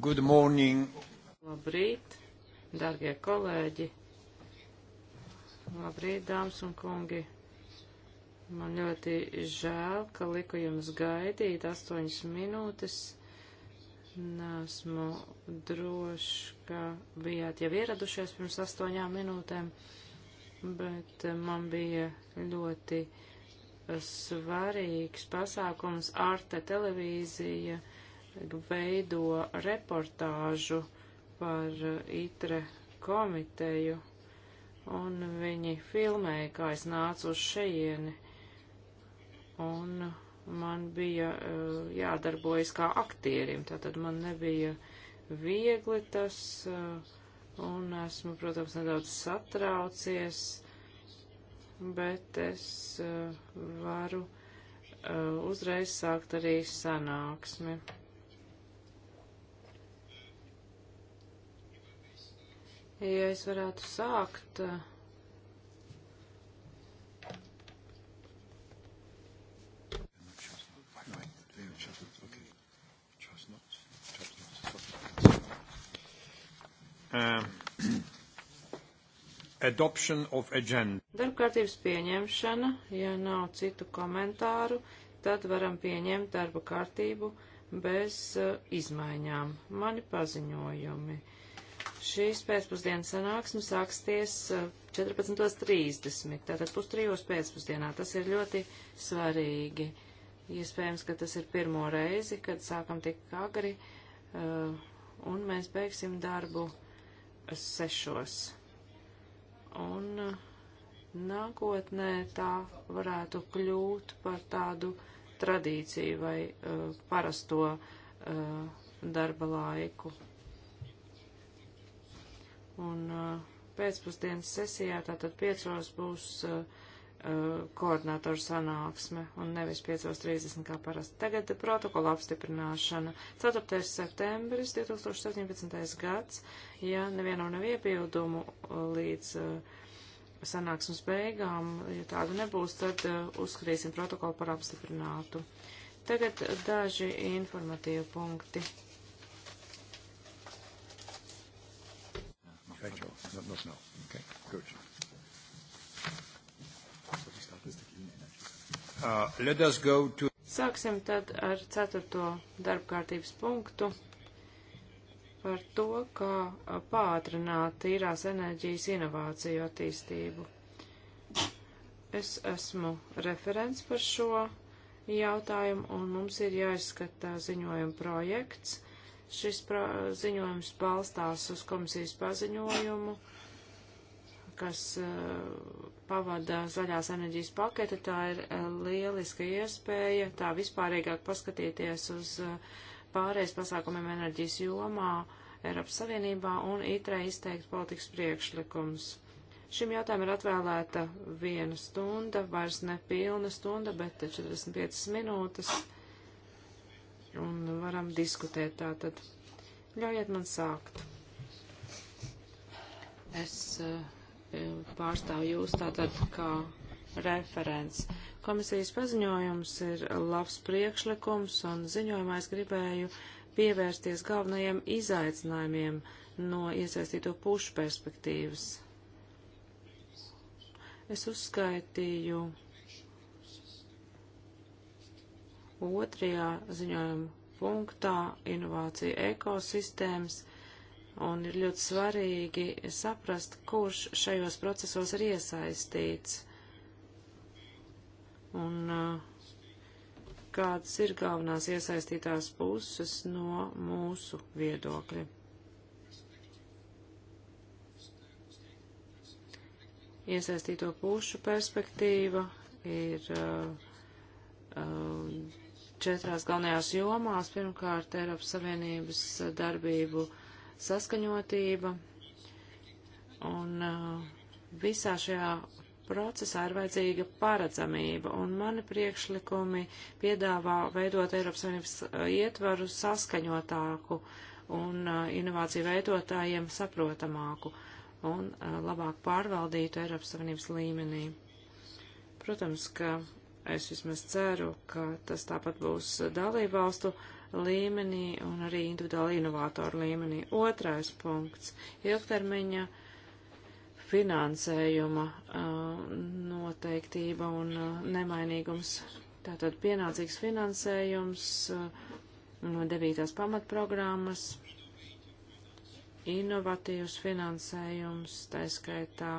Good morning. Labrīt, darbie kolēģi. Labrīt, dāmas un kungi. Man ļoti žēl, ka liku jums gaidīt astoņas minūtes. Nesmu drošs, ka bijāt jau ieradušies pirms astoņām minūtēm, bet man bija ļoti svarīgs pasākums Arte televīzija veido reportāžu par eh, ITRE komiteju, un viņi filmēja, kā es nācu uz šejieni, un man bija uh, jādarbojas kā aktierim, tātad man nebija viegli tas, uh, un esmu, protams, nedaudz satraucies, bet es uh, varu uzreiz sākt arī sanāksmi. Ja es varētu sākt. Uh, adoption of agenda. Darbkārtības pieņemšana, ja nav citu komentāru, tad varam pieņemt darba kārtību bez uh, izmaiņām. Mani paziņojumi. Uh, Šīs pēcpusdienas sanāksme sāksies 14.30, uh, tātad pustrijos pēcpusdienā. Tas ir ļoti svarīgi. Iespējams, ka tas ir pirmo reizi, kad sākam tik agri, uh, un mēs beigsim darbu sešos. Un uh, nākotnē tā varētu kļūt par tādu tradīciju vai parasto darba laiku. Un uh, pēcpusdienas sesijā tātad piecos būs uh, uh, koordinātoru sanāksme un nevis 5.30 kā parasti. Tagad protokola apstiprināšana. 4. septembris 2017. gads, ja nevienam nav iebildumu līdz sanāksmes beigām, ja tāda nebūs, tad uzskatīsim protokolu par apstiprinātu. Tagad daži informatīvi punkti. Not now. Okay, good. Uh, let us go to... Sāksim tad ar ceturto darbkārtības punktu par to, kā pātrināt tīrās enerģijas inovāciju attīstību. Es esmu referents par šo jautājumu, un mums ir jāizskata ziņojuma projekts. Šis pro ziņojums balstās uz komisijas paziņojumu kas eh, pavada zaļās enerģijas pakete, tā ir eh, lieliska iespēja tā vispārīgāk paskatīties uz eh, pārējais pasākumiem enerģijas jomā Eiropas Savienībā un itrē izteikt politikas priekšlikums. Šim jautājumam ir atvēlēta viena stunda, vairs ne pilna stunda, bet 45 minūtes, un varam diskutēt tātad. Ļaujiet man sākt. Es uh, Eh, pārstāv jūs tātad kā referents. Komisijas paziņojums ir labs priekšlikums un ziņojumā es gribēju pievērsties galvenajiem izaicinājumiem no iesaistīto pušu perspektīvas. Es uzskaitīju otrajā ziņojuma punktā inovācija ekosistēmas un ir ļoti svarīgi saprast, kurš šajos procesos ir iesaistīts un uh, kādas ir galvenās iesaistītās puses no mūsu viedokļa. Iesaistīto pušu perspektīva ir uh, uh, četrās galvenajās jomās. Pirmkārt, Eiropas Savienības darbību uh, saskaņotība. Un uh, visā šajā procesā ir vajadzīga paredzamība, un mani priekšlikumi piedāvā veidot Eiropas Savienības uh, ietvaru saskaņotāku un uh, inovāciju veidotājiem saprotamāku un labāk pārvaldītu Eiropas Savienības līmenī. Protams, ka es vismaz ceru, ka tas tāpat būs dalībvalstu valstu līmenī un arī individuāli inovātoru līmenī. Otrais punkts - ilgtermiņa finansējuma uh, noteiktība un uh, nemainīgums. Tātad pienācīgs finansējums uh, no devītās pamatprogrammas, inovatīvs finansējums, taiskaitā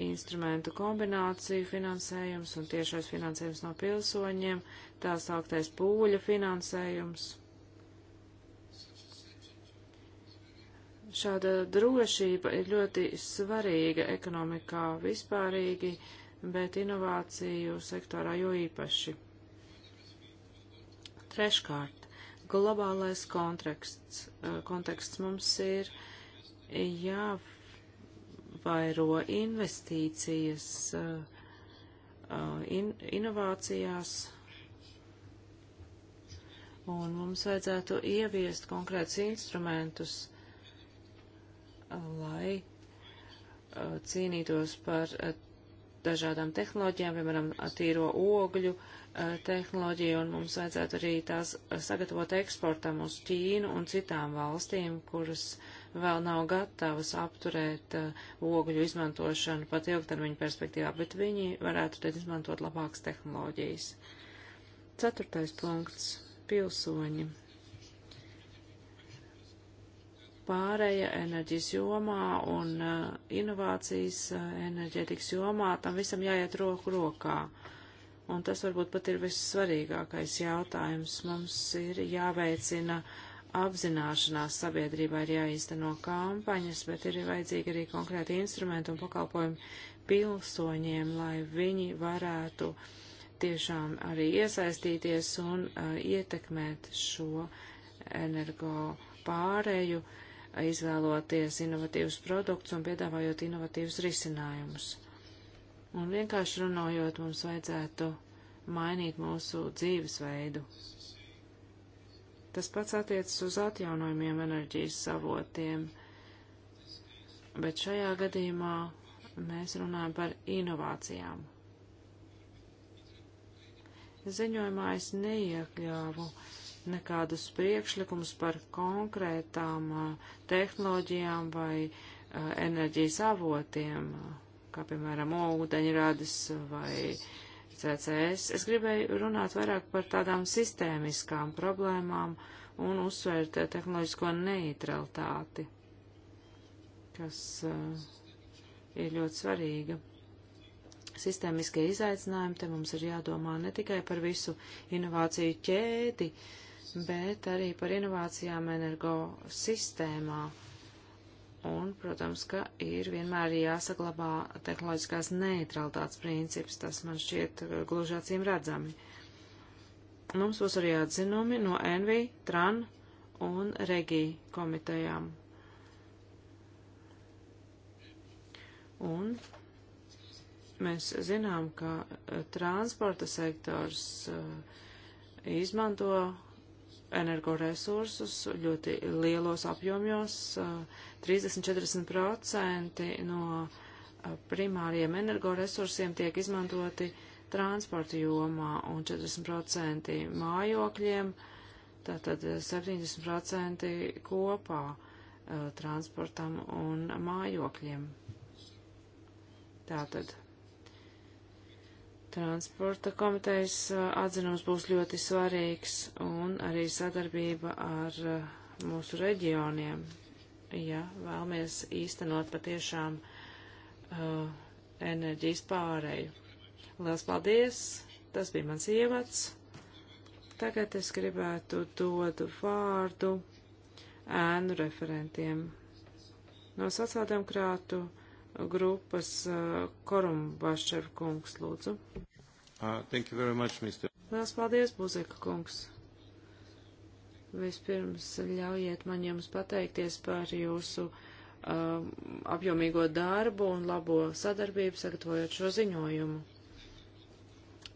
instrumentu kombināciju finansējums un tiešais finansējums no pilsoņiem, tā sauktais pūļa finansējums. Šāda drošība ir ļoti svarīga ekonomikā vispārīgi, bet inovāciju sektorā jo īpaši. Treškārt, globālais konteksts, konteksts mums ir jā jāievairo investīcijas uh, uh, in, inovācijās, un mums vajadzētu ieviest konkrētus instrumentus, uh, lai cīnītos par dažādām tehnoloģijām, piemēram, tīro ogļu eh, tehnoloģiju, un mums vajadzētu arī tās eh, sagatavot eksportam uz Ķīnu un citām valstīm, kuras vēl nav gatavas apturēt eh, ogļu izmantošanu pat ilgtermiņa perspektīvā, bet viņi varētu tad izmantot labākas tehnoloģijas. Ceturtais punkts - pilsoņi pārēja enerģijas jomā un uh, inovācijas uh, enerģētikas jomā, tam visam jāiet roku rokā. Un tas varbūt pat ir vissvarīgākais jautājums. Mums ir jāveicina apzināšanās sabiedrībā, ir jāizteno kampaņas, bet ir vajadzīgi arī konkrēti instrumenti un pakalpojumi pilsoņiem, lai viņi varētu tiešām arī iesaistīties un uh, ietekmēt šo energo pārēju uh, izvēloties inovatīvus produktus un piedāvājot inovatīvus risinājumus. Un vienkārši runājot, mums vajadzētu mainīt mūsu dzīvesveidu. Tas pats attiecas uz atjaunojumiem enerģijas savotiem, bet šajā gadījumā mēs runājam par inovācijām. Ziņojumā es neiekļāvu uh, nekādus priekšlikumus par konkrētām tehnoloģijām vai enerģijas avotiem, kā piemēram ūdeņradas vai CCS. Es gribēju runāt vairāk par tādām sistēmiskām problēmām un uzsvērt tehnoloģisko neutralitāti, kas ir ļoti svarīga sistēmiskie izaicinājumi, te mums ir jādomā ne tikai par visu inovāciju ķēdi, bet arī par inovācijām energosistēmā. Un, protams, ka ir vienmēr jāsaglabā tehnoloģiskās neutralitātes princips, tas man šķiet uh, gluži acīm redzami. Mums būs arī atzinumi no NV, TRAN un REGI komitejām. Un mēs zinām, ka uh, transporta sektors uh, izmanto energoresursus ļoti lielos apjomjos. 30-40% no primāriem energoresursiem tiek izmantoti transporta jomā un 40% mājokļiem, tātad 70% kopā transportam un mājokļiem. Tātad Transporta komitejas atzinums būs ļoti svarīgs un arī sadarbība ar mūsu reģioniem, ja vēlamies īstenot patiešām uh, enerģijas pārēju. Lielas paldies! Tas bija mans ievads. Tagad es gribētu dodu vārdu ēnu referentiem. No sociāldemokrātu krātu grupas eh, Korumbašev kungs, lūdzu. Uh, thank you very much, Mr. Lielas paldies, Buzeka kungs. Vispirms ļaujiet man jums pateikties par jūsu um, apjomīgo darbu un labo sadarbību sagatavojot šo ziņojumu.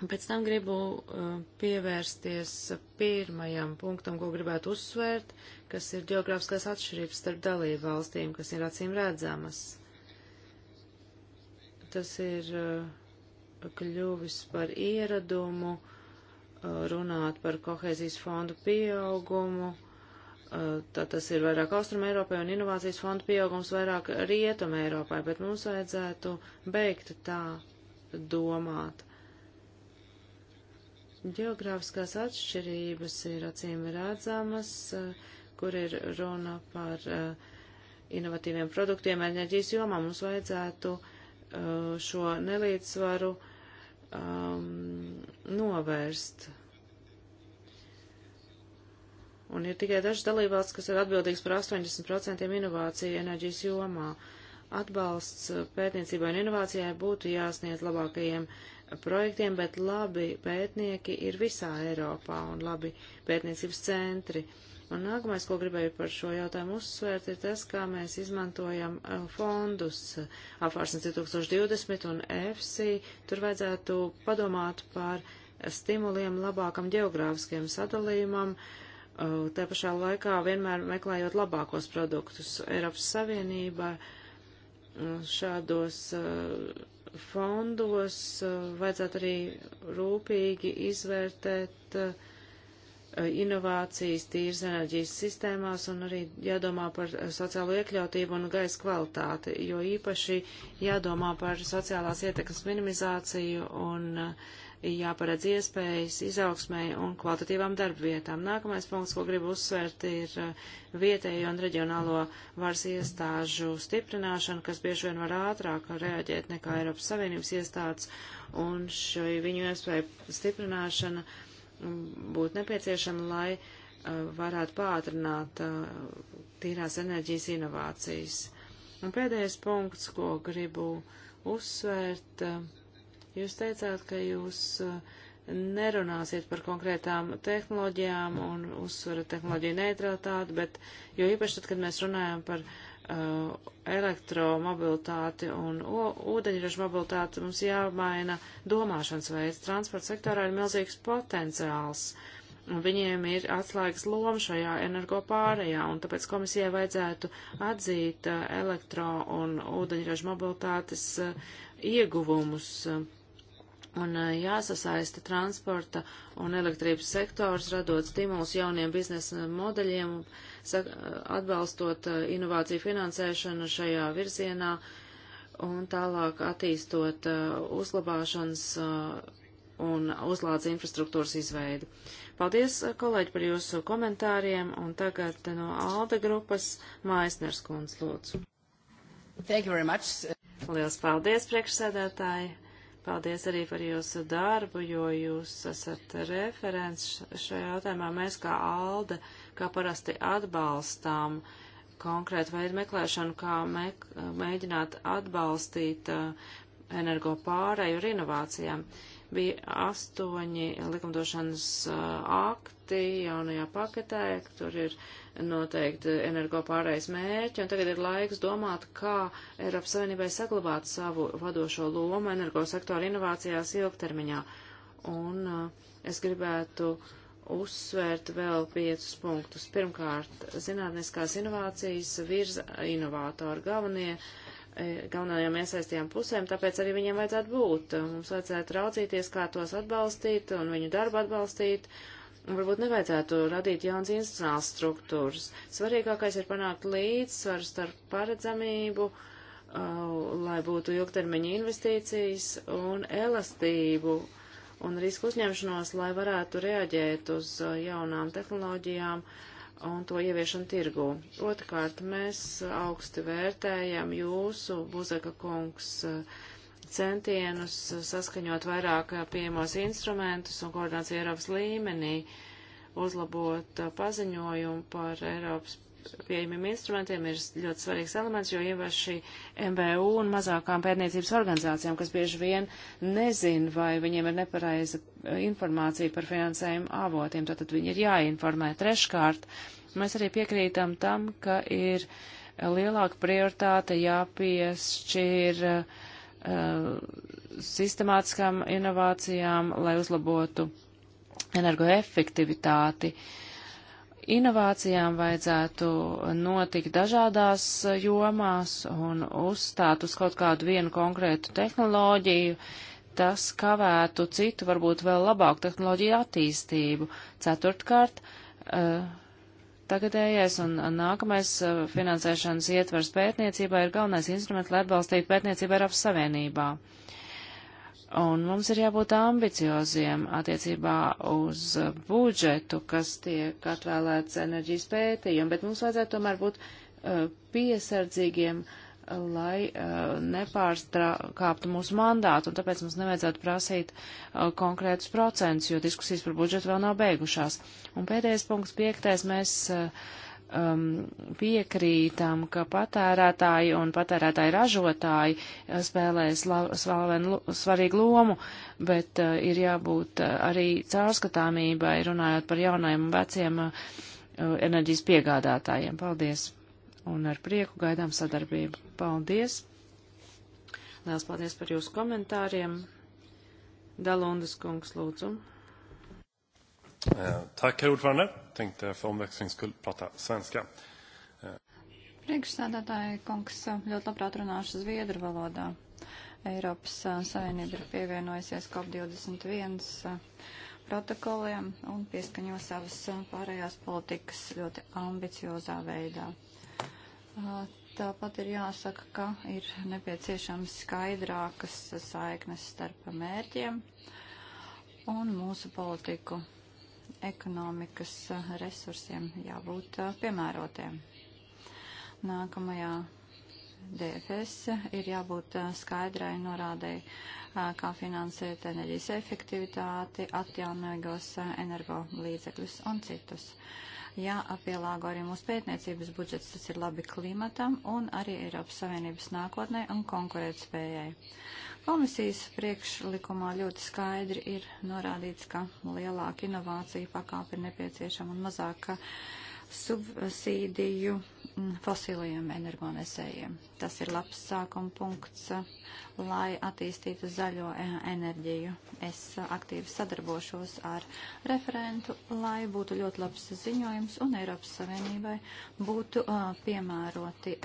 Pēc tam gribu uh, pievērsties pirmajam punktam, ko gribētu uzsvērt, kas ir geogrāfiskās atšķirības starp dalību valstīm, kas ir acīm redzamas. Uh, Tas ir eh, kļuvis par ieradumu eh, runāt par kohēzijas fondu pieaugumu. Eh, tā tas ir vairāk Austrum Eiropai un inovācijas fondu pieaugums vairāk Rietum Eiropai, bet mums vajadzētu beigt tā domāt. Geogrāfiskās atšķirības ir acīm redzamas, kur ir runa par inovatīviem produktiem enerģijas jomā. Mums vajadzētu uh, Uh, šo nelīdzsvaru um, novērst. Un ir tikai dažas dalībvalsts, kas ir atbildīgs par 80% inovāciju enerģijas jomā. Atbalsts pētniecībai un inovācijai būtu jāsniedz labākajiem projektiem, bet labi pētnieki ir visā Eiropā un labi pētniecības centri. Uh, Un nākamais, ko gribēju par šo jautājumu uzsvērt, ir tas, kā mēs izmantojam e, fondus apvārsnes 2020 un EFSI. Tur vajadzētu padomāt par stimuliem labākam geogrāfiskajam sadalījumam, e, tā pašā laikā vienmēr meklējot labākos produktus. Eiropas Savienība e, šādos fondos vajadzētu arī rūpīgi izvērtēt uh, Eh, inovācijas tīras enerģijas sistēmās un arī jādomā par sociālo iekļautību un gaisa kvalitāti, jo īpaši jādomā par sociālās ietekmes minimizāciju un eh, jāparedz iespējas izaugsmai un kvalitatīvām darbvietām. Nākamais punkts, ko gribu uzsvērt, ir eh, vietējo un reģionālo varas iestāžu stiprināšana, kas bieži vien var ātrāk reaģēt nekā Eiropas Savienības iestādes, un šo viņu iespēju stiprināšana uh, būtu nepieciešama, lai uh, varētu pātrināt uh, tīrās enerģijas inovācijas. Un pēdējais punkts, ko gribu uzsvērt, uh, jūs teicāt, ka jūs uh, nerunāsiet par konkrētām tehnoloģijām un uzsverat tehnoloģiju neutralitāti, bet jo īpaši tad, kad mēs runājam par uh, Uh, elektromobilitāti un ūdeņraža mobilitāti mums jāmaina domāšanas veids. Transporta sektorā ir milzīgs potenciāls. Un viņiem ir atslēgas loma šajā energo pārējā, un tāpēc komisijai vajadzētu atzīt uh, elektro un ūdeņraža mobilitātes uh, ieguvumus. Un jāsasaista transporta un elektrības sektors, radot stimulus jauniem biznesa modeļiem, uh, atbalstot uh, inovāciju finansēšanu šajā virzienā un tālāk attīstot uh, uzlabāšanas uh, un uzlādes infrastruktūras izveidi. Paldies, kolēģi, par jūsu komentāriem, un tagad no Alda grupas Maisners kundz lūdzu. Thank you very much. Liels paldies, priekšsēdētāji. Paldies arī par jūsu darbu, jo jūs esat referents šajā jautājumā. Mēs kā ALDE, kā parasti atbalstām konkrētu veidu meklēšanu, kā me, mēģināt atbalstīt uh, energo pārēju un inovācijām. Uh, Bija astoņi likumdošanas akti jaunajā paketē, tur ir noteikti energo pārējais mērķi, un tagad ir laiks domāt, kā Eiropas Savienībai saglabāt savu vadošo lomu energo sektora inovācijās ilgtermiņā. Un uh, es gribētu uh, uzsvērt vēl piecus punktus. Pirmkārt, zinātniskās inovācijas virza inovātori galvenie E, galvenajām iesaistījām pusēm, tāpēc arī viņiem vajadzētu būt. Mums vajadzētu raudzīties, kā tos atbalstīt un viņu darbu atbalstīt. Un varbūt nevajadzētu radīt jaunas institucionālas struktūras. Svarīgākais ir panākt līdzsvaru starp paredzamību, lai būtu ilgtermiņa investīcijas un elastību un risku uzņemšanos, lai varētu reaģēt uz uh, jaunām tehnoloģijām, uh, un to ieviešanu tirgū. Otrakārt, mēs augsti vērtējam jūsu, Buzaka kungs, centienus saskaņot vairāk pieejamos instrumentus un koordināciju Eiropas līmenī, uzlabot paziņojumu par Eiropas pieejamiem instrumentiem ir ļoti svarīgs elements, jo īpaši MBU un mazākām pētniecības organizācijām, kas bieži vien nezin, vai viņiem ir nepareiza informācija par finansējumu avotiem, tātad viņi ir jāinformē. Treškārt, mēs arī piekrītam tam, ka ir lielāka prioritāte jāpiešķir uh, sistemātiskām inovācijām, lai uzlabotu energoefektivitāti. Uh, Inovācijām vajadzētu notikt dažādās jomās un uzstāt uz kaut kādu vienu konkrētu tehnoloģiju, tas kavētu citu, varbūt vēl labāku tehnoloģiju attīstību. Ceturtkārt, eh, tagadējais un nākamais eh, finansēšanas ietvers pētniecībā ir galvenais instruments, lai atbalstītu pētniecību Eiropas Savienībā. Uh, Un mums ir jābūt ambicioziem attiecībā uz budžetu, kas tiek atvēlēts enerģijas pētījumam, bet mums vajadzētu tomēr būt uh, piesardzīgiem, lai uh, nepārstrāptu mūsu mandātu, un tāpēc mums nevajadzētu prasīt uh, konkrētus procentus, jo diskusijas par budžetu vēl nav beigušās. Un pēdējais punkts, piektais, mēs. Uh, um, piekrītam, ka patērētāji un patērētāji ražotāji uh, spēlē slavenu, svarīgu lomu, bet uh, ir jābūt uh, arī caurskatāmībai, runājot par jaunajiem un veciem uh, uh enerģijas piegādātājiem. Paldies! Un ar prieku gaidām sadarbību. Paldies! Liels paldies par jūsu komentāriem. Dalundas kungs, lūdzu. Eh, tack, herr ordförande. Tänkte för omväxlings skull prata svenska. Eh. Priekšsēdētāji, kungs, ļoti labprāt runāšu zviedru valodā. Eiropas eh, Savienība ir pievienojusies COP21 protokoliem un pieskaņo savas pārējās politikas ļoti ambiciozā veidā. Tāpat ir jāsaka, ka ir nepieciešams skaidrākas saiknes starp mērķiem un mūsu politiku ekonomikas eh, resursiem jābūt eh, piemērotiem. Nākamajā DFS ir jābūt eh, skaidrai norādēji, kā finansēt enerģijas efektivitāti, atjaunīgos energo līdzekļus un citus. Jāpielāgo ja arī mūsu pētniecības budžets, tas ir labi klimatam un arī Eiropas Savienības nākotnē un konkurētspējai. spējai Komisijas priekšlikumā ļoti skaidri ir norādīts, ka lielāka inovācija pakāpe ir nepieciešama un mazāka subsīdiju fosiliem energonesējiem. Tas ir labs sākuma punkts, lai attīstītu zaļo e, enerģiju. Es aktīvi sadarbošos ar referentu, lai būtu ļoti labs ziņojums un Eiropas Savienībai būtu piemēroti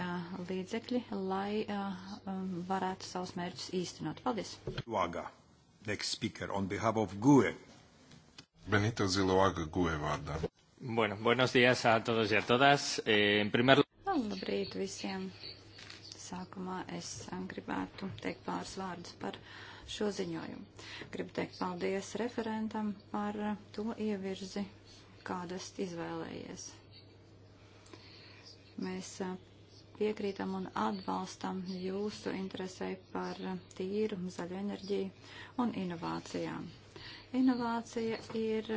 līdzekļi, lai varētu savus mērķus īstenot. Paldies! Vagā. Next speaker on behalf of GUE. Benito Ziloaga GUE vārdā. Bueno, buenos días a todos y a todas. Eh, en primer lugar. Nu, labrīt visiem. Sākumā es eh, gribētu teikt pāris vārdus par šo ziņojumu. Gribu teikt paldies referentam par eh, to ievirzi, kādu esat izvēlējies. Mēs eh, piekrītam un atbalstam jūsu interesē par tīru, zaļu enerģiju un inovācijām. Inovācija ir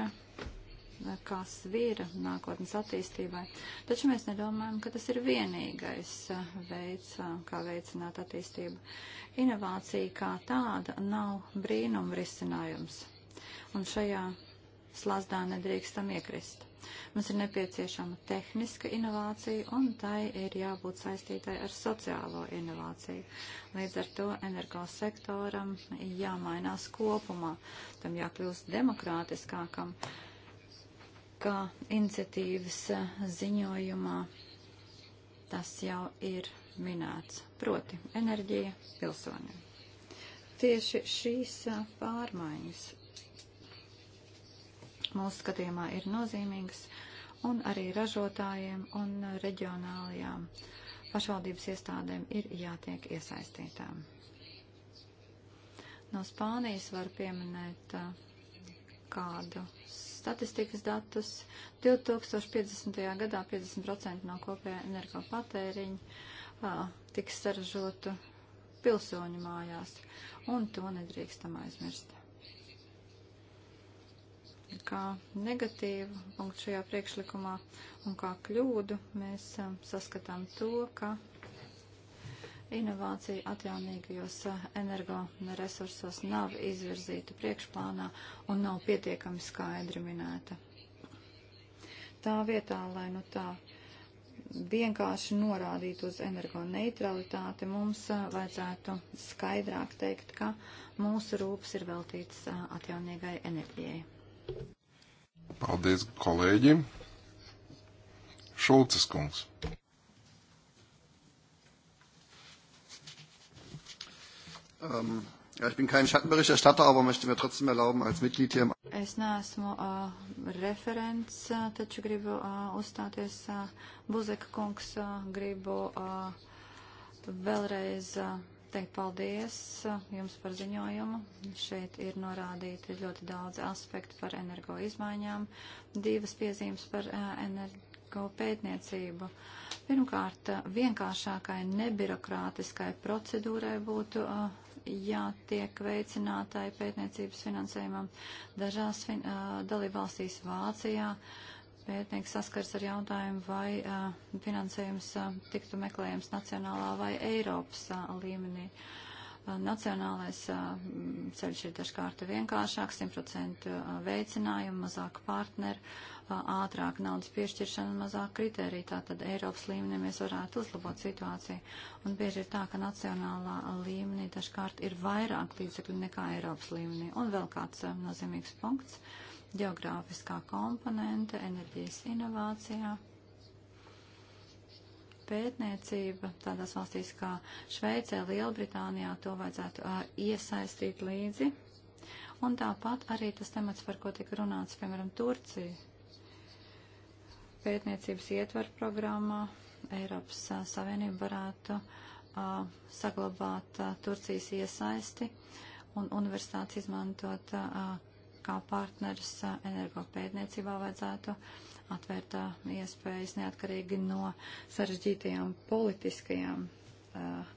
kas ir nākotnes attīstībai. Taču mēs nedomājam, ka tas ir vienīgais eh, veids, eh, kā veicināt attīstību. Inovācija kā tāda nav brīnum risinājums. Un šajā slazdā nedrīkstam iekrist. Mums ir nepieciešama tehniska inovācija, un tai ir jābūt saistītai ar sociālo inovāciju. Līdz ar to energosektoram jāmainās kopumā, tam jākļūst demokrātiskākam, ka iniciatīvas eh, ziņojumā tas jau ir minēts. Proti, enerģija pilsoņiem. Tieši šīs eh, pārmaiņas mūsu skatījumā ir nozīmīgas un arī ražotājiem un reģionālajām pašvaldības iestādēm ir jātiek iesaistītām. No Spānijas var pieminēt eh, kādus statistikas datus. 2050. gadā 50% no kopējā energopatēriņa tiks saražotu pilsoņu mājās, un to nedrīkstam aizmirst. Kā negatīvu punktu šajā priekšlikumā un kā kļūdu mēs saskatām to, ka Inovācija atjaunīgajos eh, energoresursos nav izvirzīta priekšplānā un nav pietiekami skaidri minēta. Tā vietā, lai nu tā vienkārši norādīt uz energoneutralitāti, mums eh, vajadzētu skaidrāk teikt, ka mūsu rūps ir veltīts eh, atjaunīgai enerģijai. Paldies kolēģim! Šulces kungs! Ähm, ja, ich bin kein Schattenberichterstatter, aber möchte mir trotzdem erlauben, als Mitglied hier im Es neesmu uh, äh, referents, äh, taču gribu uh, uzstāties. Uh, Buzeka kungs, uh, gribu uh, vēlreiz uh, teikt paldies uh, jums par ziņojumu. Šeit ir norādīti ļoti daudz aspektu par energo izmaiņām, divas piezīmes par uh, energo pētniecību. Pirmkārt, vienkāršākai nebirokrātiskai procedūrai būtu. Uh, jātiek veicinātāji pētniecības finansējumam. Dažās fin dalībvalstīs Vācijā pētnieks saskars ar jautājumu, vai uh, finansējums uh, tiktu meklējams nacionālā vai Eiropas uh, līmenī. Nacionālais ceļš ir dažkārt vienkāršāks, 100% veicinājumu, mazāk partneru ātrāk naudas piešķiršana un mazāk kritērija. Tātad Eiropas līmenī mēs varētu uzlabot situāciju. Un bieži ir tā, ka nacionālā līmenī dažkārt ir vairāk līdzekļu nekā Eiropas līmenī. Un vēl kāds eh, nozīmīgs punkts - geogrāfiskā komponente enerģijas inovācijā pētniecība tādās valstīs kā Šveicē, Lielbritānijā, to vajadzētu uh, iesaistīt līdzi. Un tāpat arī tas temats, par ko tika runāts, piemēram, Turcija pētniecības ietvaru programmā Eiropas Savienība varētu uh, saglabāt uh, Turcijas iesaisti un universitātes izmantot uh, kā partneris energopētniecībā vajadzētu atvērt iespējas neatkarīgi no sarežģītajām politiskajām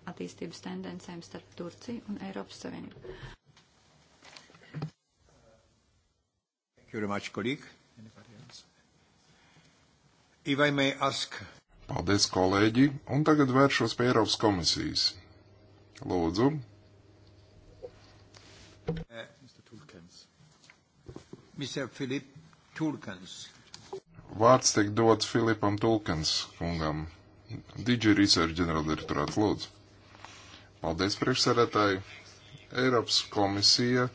attīstības tendencēm starp Turciju un Eiropas Savienību. Thank you very much, colleague. If I may ask. Paldies, kolēģi, un tagad vēršos pie Eiropas komisijas. Lūdzu. Uh, eh, Mr. Filip Tulkans. Vārds tiek dots Filipam Tulkans kungam. Digi Research ģenerāldirektorāts lūdzu. Paldies, priekšsēdētāji. Eiropas komisija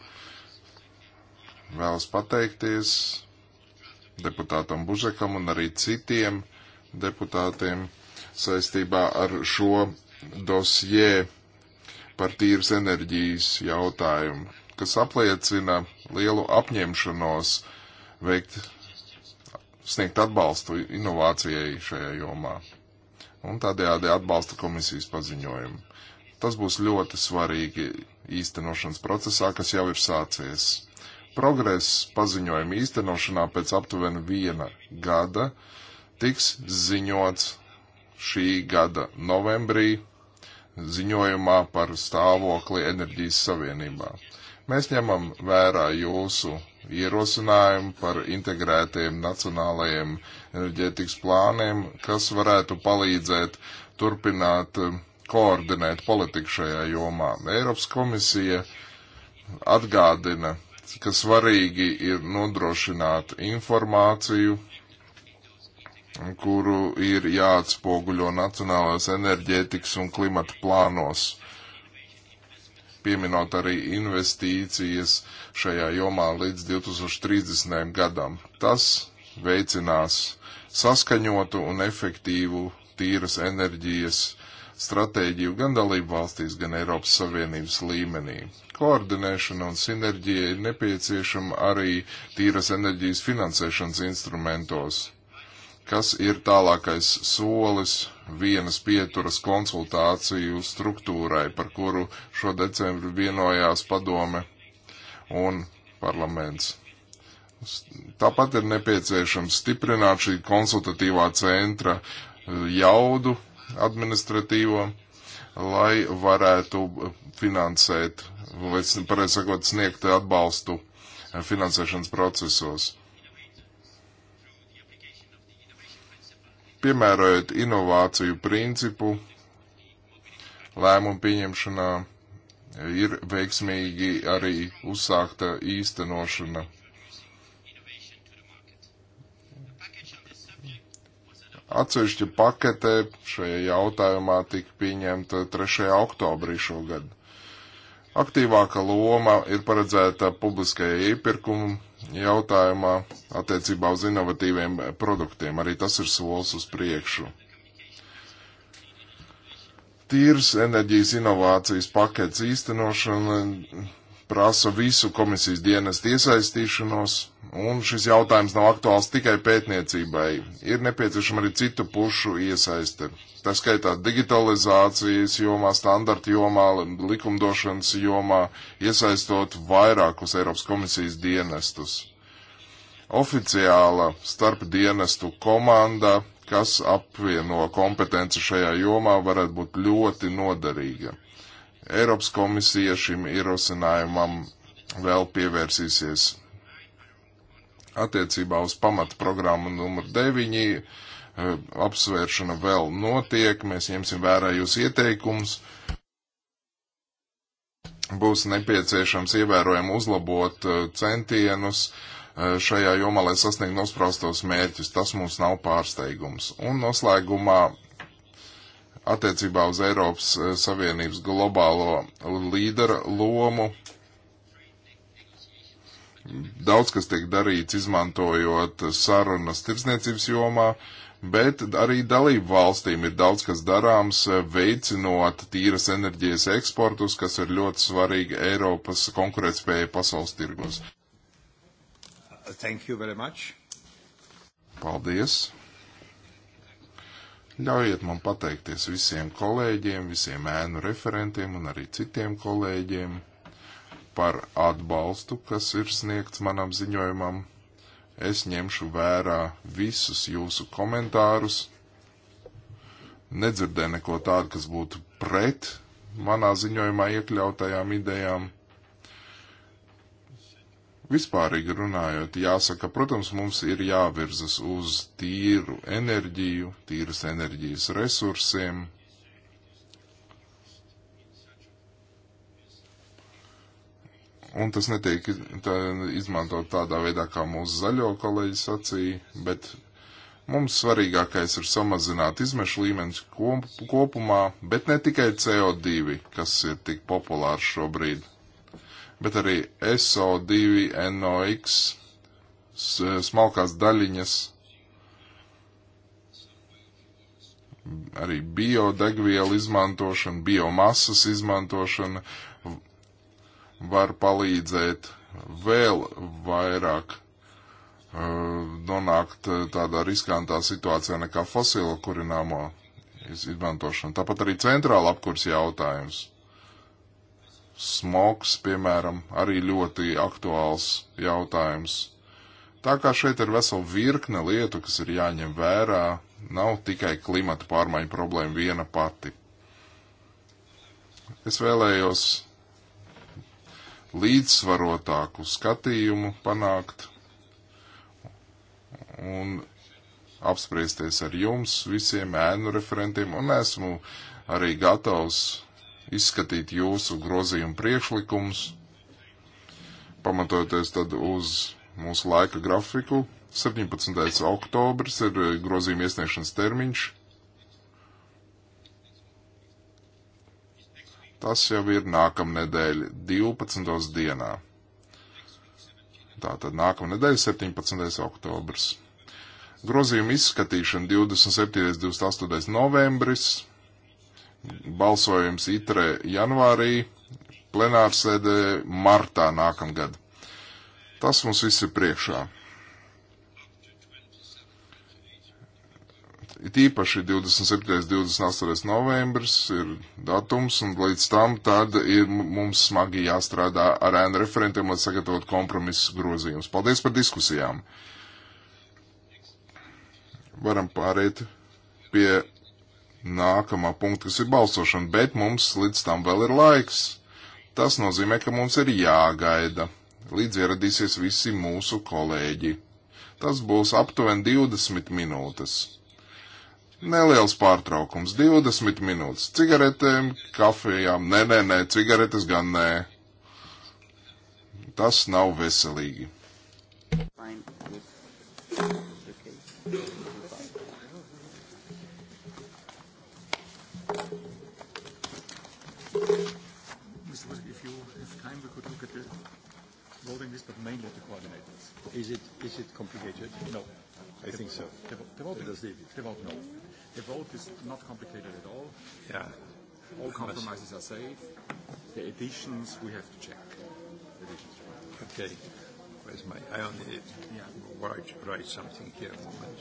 vēlas pateikties deputātam Buzekam un arī citiem deputātiem saistībā ar šo dosjē par tīras enerģijas jautājumu, kas apliecina lielu apņemšanos veikt, sniegt atbalstu inovācijai šajā jomā un tādējādi atbalsta komisijas paziņojumu. Tas būs ļoti svarīgi īstenošanas procesā, kas jau ir sācies progress paziņojuma īstenošanā pēc aptuveni viena gada tiks ziņots šī gada novembrī ziņojumā par stāvokli enerģijas savienībā. Mēs ņemam vērā jūsu ierosinājumu par integrētiem nacionālajiem enerģētikas plāniem, kas varētu palīdzēt turpināt eh, koordinēt politiku šajā jomā. Eiropas komisija atgādina ka svarīgi ir nodrošināt informāciju, kuru ir jāatspoguļo Nacionālās enerģētikas un klimata plānos, pieminot arī investīcijas šajā jomā līdz 2030. gadam. Tas veicinās saskaņotu un efektīvu tīras enerģijas stratēģiju gan dalību valstīs, gan Eiropas Savienības līmenī. Koordinēšana un sinerģija ir nepieciešama arī tīras enerģijas finansēšanas instrumentos, kas ir tālākais solis vienas pieturas konsultāciju struktūrai, par kuru šo decembri vienojās padome un parlaments. Tāpat ir nepieciešams stiprināt šī konsultatīvā centra jaudu administratīvo, lai varētu finansēt, vai, pareizi sakot, sniegt atbalstu finansēšanas procesos. Piemērojot inovāciju principu, lēmumu pieņemšanā ir veiksmīgi arī uzsākta īstenošana Atsevišķa pakete šajā jautājumā tika pieņemta 3. oktobrī šogad. Aktīvāka loma ir paredzēta publiskajai iepirkumu jautājumā attiecībā uz inovatīviem produktiem. Arī tas ir solis uz priekšu. Tīras enerģijas inovācijas pakets īstenošana prasa visu komisijas dienestu iesaistīšanos, un šis jautājums nav aktuāls tikai pētniecībai. Ir nepieciešama arī citu pušu iesaiste. Tā skaitā digitalizācijas jomā, standarta jomā, likumdošanas jomā, iesaistot vairākus Eiropas komisijas dienestus. Oficiāla starp dienestu komanda, kas apvieno kompetenci šajā jomā, varētu būt ļoti noderīga. Eiropas komisija šim ierosinājumam vēl pievērsīsies. Attiecībā uz pamata programmu numur 9 eh, apsvēršana vēl notiek, mēs ņemsim vērā jūs ieteikums. Būs nepieciešams ievērojami uzlabot eh, centienus eh, šajā jomā, lai sasniegtu nospraustos mērķus. Tas mums nav pārsteigums. Un noslēgumā attiecībā uz Eiropas eh, Savienības globālo līdera lomu. Daudz kas tiek darīts izmantojot sarunas tirdzniecības jomā, bet arī dalību valstīm ir daudz kas darāms, eh, veicinot tīras enerģijas eksportus, kas ir ļoti svarīgi Eiropas konkurētspēja pasaules tirgos. Thank you very much. Paldies. Ļaujiet man pateikties visiem kolēģiem, visiem ēnu referentiem un arī citiem kolēģiem par atbalstu, kas ir sniegts manam ziņojumam. Es ņemšu vērā visus jūsu komentārus. Nedzirdēju neko tādu, kas būtu pret manā ziņojumā iekļautajām idejām. Vispārīgi runājot, jāsaka, protams, mums ir jāvirzas uz tīru enerģiju, tīras enerģijas resursiem. Un tas netiek tā, izmantot tādā veidā, kā mūsu zaļo kolēģi sacīja, bet mums svarīgākais ir samazināt izmešu līmenis kopumā, bet ne tikai CO2, kas ir tik populārs šobrīd bet arī SO2, NOx, smalkās daļiņas, arī biodegvielu izmantošana, biomasas izmantošana var palīdzēt vēl vairāk uh, nonākt uh, tādā riskantā situācijā nekā fosilo kurināmo izmantošana. Tāpat arī centrāla apkurs jautājums smogs, piemēram, arī ļoti aktuāls jautājums. Tā kā šeit ir vesela virkne lietu, kas ir jāņem vērā, nav tikai klimata pārmaiņu problēma viena pati. Es vēlējos līdzsvarotāku skatījumu panākt un apspriesties ar jums, visiem ēnu referentiem, un esmu arī gatavs izskatīt jūsu grozījumu priekšlikumus, pamatojoties tad uz mūsu laika grafiku. 17. oktobris ir eh, grozījuma iesniegšanas termiņš. Tas jau ir nākamnedēļ 12. dienā. Tātad nākamnedēļ 17. oktobris. Grozījuma izskatīšana 27. un 28. novembris balsojums itre janvārī, plenārsēdē martā nākamgad. Tas mums viss ir priekšā. It īpaši 27. 28. novembris ir datums, un līdz tam tad ir mums smagi jāstrādā ar ēnu referentiem, lai sagatavotu kompromisu grozījumus. Paldies par diskusijām. Varam pāriet pie nākamā punkta, kas ir balsošana, bet mums līdz tam vēl ir laiks. Tas nozīmē, ka mums ir jāgaida, līdz ieradīsies visi mūsu kolēģi. Tas būs aptuveni 20 minūtes. Neliels pārtraukums - 20 minūtes. Cigaretēm, kafijām, nē, nē, nē, cigaretes gan nē. Tas nav veselīgi. Fine. Okay. mainly at the coordinators. Is it, is it complicated? No. I the, think so. The, the, vote is, the vote, no. The vote is not complicated at all. Yeah. All compromises are safe. The additions we have to check. The additions. Okay. Where's my? I only. Yeah. Write, write something here. A moment.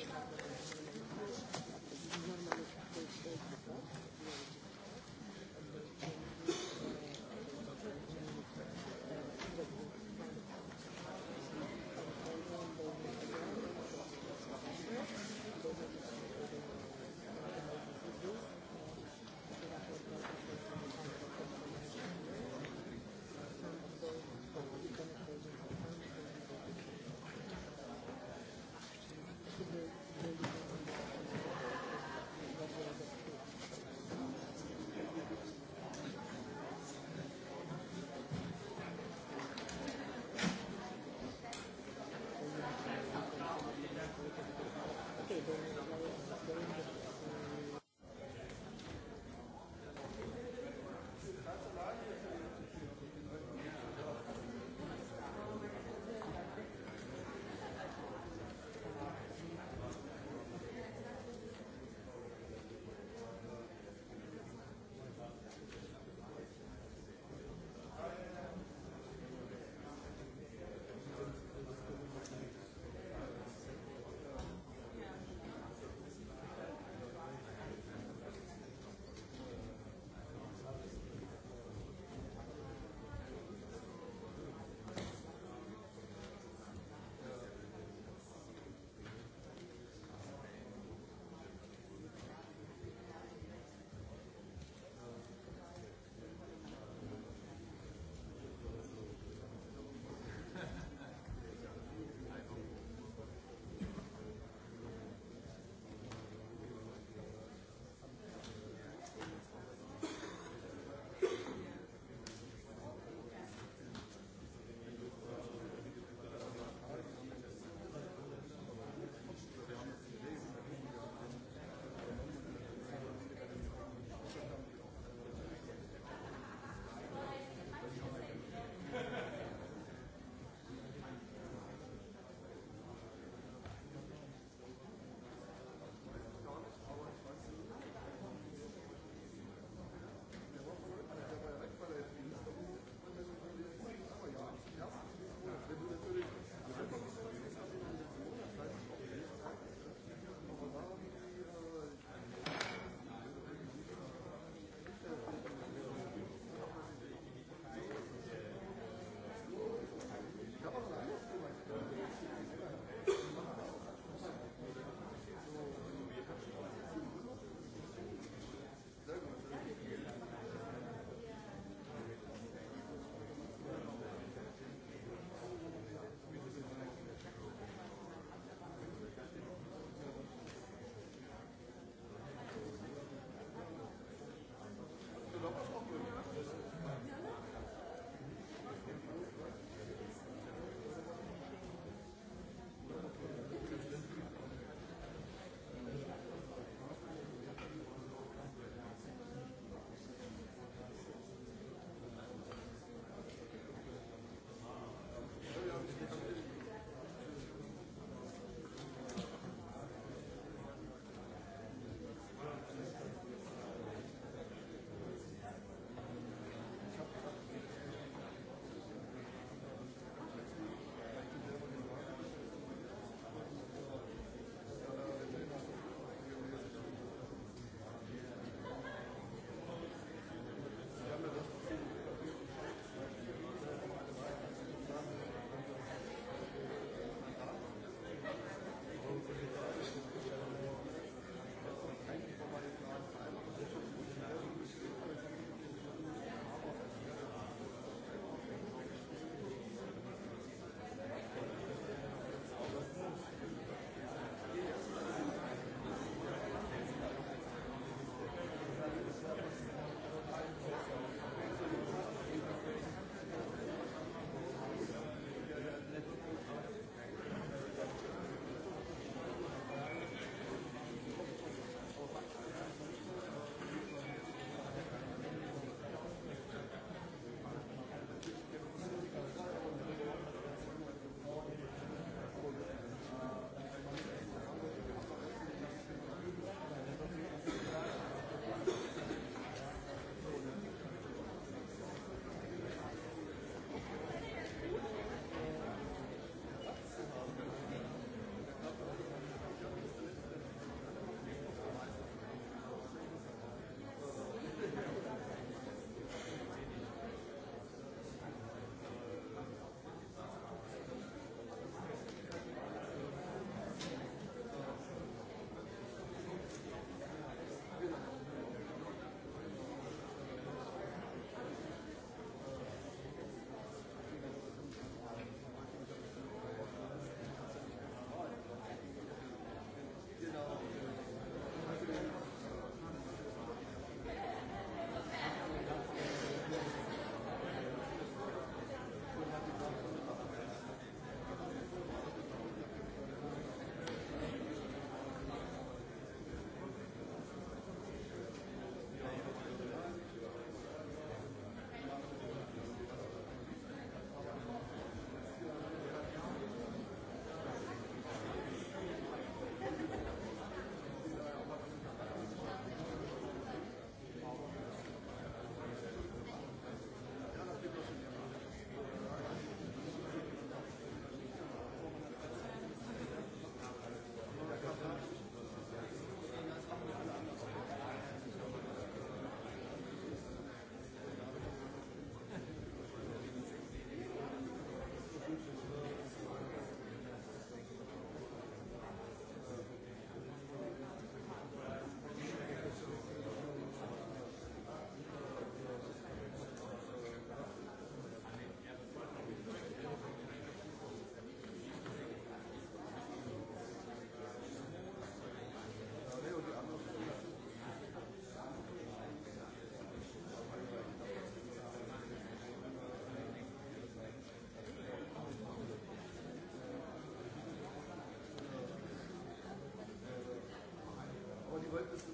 wolltest du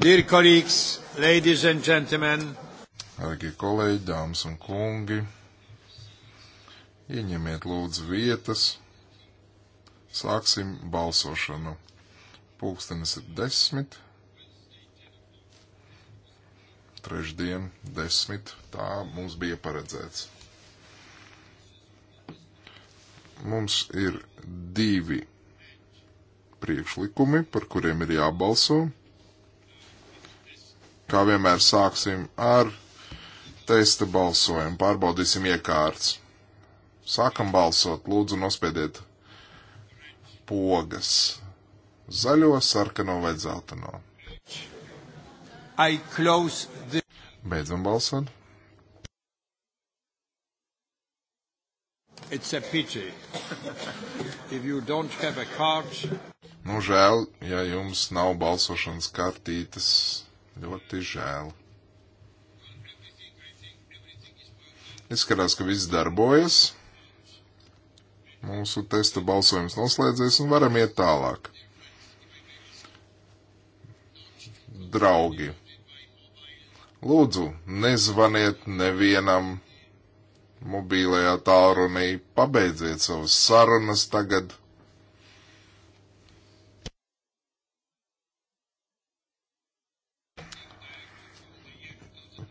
Dear colleagues, Ladies and gentlemen. Dārgie kolēģi, dāmas un kungi, ieņemiet lūdzu vietas. Sāksim balsošanu. Pūkstens ir desmit. Trešdien, desmit. Tā mums bija paredzēts. Mums ir divi priekšlikumi, par kuriem ir jābalso. Kā vienmēr sāksim ar testa balsojumu. Pārbaudīsim iekārts. Sākam balsot. Lūdzu, nospiediet pogas. Zaļo, sarkano vai dzelteno. The... Beidzam balsot. It's a pity. If you don't have a card. Nu, žēl, ja jums nav balsošanas kartītes, Ļoti žēl. Izskatās, ka viss darbojas. Mūsu testa balsojums noslēdzies un varam iet tālāk. Draugi, lūdzu, nezvaniet nevienam mobīlajā tālrunī, pabeidziet savas sarunas tagad.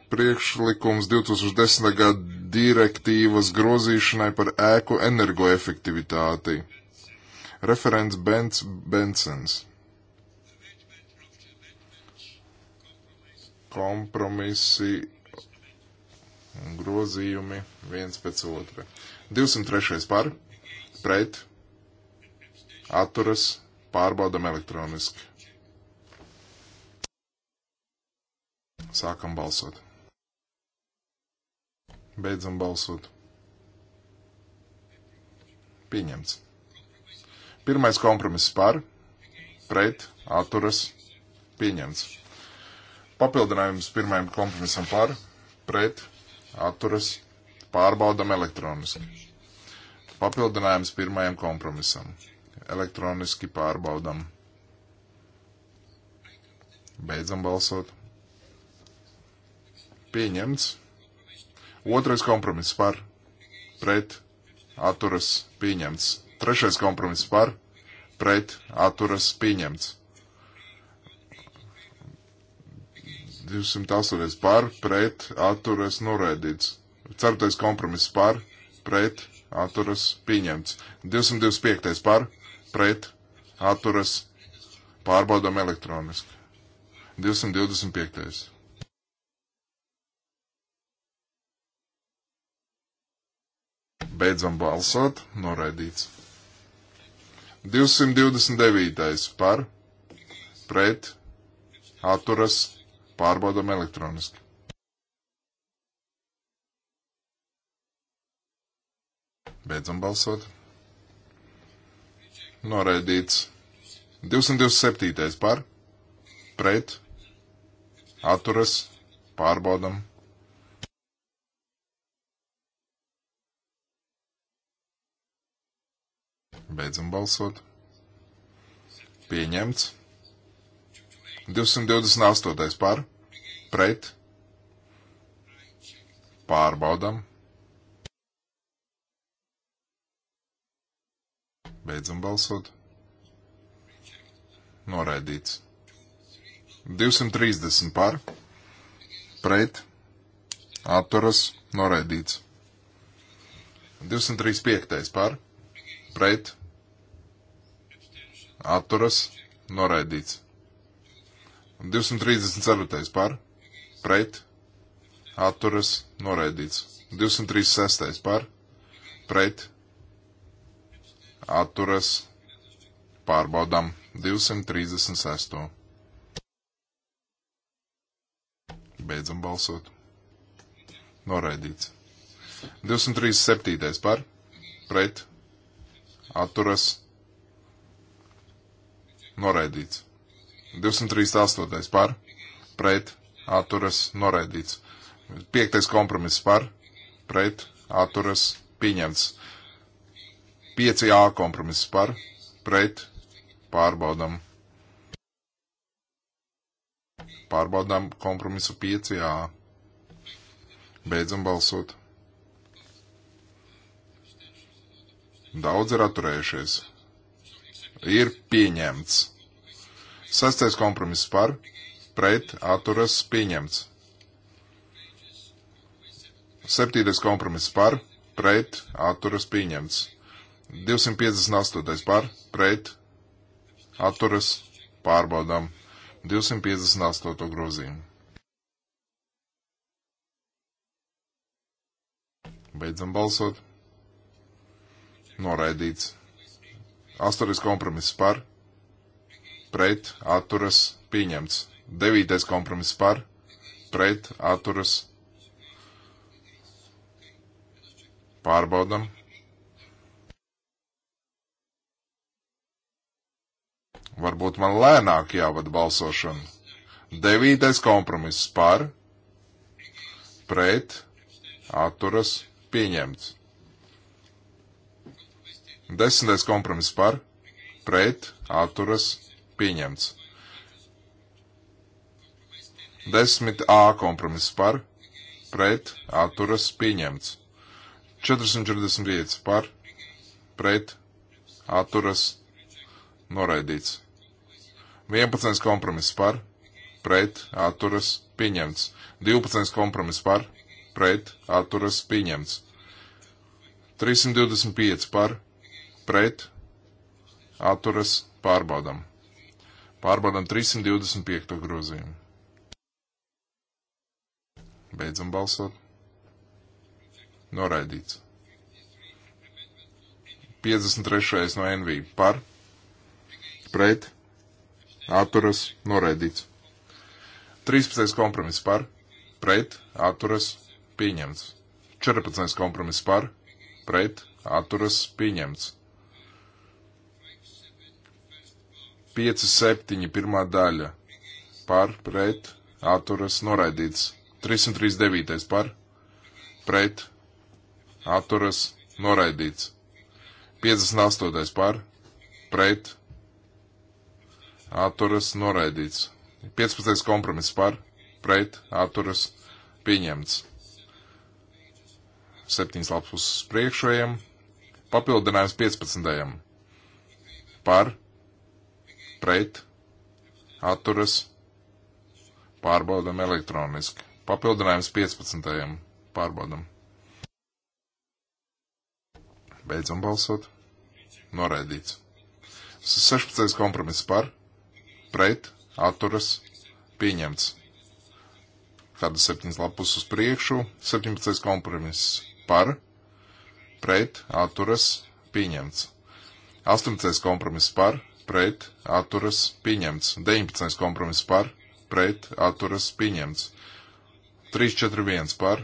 priekšlikums 2010. gada direktīvas grozīšanai par ēku energoefektivitāti. Referents Bens Bensens. Kompromisi un grozījumi viens pēc otra. 203. par, pret, atturas, pārbaudam elektroniski. Sākam balsot. Beidzam balsot. Pieņemts. Pirmais kompromiss par, pret, atturas, pieņemts. Papildinājums pirmajam kompromisam par, pret, atturas, pārbaudam elektroniski. Papildinājums pirmajam kompromisam. Elektroniski pārbaudam. Beidzam balsot. Pieņemts. Otrais kompromiss par pret atturas pieņemts. Trešais kompromiss par pret atturas pieņemts. 208 par, pret, atturas noraidīts. Ceturtais kompromiss par, pret, atturas pieņemts. 225 par, pret, atturas pārbaudām elektroniski. 225. Beidzam balsot. Noraidīts. 229. par, pret, atturas, pārbaudam elektroniski. Beidzam balsot. Noraidīts. 227. par, pret, atturas, pārbaudam Beidzam balsot. Pieņemts. 228. par. Pret. Pārbaudam. Beidzam balsot. Noraidīts. 230 par. Pret. Atturas. Noraidīts. 235 par. Pret atturas, noraidīts. 234. par, pret, atturas, noraidīts. 236. par, pret, atturas, pārbaudām 236. Beidzam balsot. Noraidīts. 237. par, pret, atturas, noraidīts noraidīts. 238. par, pret, atturas, noraidīts. 5. kompromiss par, pret, atturas, pieņemts. 5A kompromiss par, pret, pārbaudam. Pārbaudām kompromisu 5A. Beidzam balsot. Daudz ir atturējušies ir pieņemts. Sastais kompromiss par, pret, atturas, pieņemts. Septītais kompromiss par, pret, atturas, pieņemts. 258. par, pret, atturas, pārbaudām 258. grozījumu. Beidzam balsot. Noraidīts. Astoties kompromiss par, pret, atturas, pieņemts. Devītais kompromiss par, pret, atturas, pārbaudam. Varbūt man lēnāk jāvada balsošana. Devītais kompromiss par, pret, atturas, pieņemts. Desmitais kompromiss par, pret, atturas, pieņemts. Desmit A kompromiss par, pret, atturas, pieņemts. 445 par, pret, atturas, noraidīts. 11. kompromiss par, pret, atturas, pieņemts. 12. kompromiss par, pret, atturas, pieņemts. 325 par, pret, atturas, pārbaudam. Pārbaudam 325. grozījumu. Beidzam balsot. Noraidīts. 53. no NV par, pret, atturas, noraidīts. 13. kompromiss par, pret, atturas, pieņemts. 14. kompromiss par, pret, atturas, pieņemts. 5-7 pirmā daļa par, pret, atturas noraidīts. 339 par, pret, atturas noraidīts. 58 par, pret, atturas noraidīts. 15. kompromiss par, pret, atturas pieņemts. 7 lapus priekšējiem, papildinājums 15. par, pret, pret, atturas, pārbaudam elektroniski. Papildinājums 15. pārbaudam. Beidzam balsot. Noraidīts. 16. kompromiss par, pret, atturas, pieņemts. Kāda 7 lapus uz priekšu, 17. kompromiss par, pret, atturas, pieņemts. 18. kompromiss par, pret, atturas, pieņemts. 19. kompromiss par, pret, atturas, pieņemts. 341 par,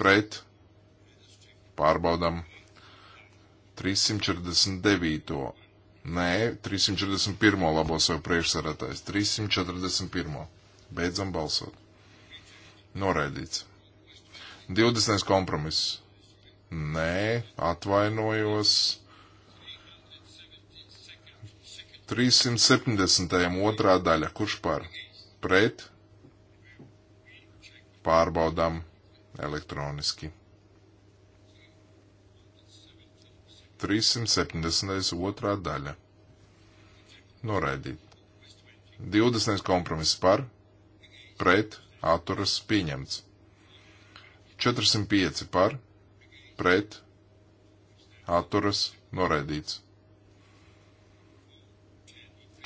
pret, pārbaudam. 349. Nē, 341. labo sev priekšsarētājs. 341. Beidzam balsot. Noraidīts. 20. kompromiss. Nē, atvainojos. 370. otrā daļa. Kurš par? Pret? Pārbaudām elektroniski. 370. otrā daļa. Noraidīt. 20. kompromiss par? Pret? Atturas pieņemts. 405 par? Pret? Atturas noraidīts.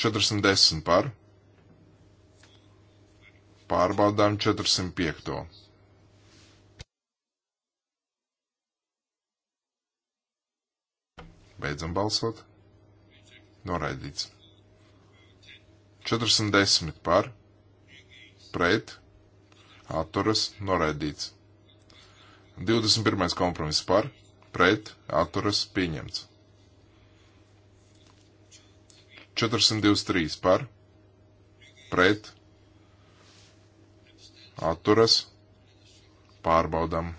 410 par. Pārbaudām 405. Beidzam balsot. Noraidīts. 410 par. Pret. Atturas. Noraidīts. 21. kompromiss par. Pret. Atturas. Pieņemts. 423 par, pret, atturas, pārbaudam.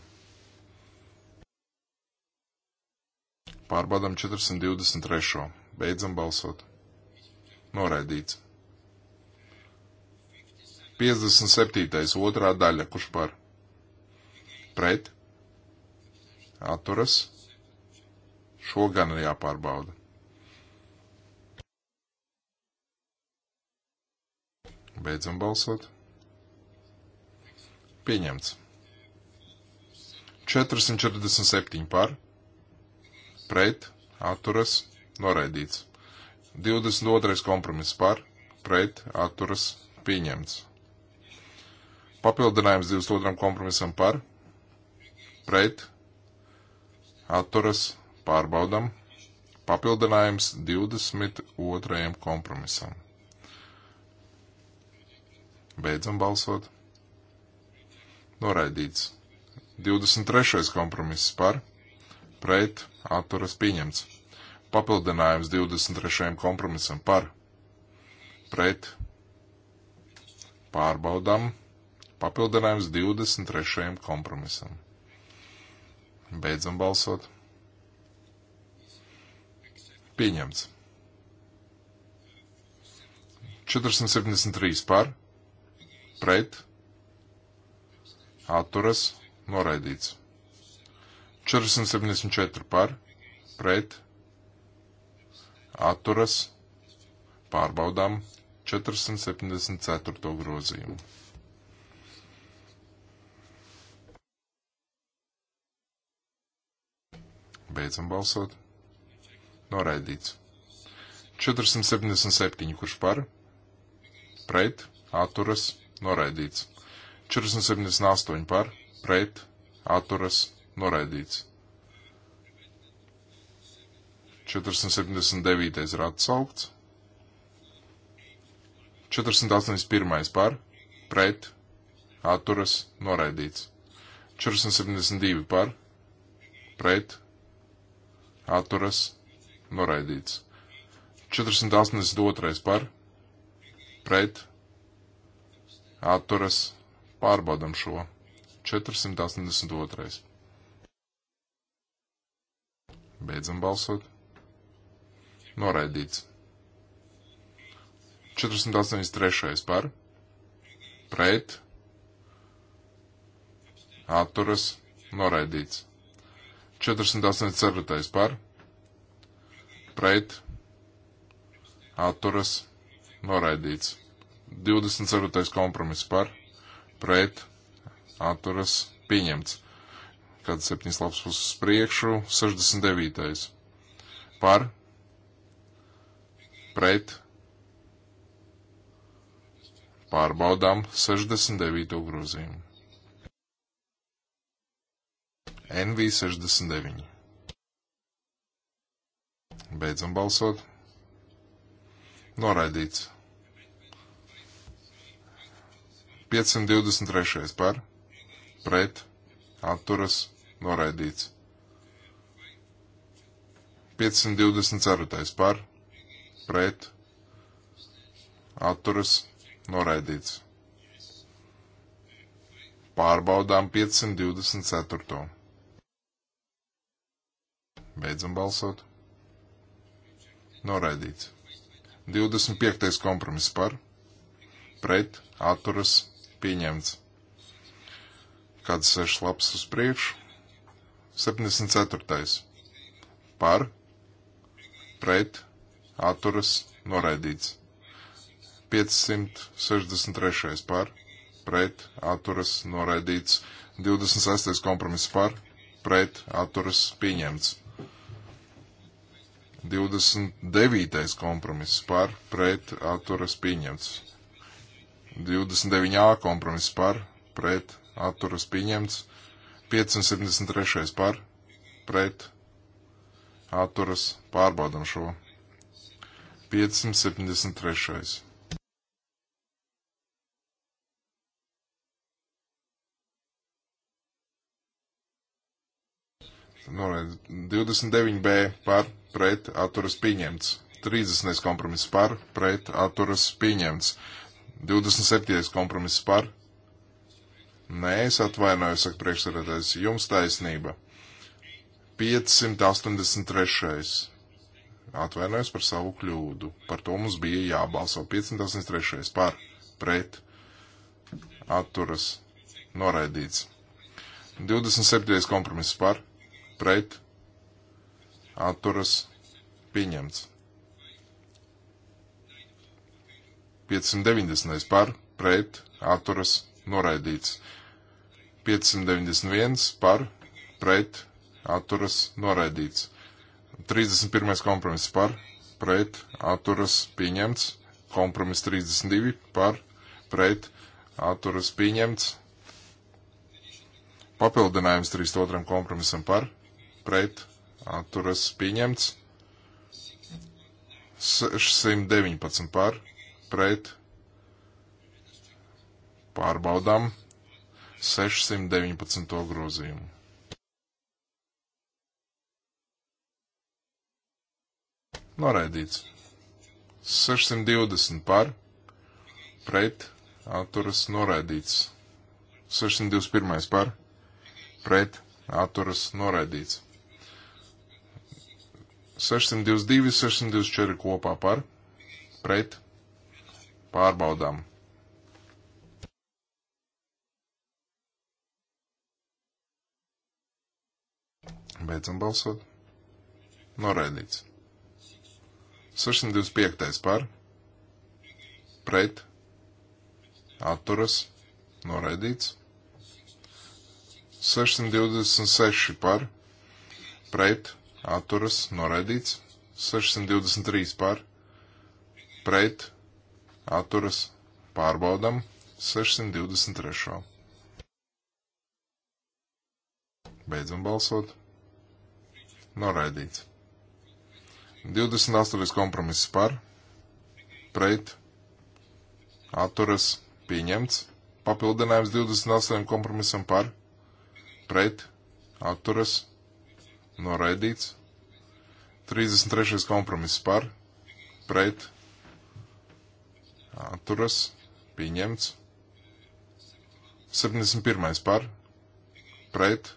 Pārbaudam 423. Beidzam balsot. Noraidīts. 57. otrā daļa, kurš par? Pret? Atturas? Šo gan ir jāpārbauda. Beidzam balsot. Pieņemts. 447 par, pret, atturas, noraidīts. 22. kompromiss par, pret, atturas, pieņemts. Papildinājums 22. kompromisam par, pret, atturas, pārbaudam. Papildinājums 22. kompromisam. Beidzam balsot. Noraidīts. 23. kompromiss par, pret, atturas pieņemts. Papildinājums 23. kompromisam par, pret, pārbaudām, papildinājums 23. kompromisam. Beidzam balsot. Pieņemts. 473 par, pret, atturas, noraidīts. 474 par, pret, atturas, pārbaudām 474. grozījumu. Beidzam balsot. Noraidīts. 477, kurš par, pret, atturas, noraidīts. 478 par, pret, atturas, noraidīts. 479 ir atsaukts. 481 par, pret, atturas, noraidīts. 472 par, pret, atturas, noraidīts. 482 par, pret, atturas pārbaudam šo 482. Beidzam balsot. Noraidīts. 483. par, pret, atturas, noraidīts. 484. par, pret, atturas, noraidīts. 24. kompromiss par, pret, atturas, pieņemts. Kad 7 lapas puses priekšu, 69. par, pret, pārbaudām 69. grozījumu. NV69. Beidzam balsot. Noraidīts. 523. par, pret, atturas, noraidīts. 524. par, pret, atturas, noraidīts. Pārbaudām 524. Beidzam balsot. Noraidīts. 25. kompromiss par, pret, atturas, pieņemts. Kāds sešs laps uz priekšu? 74. Par, pret, atturas, noraidīts. 563. par, pret, atturas, noraidīts. 26. kompromiss par, pret, atturas, pieņemts. 29. kompromiss par, pret, atturas, pieņemts. 29a kompromiss par, pret, atturas pieņemts. 573 par, pret, atturas pārbaudam šo. 573. Noreiz, 29b par, pret, atturas pieņemts. 30. kompromiss par, pret, atturas pieņemts. 27. kompromiss par. Nē, es atvainojos, saka priekšsēdētājs, jums taisnība. 583. Atvainojos par savu kļūdu. Par to mums bija jābalso. 583. par, pret, atturas, noraidīts. 27. kompromiss par, pret, atturas, pieņemts. 590. par, pret, atturas, noraidīts. 591 par, pret, atturas, noraidīts. 31. kompromiss par, pret, atturas, pieņemts. Kompromiss 32 par, pret, atturas, pieņemts. Papildinājums 32. kompromisam par, pret, atturas, pieņemts. 619 par, pret pārbaudām 619. grozījumu. Noraidīts. 620 par, pret, atturas noraidīts. 621 par, pret, atturas noraidīts. 622, 624 kopā par, pret, Pārbaudām. Beidzam balsot. Noraidīts. 625. par. Pret. Atturas. Noraidīts. 626 par. Pret. Atturas. Noraidīts. 623 par. Pret atturas pārbaudam 623. Beidzam balsot. Noraidīts. 28. kompromiss par, pret, atturas, pieņemts. Papildinājums 28. kompromisam par, pret, atturas, noraidīts. 33. kompromiss par, pret, atturas pieņemts. 71. par pret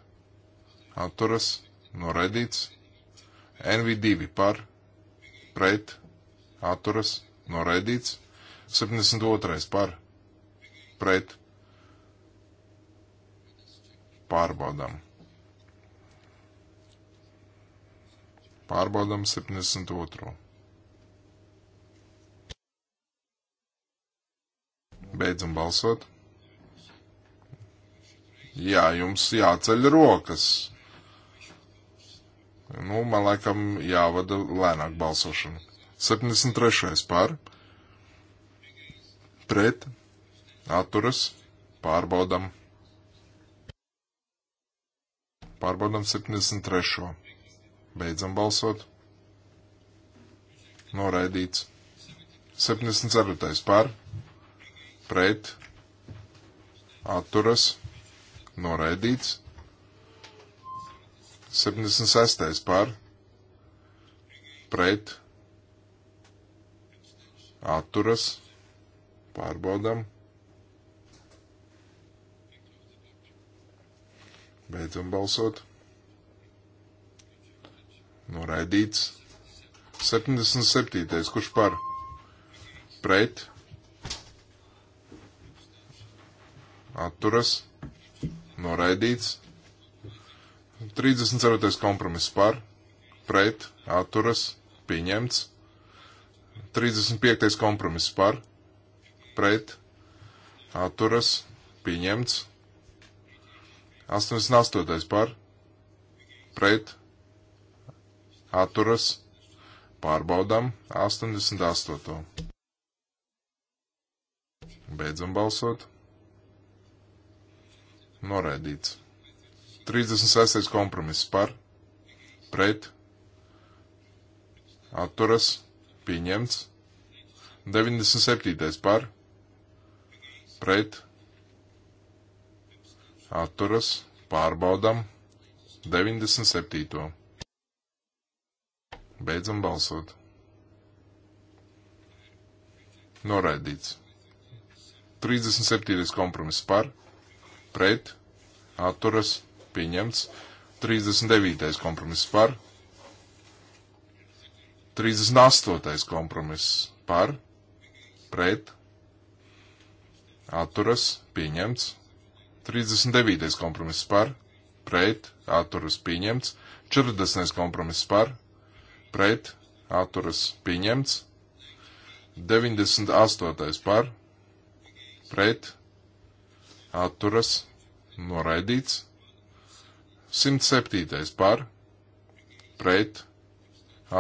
atturas noraidīts. NV2 par pret atturas noraidīts. 72. par pret pārbaudām. Pārbaudām 72. Beidzam balsot. Jā, jums jāceļ rokas. Nu, man laikam jāvada lēnāk balsošana. 73. par. Pret. Atturas. Pārbaudam. Pārbaudam 73. Beidzam balsot. Noraidīts. 74. par pret atturas noraidīts. 76. par pret atturas pārbaudam. Beidzam balsot. Noraidīts. 77. Kurš par? Pret. atturas, noraidīts. 34. kompromiss par, pret, atturas, pieņemts. 35. kompromiss par, pret, atturas, pieņemts. 88. par, pret, atturas, pārbaudām 88. Beidzam balsot. Noraidīts. 36. kompromiss par, pret, atturas, pieņemts. 97. par, pret, atturas, pārbaudam. 97. Beidzam balsot. Noraidīts. 37. kompromiss par, pret pret, atturas, pieņemts. 39. kompromiss par, 38. kompromiss par, pret, atturas, pieņemts. 39. kompromiss par, pret, atturas, pieņemts. 40. kompromiss par, pret, atturas, pieņemts. 98. par, pret, atturas, noraidīts. 107. par, pret,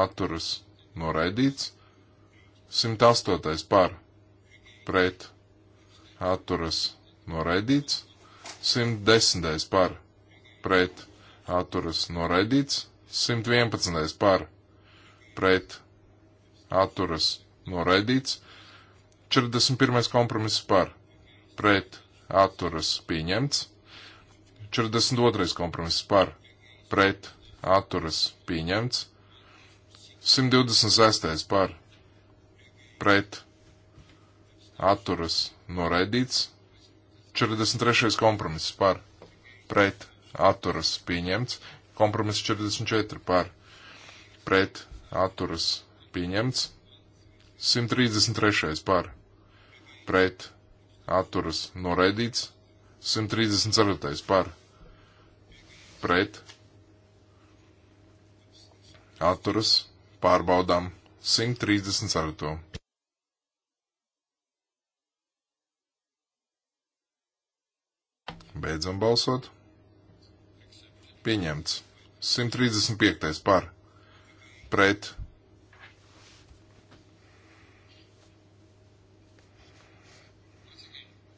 atturas, noraidīts. 108. par, pret, atturas, noraidīts. 110. par, pret, atturas, noraidīts. 111. par, pret, atturas, noraidīts. 41. kompromiss par, pret, atturas pieņemts. 42. kompromiss par pret atturas pieņemts. 126. par pret atturas noraidīts. 43. kompromiss par pret atturas pieņemts. Kompromiss 44 par pret atturas pieņemts. 133 par pret atturas noraidīts. 134. par pret atturas pārbaudām 134. Beidzam balsot. Pieņemts. 135. par pret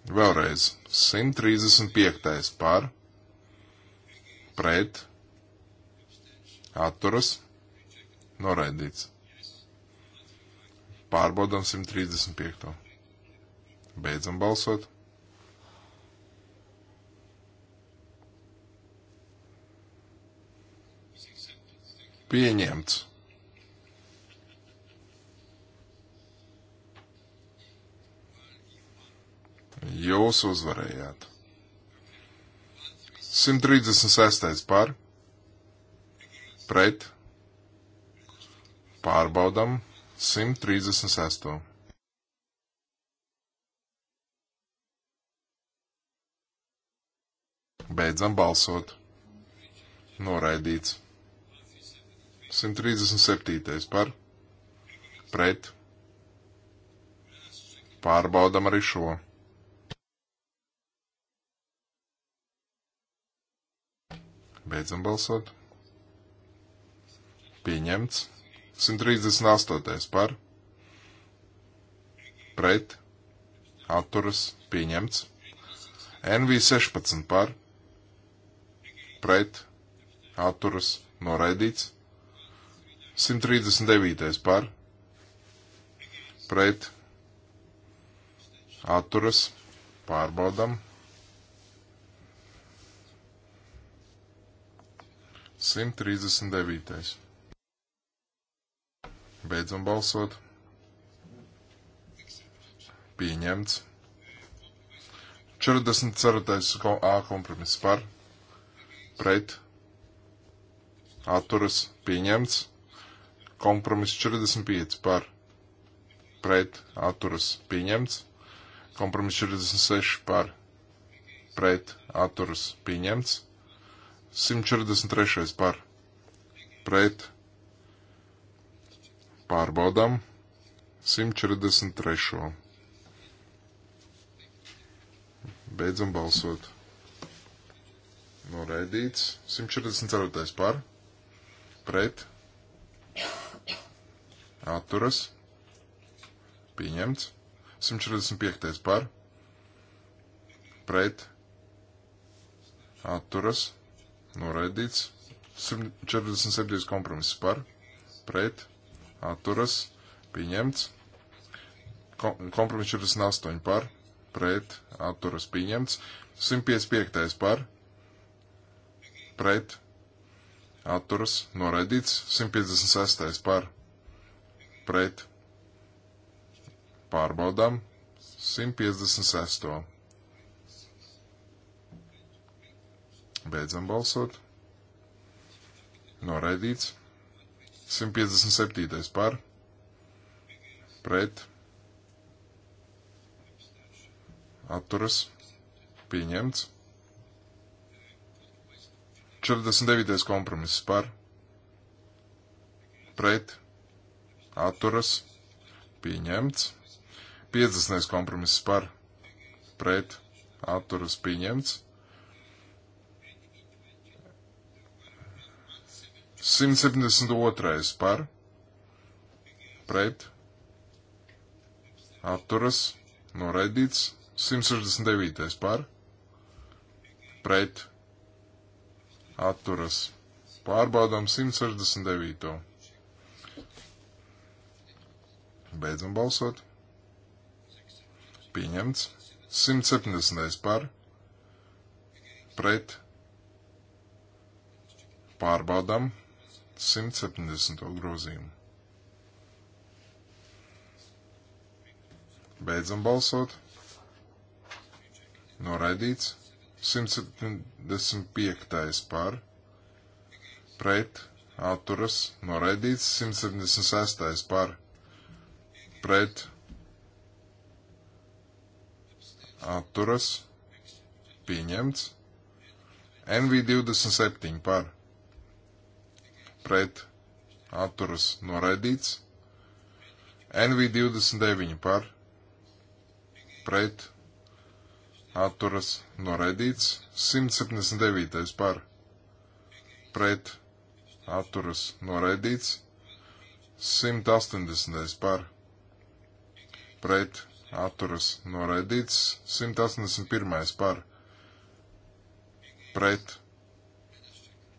Vēlreiz 135. par pret atturas noraidīts. Pārbaudam 135. Beidzam balsot. Pieņemts. Jūs uzvarējāt. 136. par. Pret. Pārbaudam 136. Beidzam balsot. Noraidīts. 137. par. Pret. Pārbaudam arī šo. Beidzam balsot. Pieņemts. 138. par. Pret. Atturas. Pieņemts. NV16 par. Pret. Atturas. Noraidīts. 139. par. Pret. Atturas. Pārbaudam. 139. Beidzam balsot. Pieņemts. 44. A kompromiss par, pret, atturas, pieņemts. Kompromiss 45 par, pret, atturas, pieņemts. Kompromiss 46 par, pret, atturas, pieņemts 143. par pret pārbaudām 143. Beidzam balsot. Noraidīts 144. par pret atturas pieņemts 145. par pret atturas pieņemts noraidīts. 47. kompromiss par, pret, atturas, pieņemts. Kompromiss 48 par, pret, atturas, pieņemts. 155. par, pret, atturas, noraidīts. 156. par, pret, pārbaudām. 156. Beidzam balsot. Noraidīts. 157. par. Pret. Atturas. Pieņemts. 49. kompromiss par. Pret. Atturas. Pieņemts. 50. kompromiss par. Pret. Atturas. Pieņemts. 172. par pret atturas noraidīts 169. par pret atturas pārbaudām 169. Beidzam balsot. Pieņemts 170. par pret pārbaudām 169. 170. grozījumu. Beidzam balsot. Noraidīts. 175. par. Pret. Atturas. Noraidīts. 176. par. Pret. Atturas. Pieņemts. NV27 par pret atturas noraidīts. NV29 par pret atturas noraidīts. 179 par pret atturas noraidīts. 180 par pret atturas noraidīts. 181 par pret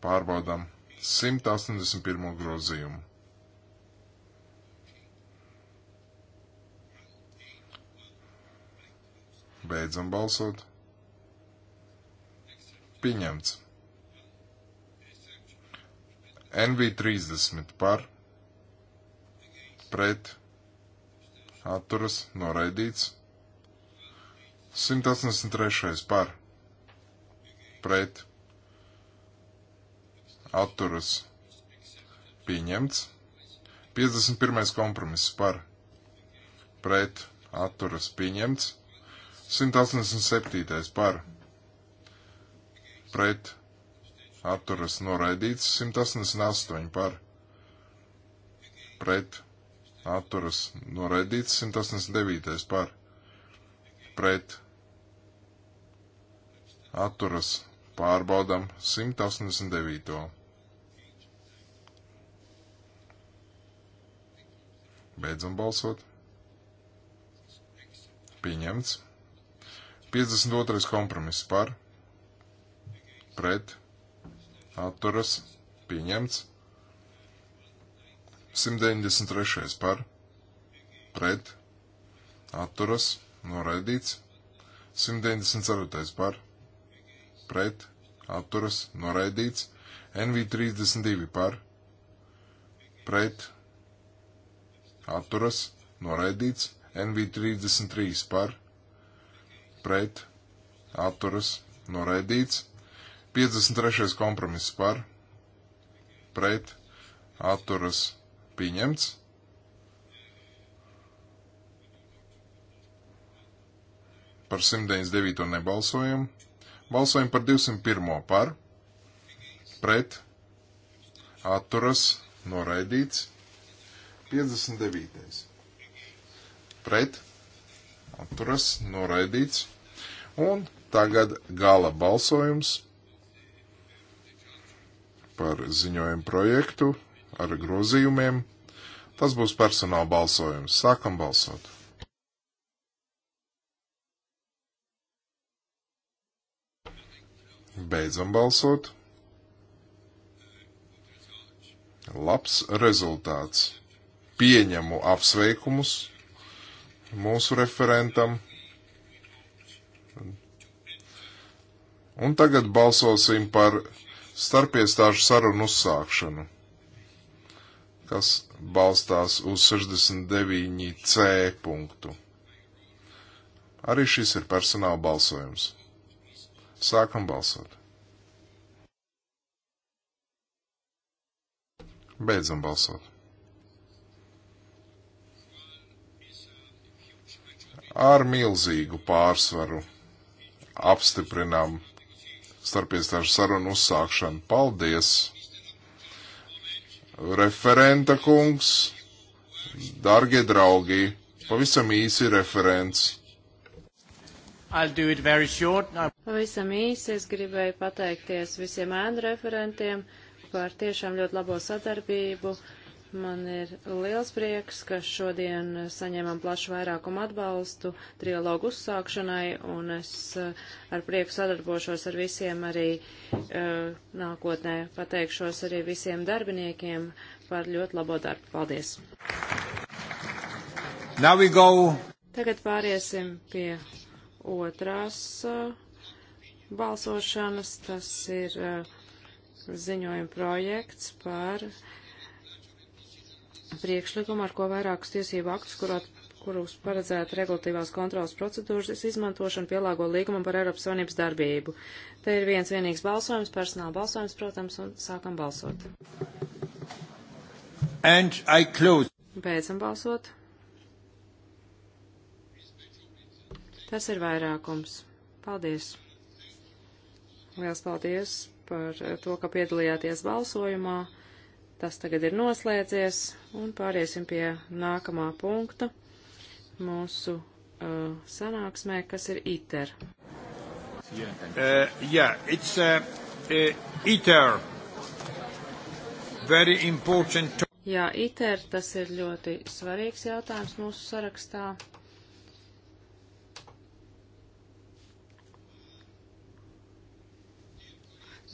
pārbaudām 181. grozījumu. Beidzam balsot. Pieņemts. NV30 par, pret, atturas, noraidīts. 183 par, pret, atturas pieņemts. 51. kompromiss par pret atturas pieņemts. 187. par pret atturas noraidīts. 188 par pret atturas noraidīts. 189. par pret atturas pārbaudam 189. Beidzam balsot. Pieņemts. 52. kompromiss par, pret, atturas, pieņemts. 193. par, pret, atturas, noraidīts. 194. par, pret, atturas, noraidīts. NV32 par, pret, atturas, noraidīts. NV33 par, pret, atturas, noraidīts. 53. kompromiss par, pret, atturas, pieņemts. Par 109. nebalsojam. Balsojam par 201. par, pret, atturas, noraidīts. 59. Pret atturas noraidīts. Un tagad gala balsojums par ziņojumu projektu ar grozījumiem. Tas būs personāla balsojums. Sākam balsot! Beidzam balsot. Labs rezultāts pieņemu apsveikumus mūsu referentam. Un tagad balsosim par starpiestāžu sarunu uzsākšanu, kas balstās uz 69C punktu. Arī šis ir personāla balsojums. Sākam balsot. Beidzam balsot. ar milzīgu pārsvaru apstiprinām starpiestāžu sarunu uzsākšanu. Paldies! Referenta kungs, dargie draugi, pavisam īsi referents. Pavisam īsi es gribēju pateikties visiem ēnu referentiem par tiešām ļoti labo sadarbību Man ir liels prieks, ka šodien saņēmām plašu vairākumu atbalstu trilogu uzsākšanai, un es eh, ar prieku sadarbošos ar visiem arī uh, nākotnē. Pateikšos arī visiem darbiniekiem par ļoti labo darbu. Paldies! Tagad pāriesim pie otrās uh, balsošanas. Tas ir uh, ziņojuma projekts par. Uh, priekšlikumu, ar ko vairākus tiesību aktus, kurot, kurus paredzēta regulatīvās kontrolas procedūras izmantošana pielāgo līgumam par Eiropas Savienības darbību. Te ir viens vienīgs balsojums, personāla balsojums, protams, un sākam balsot. Beidzam balsot. Tas ir vairākums. Paldies! Liels paldies par to, ka piedalījāties balsojumā. Tas tagad ir noslēdzies un pāriesim pie nākamā punkta mūsu uh, sanāksmē, kas ir ITER. Yeah, uh, yeah it's uh, uh, ITER. Very important. Jā, ITER, tas ir ļoti svarīgs jautājums mūsu sarakstā.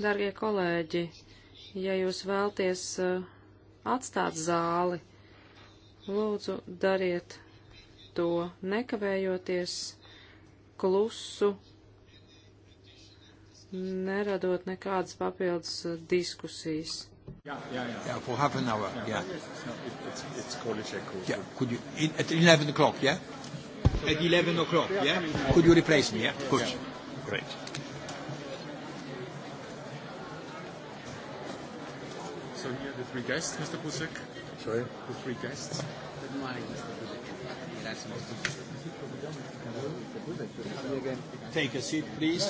Dargie kolēģi, uh, ja jūs vēlties eh, atstāt zāli, lūdzu dariet to nekavējoties, klusu, neradot nekādas papildus eh, diskusijas. Yeah, yeah, yeah. Yeah, for half an hour. Yeah. yeah. It's, not, it's, it's Kolicek also. Yeah. Could you in, at 11 o'clock? Yeah. At 11 o'clock. Yeah. Could you replace me? Yeah. Good. Yeah. Great. So here the three guests, Mr. Busek. Sorry? The three guests. Good morning, Mr. Busek. Take a seat, please,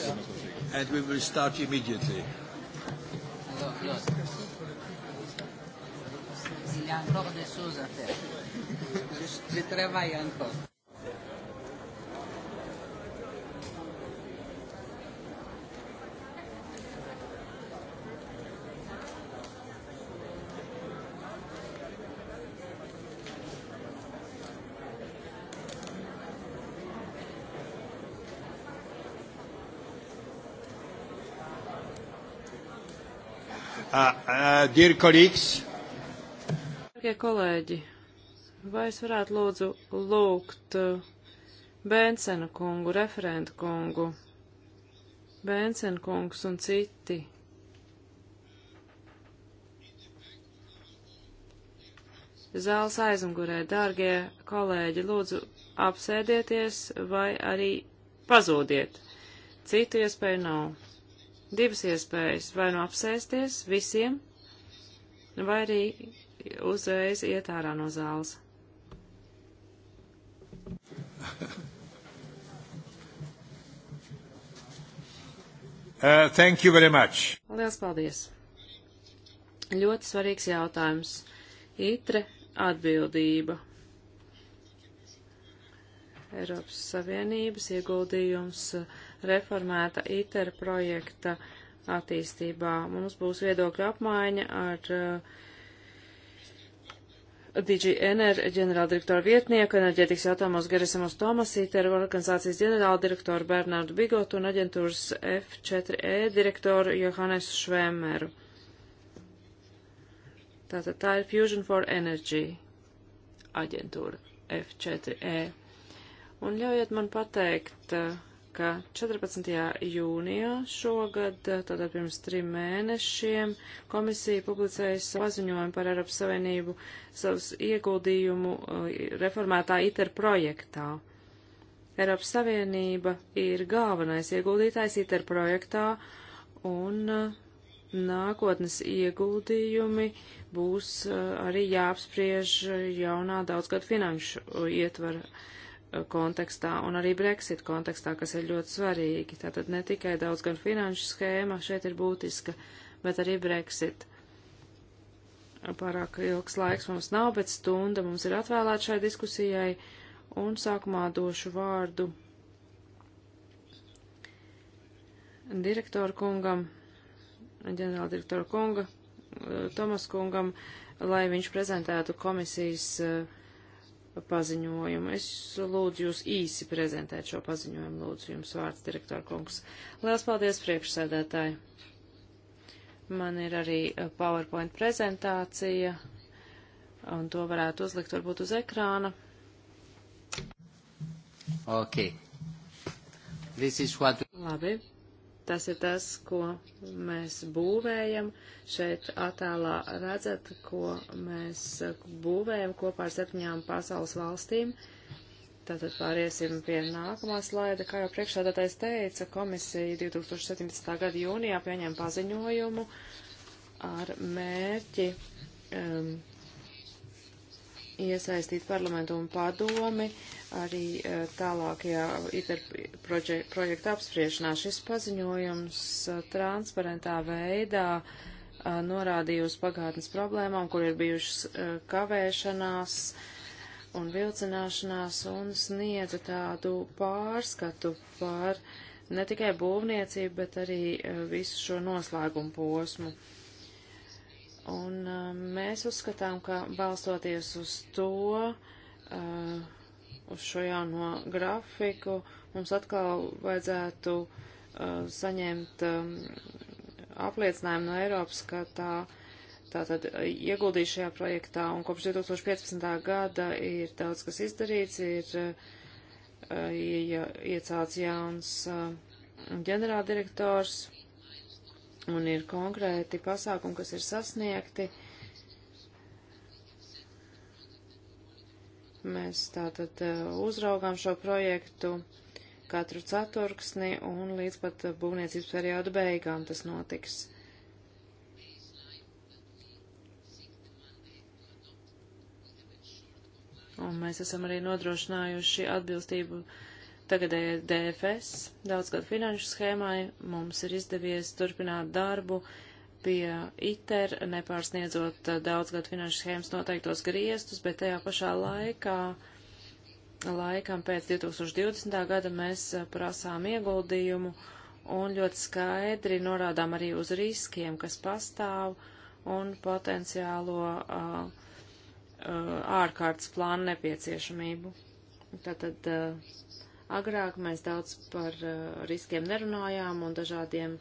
and we will start immediately. Il a encore des choses à faire. Je, je travaille encore. Uh, uh, kolēģi, vai es varētu lūdzu lūgt uh, Bēnsena kungu, referentu kungu, Bēnsena kungs un citi? Zāles aizmugurē, dārgie kolēģi, lūdzu apsēdieties vai arī pazūdiet. Citu iespēju nav divas iespējas - vai nu apsēsties visiem, vai arī uzreiz iet ārā no zāles. Uh, thank you very much. Lielas paldies. Ļoti svarīgs jautājums. Itre atbildība. Eiropas Savienības ieguldījums uh, reformēta ITER projekta attīstībā. Mums būs viedokļu apmaiņa ar uh, DGNR ģenerāldirektora vietnieku enerģētikas jautājumos Gerisamus Tomas, ITER organizācijas ģenerāldirektoru Bernārdu Bigotu un aģentūras F4E direktoru Johannesu Švēmeru. Tātad tā ir Fusion for Energy aģentūra F4E. Un ļaujiet man pateikt, uh, ka 14. jūnijā šogad, eh, tātad pirms trim mēnešiem, komisija publicēja paziņojumu par Eiropas Savienību savus ieguldījumu eh, reformētā ITER projektā. Eiropas Savienība ir galvenais ieguldītājs ITER projektā un eh, nākotnes ieguldījumi būs arī jāapspriež jaunā daudzgad finanšu ietvara kontekstā un arī Brexit kontekstā, kas ir ļoti svarīgi. Tātad ne tikai daudz gan finanšu schēma šeit ir būtiska, bet arī Brexit. Pārāk ilgs laiks mums nav, bet stunda mums ir atvēlēta šai diskusijai un sākumā došu vārdu direktoru kungam, ģenerāldirektoru kunga, Tomas kungam, lai viņš prezentētu komisijas uh, paziņojumu. Es lūdzu jūs īsi prezentēt šo paziņojumu, lūdzu jums vārds, direktora kungs. Liels paldies, priekšsēdētāji. Man ir arī eh, PowerPoint prezentācija, un to varētu uzlikt varbūt uz ekrāna. Ok. This is what... Labi. Tas ir tas, ko mēs būvējam. Šeit attēlā redzat, ko mēs būvējam kopā ar septiņām pasaules valstīm. Tātad pāriesim pie nākamā slaida. Kā jau priekšsādātais teica, komisija 2017. gada jūnijā pieņēma paziņojumu ar mērķi um, iesaistīt parlamentu un padomi uh, arī eh, tālākajā ITER projekta apspriešanā. Šis paziņojums eh, transparentā veidā eh, norādīja uz pagātnes problēmām, kur ir bijušas kavēšanās un vilcināšanās un sniedza tādu pārskatu par ne tikai būvniecību, bet arī visu šo noslēgumu posmu. Un mēs uzskatām, ka balstoties uz to, uh, uz šo jauno grafiku, mums atkal vajadzētu uh, saņemt um, apliecinājumu no Eiropas, ka tā tātad ieguldīja šajā projektā, un kopš 2015. gada ir daudz kas izdarīts, ir uh, ie, iecāts jauns uh, ģenerāldirektors, un ir konkrēti pasākumi, kas ir sasniegti. Uh, Mēs tātad eh, uzraugām šo projektu katru ceturksni un līdz pat būvniecības periodu beigām tas notiks. Un mēs esam arī nodrošinājuši atbilstību tagadējai DFS daudzgad finanšu schēmai. Mums ir izdevies turpināt darbu pie ITER, nepārsniedzot eh, daudzgad finanšu schēmas noteiktos griestus, bet tajā pašā laikā, laikam pēc 2020. gada mēs eh, prasām ieguldījumu un ļoti skaidri norādām arī uz riskiem, kas pastāv un potenciālo uh, uh, ārkārtas plānu nepieciešamību. Tātad uh, Agrāk mēs daudz par eh, riskiem nerunājām un dažādiem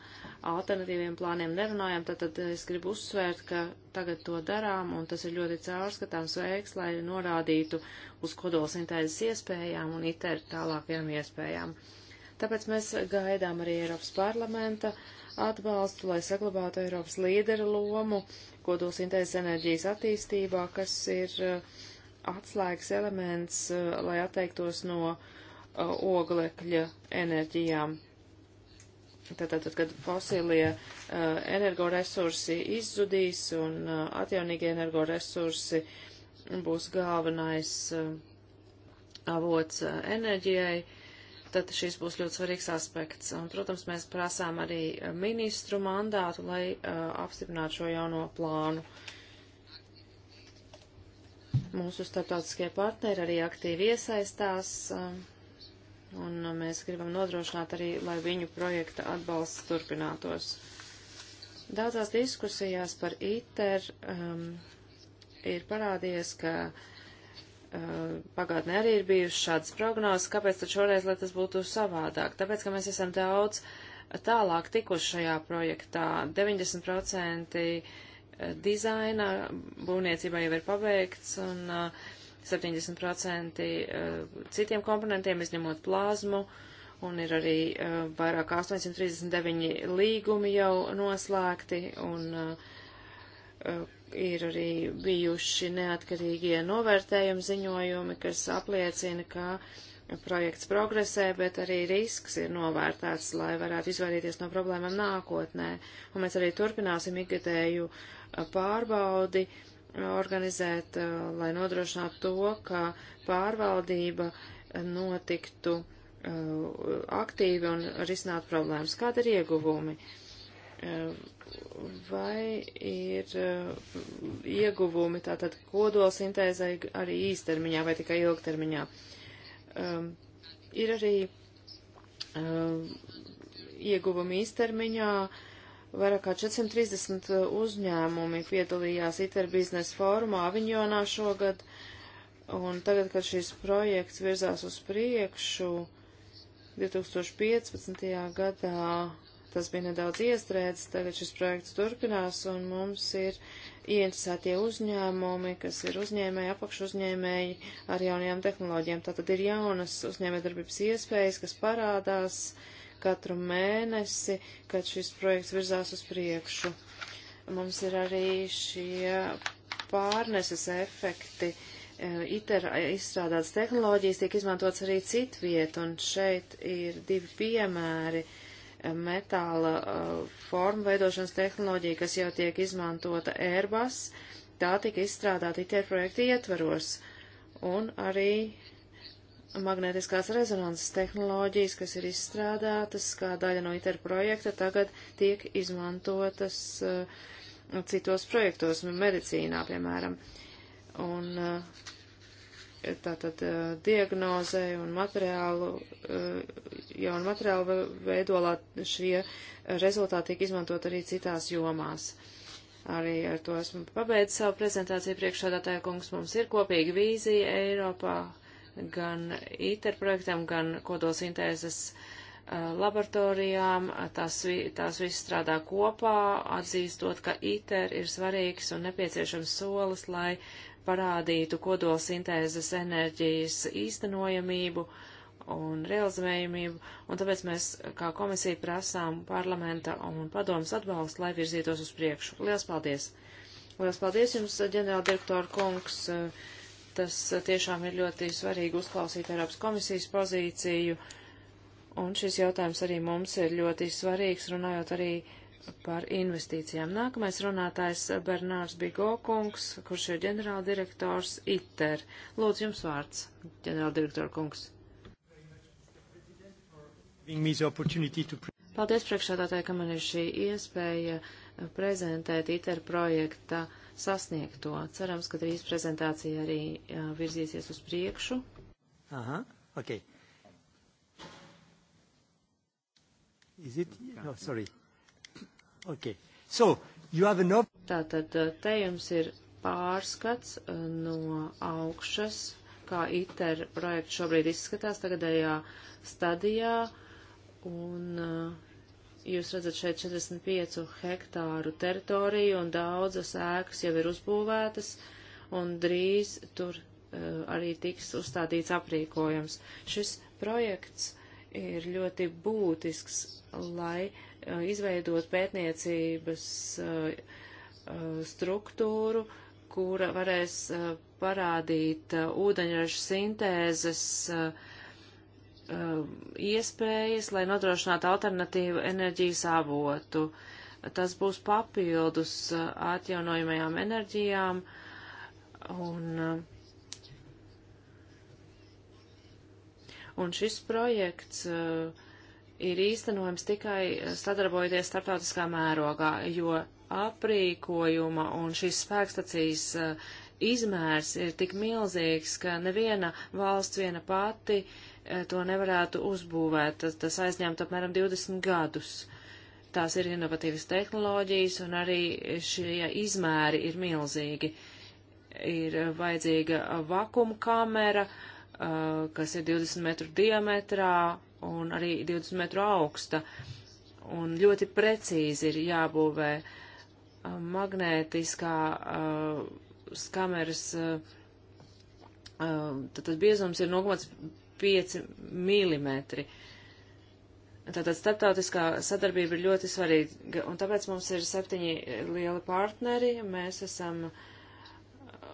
alternatīviem plāniem nerunājām, tad, tad es gribu uzsvērt, ka tagad to darām un tas ir ļoti caurskatāms veiks, lai norādītu uz kodolsintēzes iespējām un ITER tālākajām iespējām. Tāpēc mēs gaidām arī Eiropas parlamenta atbalstu, lai saglabātu Eiropas līdera lomu kodolsintēzes enerģijas attīstībā, kas ir eh, atslēgas elements, eh, lai atteiktos no uh, Uh, oglekļa enerģijām. Tātad, kad fosilie uh, energoresursi izzudīs un uh, atjaunīgie energoresursi būs galvenais avots enerģijai, tad šis būs ļoti svarīgs aspekts. Un, protams, mēs prasām arī ministru mandātu, lai uh, apstiprinātu šo jauno plānu. Mūsu starptautiskie partneri arī aktīvi iesaistās uh, un mēs gribam nodrošināt arī, lai viņu projekta atbalsts turpinātos. Daudzās diskusijās par ITER um, ir parādījies, ka uh, pagātnē arī ir bijušas šādas prognozes, kāpēc tad šoreiz, lai tas būtu savādāk? Tāpēc, ka mēs esam daudz tālāk tikuši šajā projektā. 90% uh, dizaina būvniecībā jau ir pabeigts, un uh, 70% eh, citiem komponentiem, izņemot plazmu, un ir arī eh, vairāk kā 839 līgumi jau noslēgti, un eh, ir arī bijuši neatkarīgie novērtējumi ziņojumi, kas apliecina, ka projekts progresē, bet arī risks ir novērtēts, lai varētu izvairīties no problēmām nākotnē. Un mēs arī turpināsim ikgadēju pārbaudi, uh, organizēt, eh, lai nodrošinātu to, ka pārvaldība eh, notiktu eh, aktīvi un risinātu problēmas. Kāda ir ieguvumi? Vai ir ieguvumi tātad kodolsintēzai arī īstermiņā vai tikai ilgtermiņā? Ehm, ir arī ieguvumi īstermiņā, uh, Vairāk kā 430 eh, uzņēmumi piedalījās ITER biznesa fórumā Aviņonā šogad, un tagad, kad šis projekts virzās uz priekšu, 2015. gadā tas bija nedaudz iestrēdzis, tagad šis projekts turpinās, un mums ir ieinteresētie uzņēmumi, kas ir uzņēmēji, apakšuzņēmēji ar jaunajām tehnoloģijām. Tātad ir jaunas uzņēmējdarbības iespējas, kas parādās. Uh, katru mēnesi, kad šis projekts virzās uz priekšu. Mums ir arī šie pārneses efekti. E, ITER izstrādātas tehnoloģijas tiek izmantots arī citviet, un šeit ir divi piemēri e, metāla e, formu veidošanas tehnoloģija, kas jau tiek izmantota Airbus, tā tika izstrādāta ITER projekta ietvaros, un arī magnētiskās rezonanses tehnoloģijas, kas ir izstrādātas kā daļa no ITER projekta, tagad tiek izmantotas uh, citos projektos, medicīnā, piemēram. Un uh, tātad uh, diagnozē un materiālu, uh, jaunu materiālu veidolā šie rezultāti tiek izmantot arī citās jomās. Arī ar to esmu pabeidz savu prezentāciju priekšādātāju kungs. Mums ir kopīga vīzija Eiropā, gan ITER projektam, gan kodolsintēzes uh, laboratorijām. Tās, tās viss strādā kopā, atzīstot, ka ITER ir svarīgs un nepieciešams solis, lai parādītu kodolsintēzes enerģijas īstenojamību un realizējumību, un tāpēc mēs kā komisija prasām parlamenta un padomas atbalstu, lai virzītos uz priekšu. Lielas paldies! Lielas paldies jums, ģenerāldirektora kungs! Uh, tas eh, tiešām ir ļoti svarīgi uzklausīt Eiropas komisijas pozīciju, un šis jautājums arī mums ir ļoti svarīgs, runājot arī par investīcijām. Nākamais runātājs eh, Bernārs Bigokungs, kurš ir ģenerāldirektors ITER. Lūdzu, jums vārds, ģenerāldirektora kungs. Paldies priekšādātāji, ka man ir šī iespēja eh, prezentēt ITER projekta uh, sasniegto. Cerams, ka drīz prezentācija arī uh, virzīsies uz priekšu. Aha, ok. Is it? No, sorry. Ok. So, you have an op- Tātad te jums ir pārskats no augšas, kā ITER projekts šobrīd izskatās tagadējā stadijā, un uh, Jūs redzat šeit 45 hektāru teritoriju un daudzas ēkas jau ir uzbūvētas un drīz tur uh, arī tiks uzstādīts aprīkojums. Šis projekts ir ļoti būtisks, lai uh, izveidot pētniecības uh, struktūru, kura varēs parādīt ūdeņraža sintēzes uh, uh, iespējas, lai nodrošinātu alternatīvu enerģijas avotu. Tas būs papildus uh, atjaunojumajām enerģijām un, uh, un šis projekts uh, ir īstenojams tikai sadarbojoties starptautiskā mērogā, jo aprīkojuma un šīs spēkstacijas uh, izmērs ir tik milzīgs, ka neviena valsts viena pati uh, Eh, to nevarētu uzbūvēt. Tas, tas aizņemtu apmēram 20 gadus. Tās ir inovatīvas tehnoloģijas, un arī šie izmēri ir milzīgi. Ir vajadzīga vakuma kamera, eh, kas ir 20 metru diametrā un arī 20 metru augsta, un ļoti precīzi ir jābūvē eh, magnētiskā kameras. Tad, tad biezums ir 0,5 5 mm. Tātad starptautiskā sadarbība ir ļoti svarīga, un tāpēc mums ir septiņi lieli partneri. Mēs esam uh,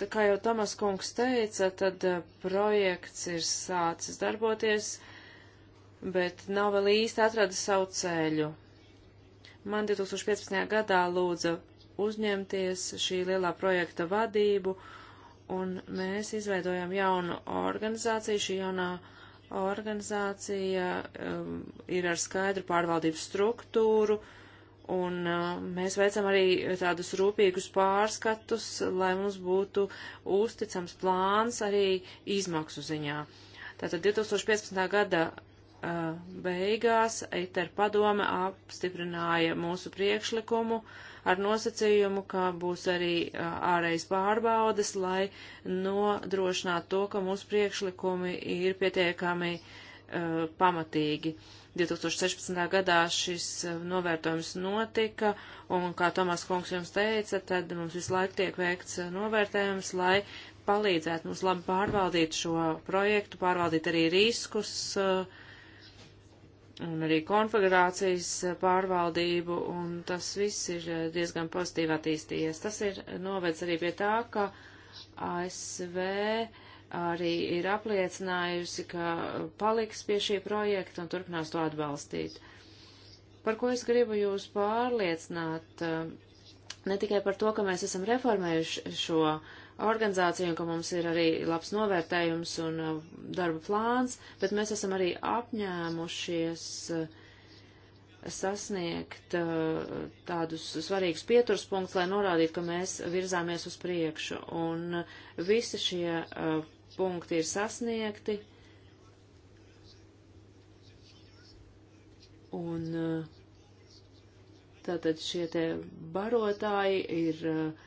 tā kā jau Tomas kungs teica, tad uh, projekts ir sācis darboties, bet nav vēl īsti atradis savu ceļu. Man 2015. gadā lūdza uzņemties šī lielā projekta vadību, un mēs izveidojam jaunu organizāciju. Šī jaunā organizācija um, ir ar skaidru pārvaldības struktūru, un uh, mēs veicam arī tādus rūpīgus pārskatus, lai mums būtu uzticams plāns arī izmaksu ziņā. Tātad 2015. gada uh, beigās ETER padome apstiprināja mūsu priekšlikumu, uh, ar nosacījumu, ka būs arī ārējas pārbaudas, lai nodrošinātu to, ka mūsu priekšlikumi ir pietiekami uh, pamatīgi. 2016. gadā šis novērtojums notika, un, kā Tomas Kungs jums teica, tad mums visu laiku tiek veikts novērtējums, lai palīdzētu mums labi pārvaldīt šo projektu, pārvaldīt arī riskus, uh, un arī konfigurācijas eh, pārvaldību, un tas viss ir eh, diezgan pozitīvi attīstījies. Tas ir novedis arī pie tā, ka ASV arī ir apliecinājusi, ka paliks pie šī projekta un turpinās to atbalstīt. Par ko es gribu jūs pārliecināt, eh, ne tikai par to, ka mēs esam reformējuši šo uh, organizācija un ka mums ir arī labs novērtējums un uh, darba plāns, bet mēs esam arī apņēmušies uh, sasniegt uh, tādus svarīgus pieturas punktus, lai norādītu, ka mēs virzāmies uz priekšu. Un visi šie punkti ir sasniegti. Un tātad šie te barotāji ir uh,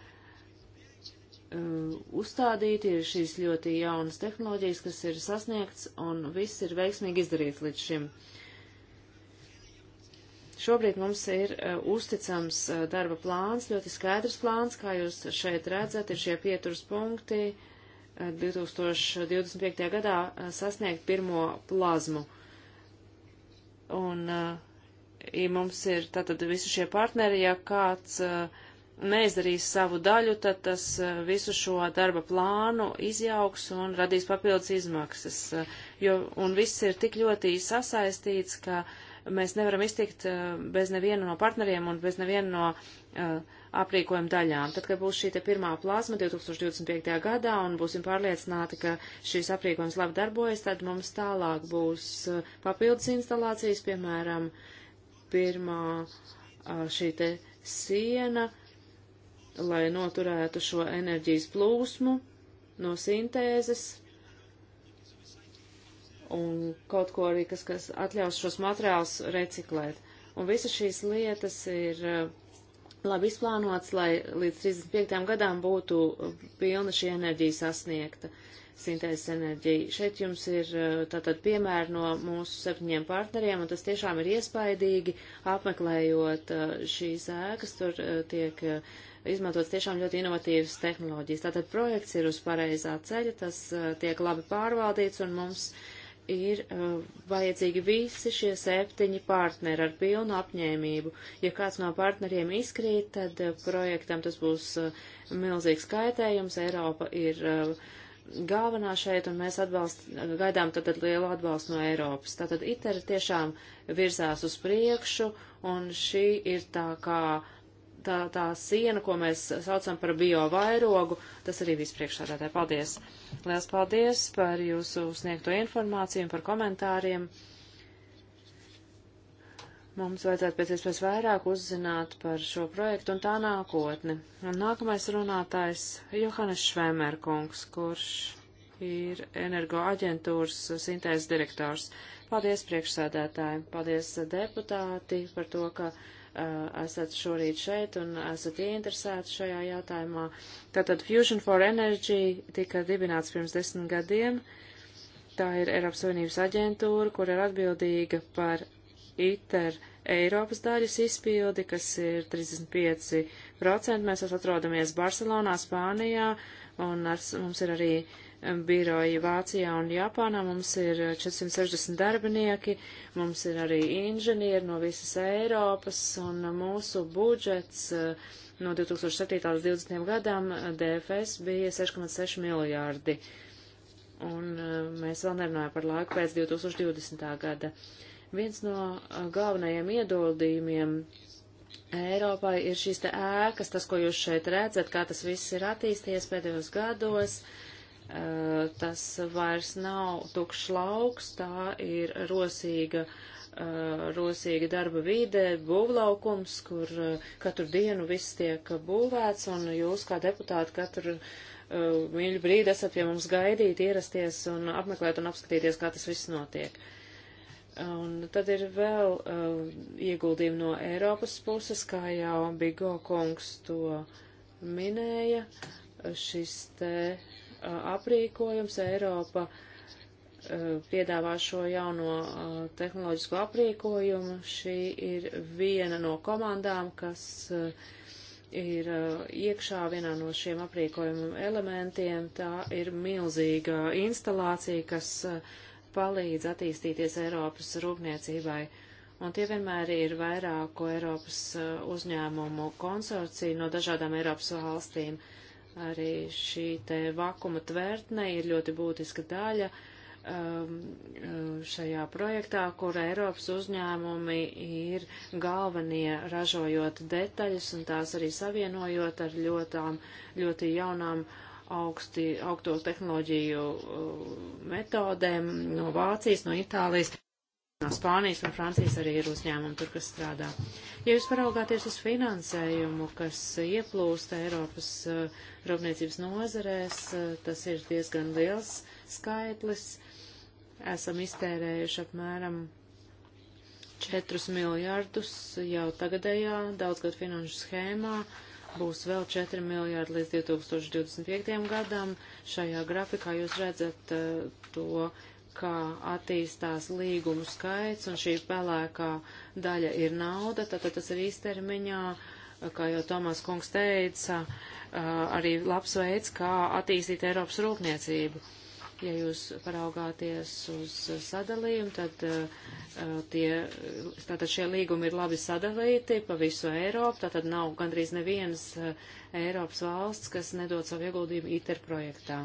Uh, uzstādīti, ir šīs ļoti jaunas tehnoloģijas, kas ir sasniegts, un viss ir veiksmīgi izdarīts līdz šim. Šobrīd mums ir uh, uzticams uh, darba plāns, ļoti skaidrs plāns, kā jūs šeit redzat, ir šie pieturas punkti uh, 2025. gadā uh, sasniegt pirmo plazmu. Un uh, ja mums ir tātad visi šie partneri, ja kāds uh, neizdarīs savu daļu, tad tas eh, visu šo darba plānu izjauks un radīs papildus izmaksas. Eh, jo, un viss ir tik ļoti sasaistīts, ka mēs nevaram iztikt eh, bez neviena no partneriem un bez neviena no uh, aprīkojuma daļām. Tad, kad būs šī te pirmā plāsma 2025. gadā un būsim pārliecināti, ka šīs aprīkojums labi darbojas, tad mums tālāk būs papildus instalācijas, piemēram, pirmā uh, šī te siena, uh, lai noturētu šo enerģijas plūsmu no sintēzes un kaut ko arī, kas, kas atļaus šos materiālus reciklēt. Un visas šīs lietas ir eh, labi izplānotas, lai līdz 35. gadām būtu eh, pilna šī enerģija sasniegta, sintēzes enerģija. Šeit jums ir eh, tātad piemēri no mūsu septiņiem partneriem, un tas tiešām ir iespaidīgi, apmeklējot šīs ēkas, tur tiek uh, izmantots tiešām ļoti inovatīvas tehnoloģijas. Tātad projekts ir uz pareizā ceļa, tas uh, tiek labi pārvaldīts un mums ir uh, vajadzīgi visi šie septiņi partneri ar pilnu apņēmību. Ja kāds no partneriem izkrīt, tad uh, projektam tas būs milzīgs kaitējums. Eiropa ir galvenā šeit, un mēs atbalst, gaidām tad lielu atbalstu no Eiropas. Tātad ITER tiešām virzās uz priekšu, un šī ir tā kā uh, tā, tā siena, ko mēs saucam par biovairogu, tas arī viss priekšsādātāji. Paldies! Lielas paldies par jūsu sniegto informāciju un par komentāriem. Mums vajadzētu pēc iespējas vairāk uzzināt par šo projektu un tā nākotni. Un nākamais runātājs Johannes Švemerkungs, kurš ir energoaģentūras sintēzes direktors. Paldies priekšsēdētāji, paldies deputāti par to, ka esat šorīt šeit un esat ieinteresēti šajā jautājumā. Tātad Fusion for Energy tika dibināts pirms desmit gadiem. Tā ir Eiropas Savienības aģentūra, kur ir atbildīga par ITER Eiropas daļas izpildi, kas ir 35%. Mēs atrodamies Barcelonā, Spānijā, un ar, mums ir arī uh, biroji Vācijā un Japānā, mums ir 460 eh, darbinieki, mums ir arī inženieri no visas Eiropas, un mūsu budžets eh, no 2007. līdz 2020. gadam eh, DFS bija 6,6 miljārdi. Un mēs vēl nerunājam par laiku pēc 2020. gada. Viens no galvenajiem iedoldījumiem Eiropai ir šīs te ēkas, tas, ko jūs šeit redzat, kā tas viss ir attīstījies pēdējos gados. Uh, tas vairs nav tukšs lauks, tā ir rosīga, rosīga darba vide, būvlaukums, kur katru dienu viss tiek būvēts, un jūs kā deputāti katru mīļu brīdi esat pie mums gaidīt, ierasties un apmeklēt un apskatīties, kā tas viss notiek. Un tad ir vēl uh, ieguldījumi no Eiropas puses, kā jau Bigo kungs to minēja, šis te uh, Uh, aprīkojums. Eiropa uh, piedāvā šo jauno uh, tehnoloģisko aprīkojumu. Šī ir viena no komandām, kas ir iekšā vienā no šiem aprīkojuma elementiem. Tā ir milzīga instalācija, kas palīdz attīstīties Eiropas rūpniecībai. Un tie vienmēr ir vairāku Eiropas uzņēmumu konsorciju no dažādām Eiropas valstīm. Uh, Arī šī te vakuma tvērtne ir ļoti būtiska daļa um, uh, šajā projektā, kur Eiropas uzņēmumi ir galvenie ražojot detaļas un tās arī savienojot ar ļotām, ļoti jaunām augsti, augsto tehnoloģiju uh, metodēm no Vācijas, no Itālijas. No Spānijas un Francijas arī ir uzņēmumi tur, kas strādā. Ja jūs paraugāties uz finansējumu, kas ieplūst Eiropas uh, rūpniecības nozarēs, uh, tas ir diezgan liels skaitlis. Esam iztērējuši apmēram 4 miljardus jau tagadējā daudzgad finanšu schēmā. Būs vēl 4 miljārdi līdz 2025. gadam. Šajā grafikā jūs redzat uh, to kā attīstās līgumu skaits, un šī pelēkā daļa ir nauda, tad, tad tas ir īstermiņā, kā jau Tomās kungs teica, arī labs veids, kā attīstīt Eiropas rūpniecību. Ja jūs paraugāties uz sadalījumu, tad, tie, tātad šie līgumi ir labi sadalīti pa visu Eiropu, tātad nav gandrīz nevienas Eiropas valsts, kas nedod savu ieguldījumu ITER projektā.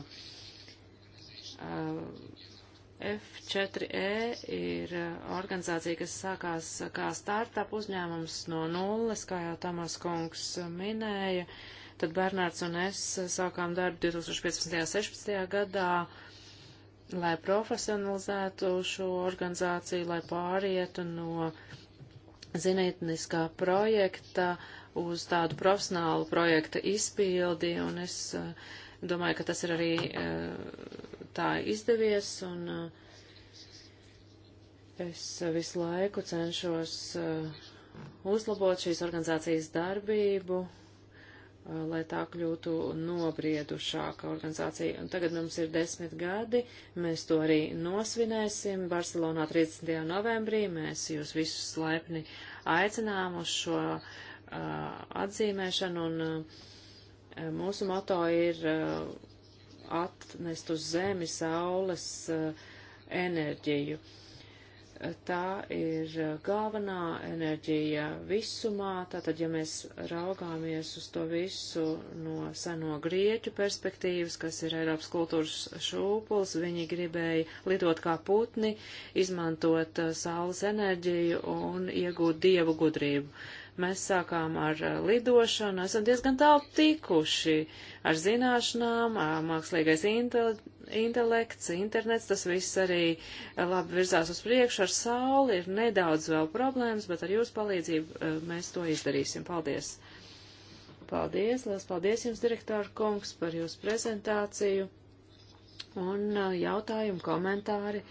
Uh, F4E ir uh, organizācija, kas sākās kā startup uzņēmums no nulles, kā jau Tamas kungs minēja. Tad Bernārds un es sākām darbu 2015. un 16. gadā, lai profesionalizētu šo organizāciju, lai pārietu no zinātniskā projekta uz tādu profesionālu projekta izpildi, un es uh, domāju, ka tas ir arī uh, tā izdevies, un uh, es visu laiku cenšos uh, uzlabot šīs organizācijas darbību, uh, lai tā kļūtu nobriedušāka organizācija. Un tagad mums ir desmit gadi, mēs to arī nosvinēsim Barcelonā 30. novembrī. Mēs jūs visus laipni aicinām uz šo uh, atzīmēšanu, un uh, mūsu moto ir uh, atnest uz zemi saules eh, enerģiju. Tā ir eh, galvenā enerģija visumā, tātad, ja mēs raugāmies uz to visu no seno grieķu perspektīvas, kas ir Eiropas kultūras šūpuls, viņi gribēja lidot kā putni, izmantot eh, saules enerģiju un iegūt dievu gudrību. Uh, Mēs sākām ar eh, lidošanu, esam diezgan tālu tikuši ar zināšanām, mākslīgais intele, intelekts, internets, tas viss arī labi virzās uz priekšu ar sauli, ir nedaudz vēl problēmas, bet ar jūsu palīdzību mēs to izdarīsim. Paldies! Paldies, liels paldies jums, direktora kungs, par jūsu prezentāciju un jautājumu komentāri.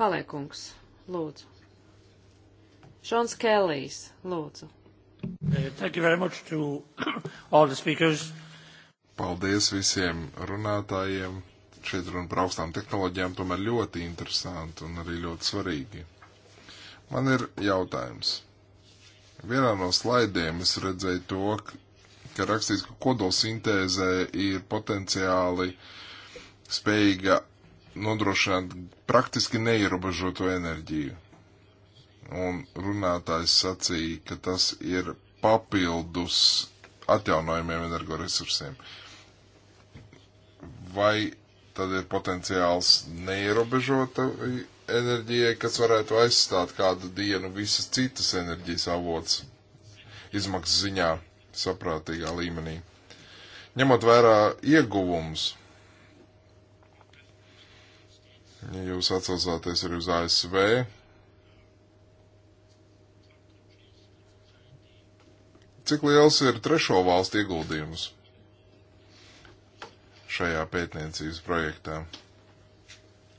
Kalēkungs, lūdzu. Šons Kelijs, lūdzu. Uh, Paldies visiem runātājiem. Šeit runa par augstām tehnoloģijām tomēr ļoti interesanti un arī ļoti svarīgi. Man ir jautājums. Vienā no slaidiem es redzēju to, ka rakstīts, ka kodolsintēzē ir potenciāli spējīga nodrošināt praktiski neierobežotu enerģiju un runātājs sacīja, ka tas ir papildus atjaunojumiem energoresursiem. Vai tad ir potenciāls neierobežota enerģijai, kas varētu aizstāt kādu dienu visas citas enerģijas avots izmaksas ziņā saprātīgā līmenī. Ņemot vērā ieguvums, ja jūs atsaucāties arī uz ASV, Cik liels ir trešo valstu ieguldījums šajā pētniecības projektā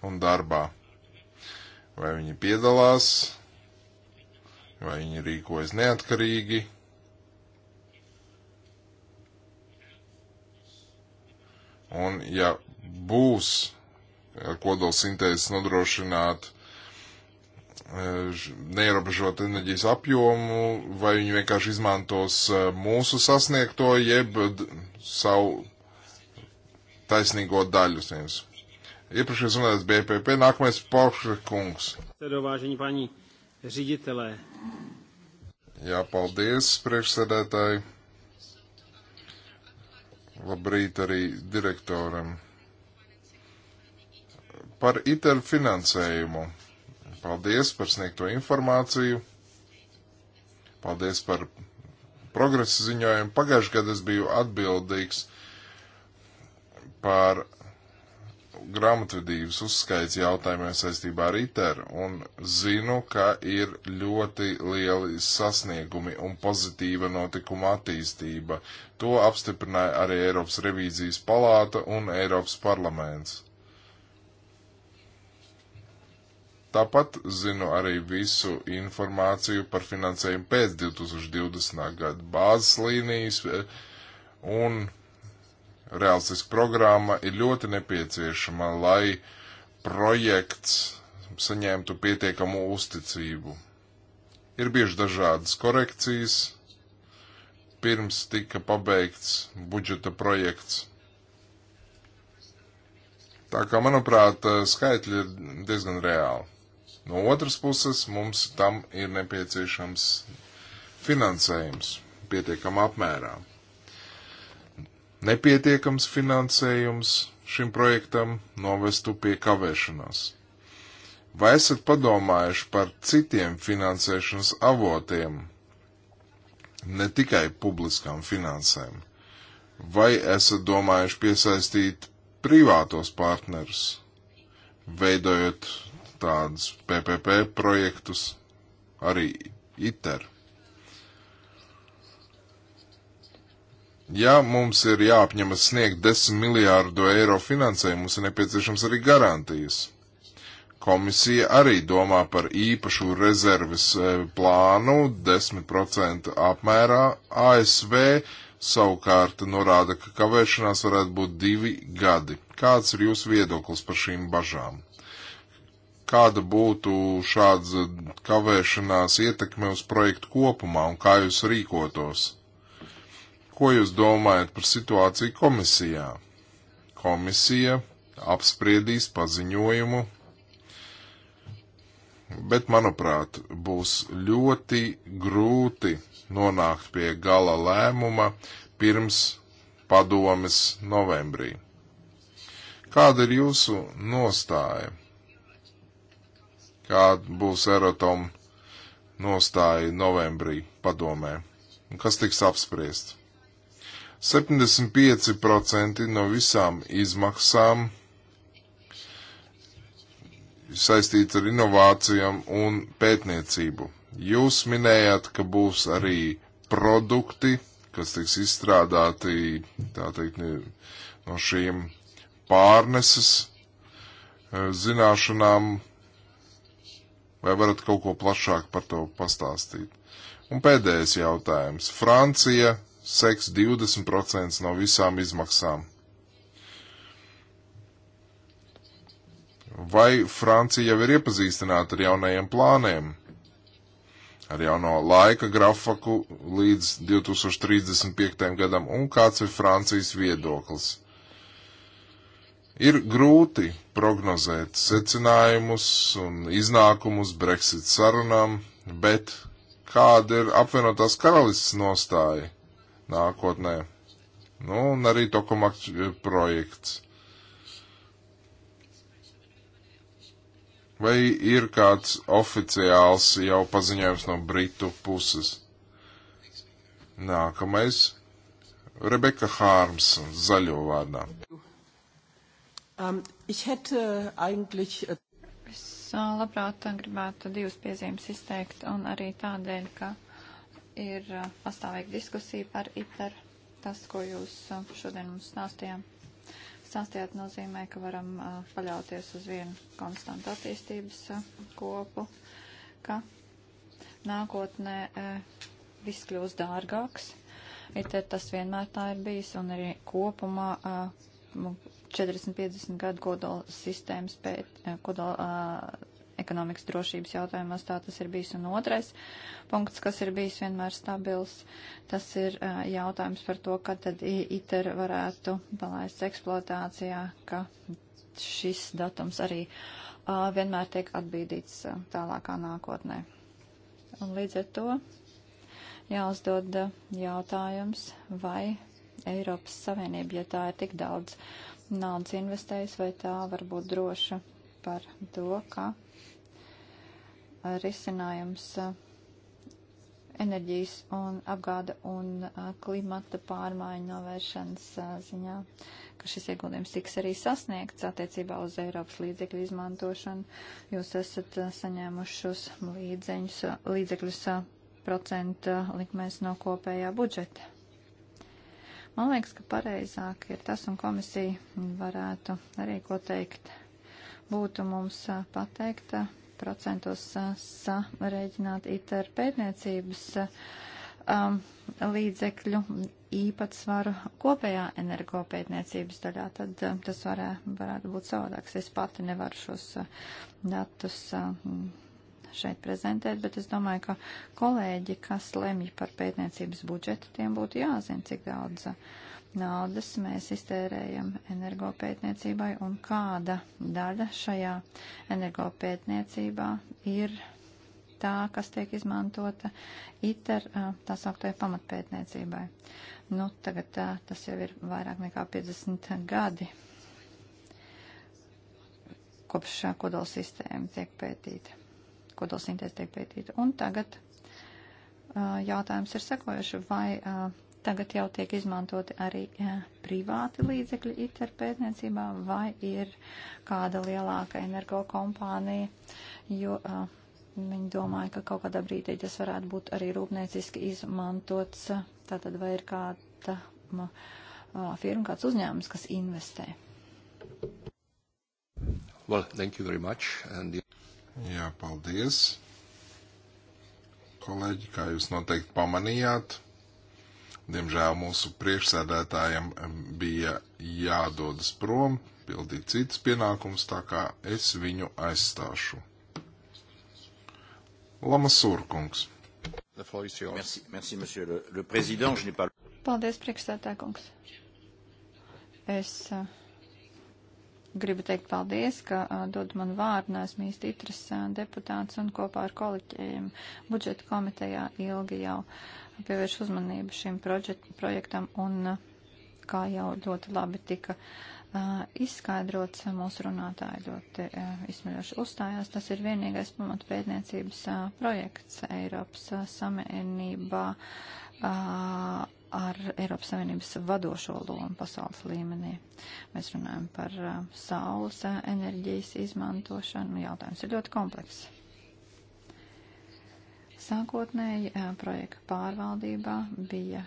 un darbā? Vai viņi piedalās, vai viņi rīkojas neatkarīgi? Un ja būs kodolsintēzes nodrošināt Eh, neierobežot enerģijas apjomu, vai viņi vienkārši izmantos eh, mūsu sasniegto, jeb savu taisnīgo daļu. Iepriekšējais runātājs BPP, nākamais Pauša kungs. Jā, paldies, priekšsēdētāji. Labrīt arī direktoram. Par ITER finansējumu Paldies par sniegto informāciju. Paldies par progresa ziņojumu. Pagājušajā gadā es biju atbildīgs par grāmatvedības uzskaits jautājumiem saistībā ar ITER un zinu, ka ir ļoti lieli sasniegumi un pozitīva notikuma attīstība. To apstiprināja arī Eiropas revīzijas palāta un Eiropas parlaments. Tāpat zinu arī visu informāciju par finansējumu pēc 2020. gada bāzes līnijas eh, un reālistisku programma ir ļoti nepieciešama, lai projekts saņemtu pietiekamu uzticību. Ir bieži dažādas korekcijas, pirms tika pabeigts budžeta projekts. Tā kā, manuprāt, skaitļi ir diezgan reāli. No otras puses, mums tam ir nepieciešams finansējums pietiekamā apmērā. Nepietiekams finansējums šim projektam novestu pie kavēšanās. Vai esat padomājuši par citiem finansēšanas avotiem, ne tikai publiskām finansēm? Vai esat domājuši piesaistīt privātos partnerus, veidojot tādus PPP projektus, arī ITER. Ja mums ir jāapņemas sniegt 10 miljārdu eiro finansējumu, mums ir nepieciešams arī garantijas. Komisija arī domā par īpašu rezerves e, plānu 10% apmērā. ASV savukārt norāda, ka kavēšanās varētu būt divi gadi. Kāds ir jūsu viedoklis par šīm bažām? kāda būtu šāds kavēšanās ietekme uz projektu kopumā un kā jūs rīkotos? Ko jūs domājat par situāciju komisijā? Komisija apspriedīs paziņojumu, bet, manuprāt, būs ļoti grūti nonākt pie gala lēmuma pirms padomes novembrī. Kāda ir jūsu nostāja? kā būs Erotom nostāja novembrī padomē un kas tiks apspriests. 75% no visām izmaksām saistīts ar inovācijām un pētniecību. Jūs minējāt, ka būs arī produkti, kas tiks izstrādāti teikt, no šīm pārneses e, zināšanām Vai varat kaut ko plašāk par to pastāstīt? Un pēdējais jautājums. Francija seks 20% no visām izmaksām. Vai Francija jau ir iepazīstināta ar jaunajiem plāniem? Ar jauno laika grafaku līdz 2035. gadam un kāds ir Francijas viedoklis? Ir grūti prognozēt secinājumus un iznākumus Brexit sarunām, bet kāda ir apvienotās karalists nostāja nākotnē? Nu, un arī Tokomaks eh, projekts. Vai ir kāds oficiāls jau paziņojums no Britu puses? Nākamais - Rebeka Hārms, zaļo vārdā. Um, ich hätte eigentlich. Äh, es uh, labprāt gribētu divas piezīmes izteikt, un arī tādēļ, ka ir uh, pastāvīga diskusija par ITER. Tas, ko jūs uh, šodien mums stāstījām, stāstījāt, nozīmē, ka varam paļauties uz vienu konstantu attīstības kopu, ka nākotnē viss kļūs dārgāks. ITER tas vienmēr tā ir bijis, un arī kopumā 40-50 gadu kodola sistēmas pēc, eh, kodola uh, ekonomikas drošības jautājumos tā tas ir bijis. Un otrais punkts, kas ir bijis vienmēr stabils, tas ir uh, jautājums par to, kad tad ITER varētu palaist eksploatācijā, ka šis datums arī uh, vienmēr tiek atbīdīts uh, tālākā nākotnē. Un līdz ar to jāuzdod jautājums, vai Eiropas Savienība, ja tā ir tik daudz naudas investējas, vai tā var būt droša par to, ka eh, risinājums eh, enerģijas un apgāda un eh, klimata pārmaiņu novēršanas ziņā, ka šis ieguldījums tiks arī sasniegts attiecībā uz Eiropas līdzekļu izmantošanu. Jūs esat saņēmuši šos līdzeņus, līdzekļus procenta likmēs no kopējā budžeta. Man liekas, ka pareizāk ir tas, un komisija varētu arī ko teikt. Būtu mums pateikt procentos sareiķināt ITER pētniecības um, līdzekļu īpatsvaru kopējā energopētniecības daļā, tad um, tas varē, varētu būt savādāks. Es pati nevaru šos uh, datus. Um, šeit prezentēt, bet es domāju, ka kolēģi, kas lemj par pētniecības budžetu, tiem būtu jāzina, cik daudz uh, naudas mēs iztērējam energopētniecībai un kāda daļa šajā energopētniecībā ir tā, kas tiek izmantota ITER uh, tā sauktajai pamatpētniecībai. Nu, tagad tā, uh, tas jau ir vairāk nekā 50 gadi kopš kodola sistēma tiek pētīta kodolsintēze tiek pētīta. Un tagad uh, jautājums ir sekojuši, vai uh, tagad jau tiek izmantoti arī uh, privāti līdzekļi ITER pētniecībā, vai ir kāda lielāka energo kompānija, jo viņi domāja, ka kaut kādā brīdī tas varētu būt arī rūpnieciski izmantots, tātad vai ir kāda firma, kāds uzņēmums, kas investē. Well, thank you very much. And the... Jā, paldies. Kolēģi, kā jūs noteikti pamanījāt, diemžēl mūsu priekšsēdētājiem bija jādodas prom, pildīt citas pienākums, tā kā es viņu aizstāšu. Lamasurkungs. Merci, merci, monsieur le, le président. Je n'ai pas... Paldies, priekšsēdētāj kungs. Es uh, Gribu teikt paldies, ka a, dod man vārdu, esmu īsti itras deputāts un kopā ar kolēģiem budžeta komitejā ilgi jau pievērš uzmanību šim prožet, projektam un a, kā jau ļoti labi tika a, izskaidrots, mūsu runātāji ļoti izsmeļoši uzstājās. Tas ir vienīgais pamatpētniecības projekts Eiropas Samienībā ar Eiropas Savienības vadošo lomu pasaules līmenī. Mēs runājam par uh, saules uh, enerģijas izmantošanu. Jautājums ir ļoti komplekss. Sākotnēji uh, projekta pārvaldībā bija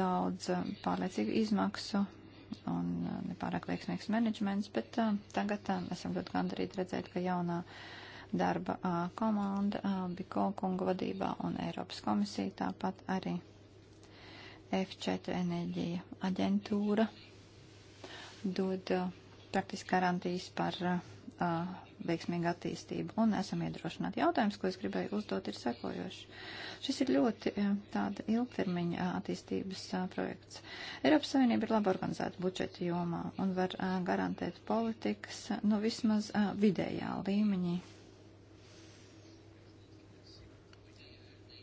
daudz uh, pārliecīgu izmaksu un uh, nepārāk veiksmīgs menedžments, bet uh, tagad esam ļoti gandarīti redzēt, ka jaunā darba komanda Biko kunga vadībā un Eiropas komisija tāpat arī F4 enerģija aģentūra dod uh, praktiski garantijas par uh, uh, veiksmīgu attīstību un esam iedrošināti. Jautājums, ko es gribēju uzdot, ir sekojošs. Šis ir ļoti uh, tāda ilgtermiņa attīstības a, projekts. Eiropas Savienība ir labi organizēta budžeta jomā un var a, garantēt politikas, nu vismaz a, vidējā līmeņī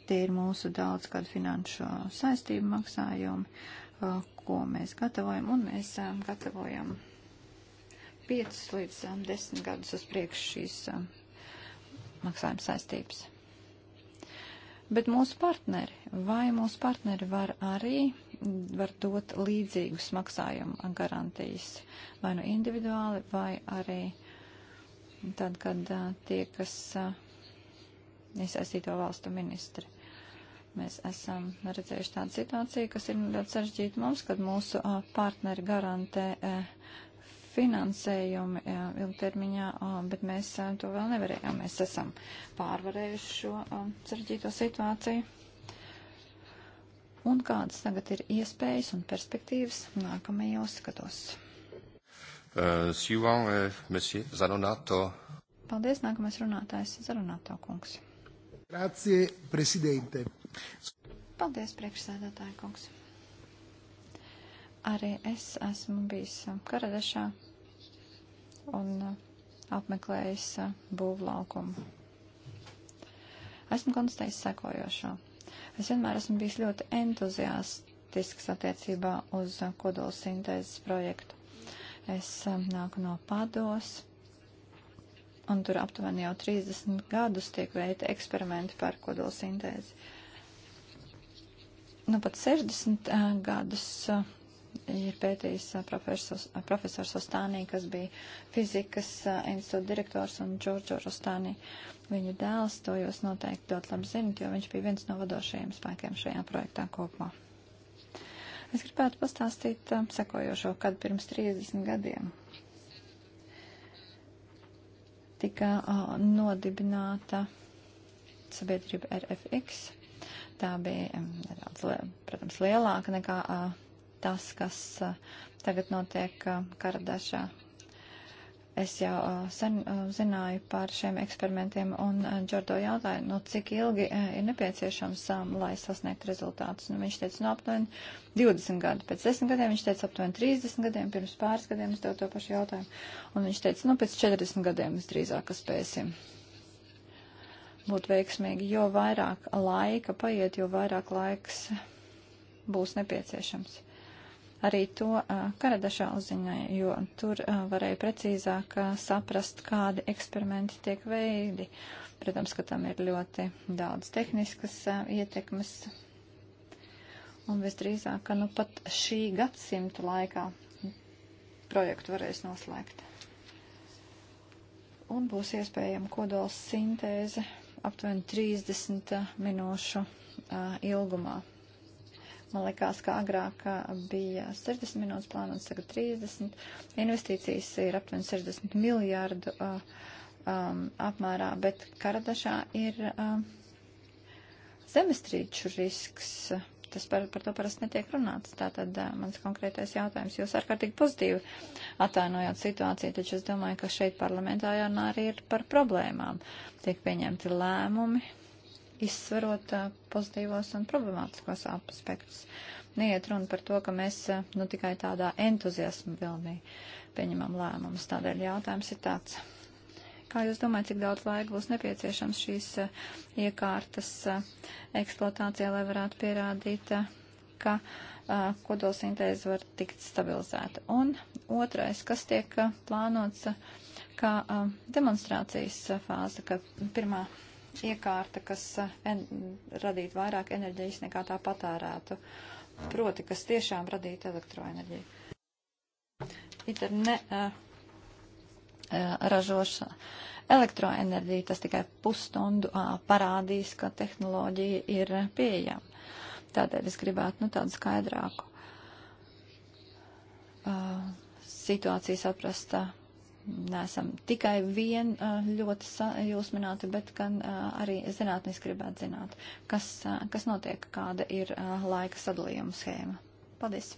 Tie ir mūsu daudzgadu finanšu saistību maksājumi, ko mēs gatavojam, un mēs gatavojam 5 līdz 10 gadus uz priekšu šīs maksājuma saistības. Bet mūsu partneri, vai mūsu partneri var arī var dot līdzīgus maksājumu garantijas, vai nu individuāli, vai arī tad, kad tie, kas iesaistīto valstu ministri Mēs esam redzējuši tādu situāciju, kas ir ļoti sarežģīta mums, kad mūsu a, partneri garantē a, finansējumi a, ilgtermiņā, bet mēs to vēl nevarējām. Mēs esam pārvarējuši šo sarežģīto situāciju. Un kādas tagad ir iespējas un perspektīvas nākamajos gados? Uh, suivant, uh, monsieur Zanonato. Paldies, nākamais runātājs Zanonato kungs. Grazie, prezidente. Paldies, priekšsēdētāja kungs. Arī es esmu bijis Karadešā un uh, apmeklējis uh, būvlaukumu. Esmu konstatējis sekojošo. Es vienmēr esmu bijis ļoti entuziastisks attiecībā uz uh, kodola sintēzes projektu. Es nāku no pados un tur aptuveni jau 30 gadus tiek veikti eksperimenti par kodolsintēzi nu pat 60 uh, gadus uh, ir pētījis uh, profesors, uh, profesors Ostānī, kas bija fizikas uh, institūta direktors un Džordžo Ostānī. Viņu dēls, to jūs noteikti ļoti labi zinat, jo viņš bija viens no vadošajiem spēkiem šajā projektā kopumā. Es gribētu pastāstīt uh, sekojošo, kad pirms 30 gadiem tika uh, nodibināta sabiedrība RFX Tā bija nedaudz, protams, lielāka nekā tas, kas tagad notiek Karadašā. Es jau sen zināju par šiem eksperimentiem un Džordo jautāju, nu, cik ilgi ir nepieciešams, lai sasniegtu rezultātus. Nu, viņš teica, nu, aptuveni 20 gadi. Pēc 10 gadiem viņš teica, aptuveni 30 gadiem. Pirms pāris gadiem es tev to pašu jautājumu. Un viņš teica, nu, pēc 40 gadiem mēs drīzāk spēsim būt veiksmīgi. Jo vairāk laika paiet, jo vairāk laiks būs nepieciešams. Arī to Karadašā uzziņoja, jo tur varēja precīzāk saprast, kādi eksperimenti tiek veidi. Protams, ka tam ir ļoti daudz tehniskas ietekmes. Un visdrīzāk, ka nu pat šī gadsimta laikā projektu varēs noslēgt. Un būs iespējama kodols sintēze aptuveni 30 eh, minūšu eh, ilgumā. Man liekas, ka agrāk eh, bija 60 minūtes plānots, tagad 30. Investīcijas ir aptuveni 60 miljārdu uh, um, apmērā, bet Karadašā ir uh, zemestrīču risks Tas par, par to parasti netiek runāts. Tātad mans konkrētais jautājums. Jūs ārkārtīgi pozitīvi atainojāt situāciju, taču es domāju, ka šeit parlamentā jārunā arī ir par problēmām. Tiek pieņemti lēmumi, izsverot pozitīvos un problemātiskos aspektus. Neiet runa par to, ka mēs nu tikai tādā entuziasma vilnī pieņemam lēmumus. Tādēļ jautājums ir tāds Kā jūs domājat, cik daudz laika būs nepieciešams šīs eh, iekārtas eh, eksploatācijā, lai varētu pierādīt, eh, ka kodolsintēze var tikt stabilizēta? Un otrais, kas tiek plānots kā demonstrācijas fāze, ka pirmā iekārta, kas en, radītu vairāk enerģijas nekā tā patērētu, proti, kas tiešām radītu elektroenerģiju. It ir ne, uh, Eh, ražošana. Elektroenerģija tas tikai pusstundu parādīs, ka tehnoloģija ir pieejama. Tādēļ es gribētu nu, tādu skaidrāku uh, situāciju saprast. Nesam tikai vien uh, ļoti sajūsmināti, bet gan uh, arī zinātnīs gribētu zināt, kas, kas notiek, kāda ir laika sadalījuma schēma. Paldies!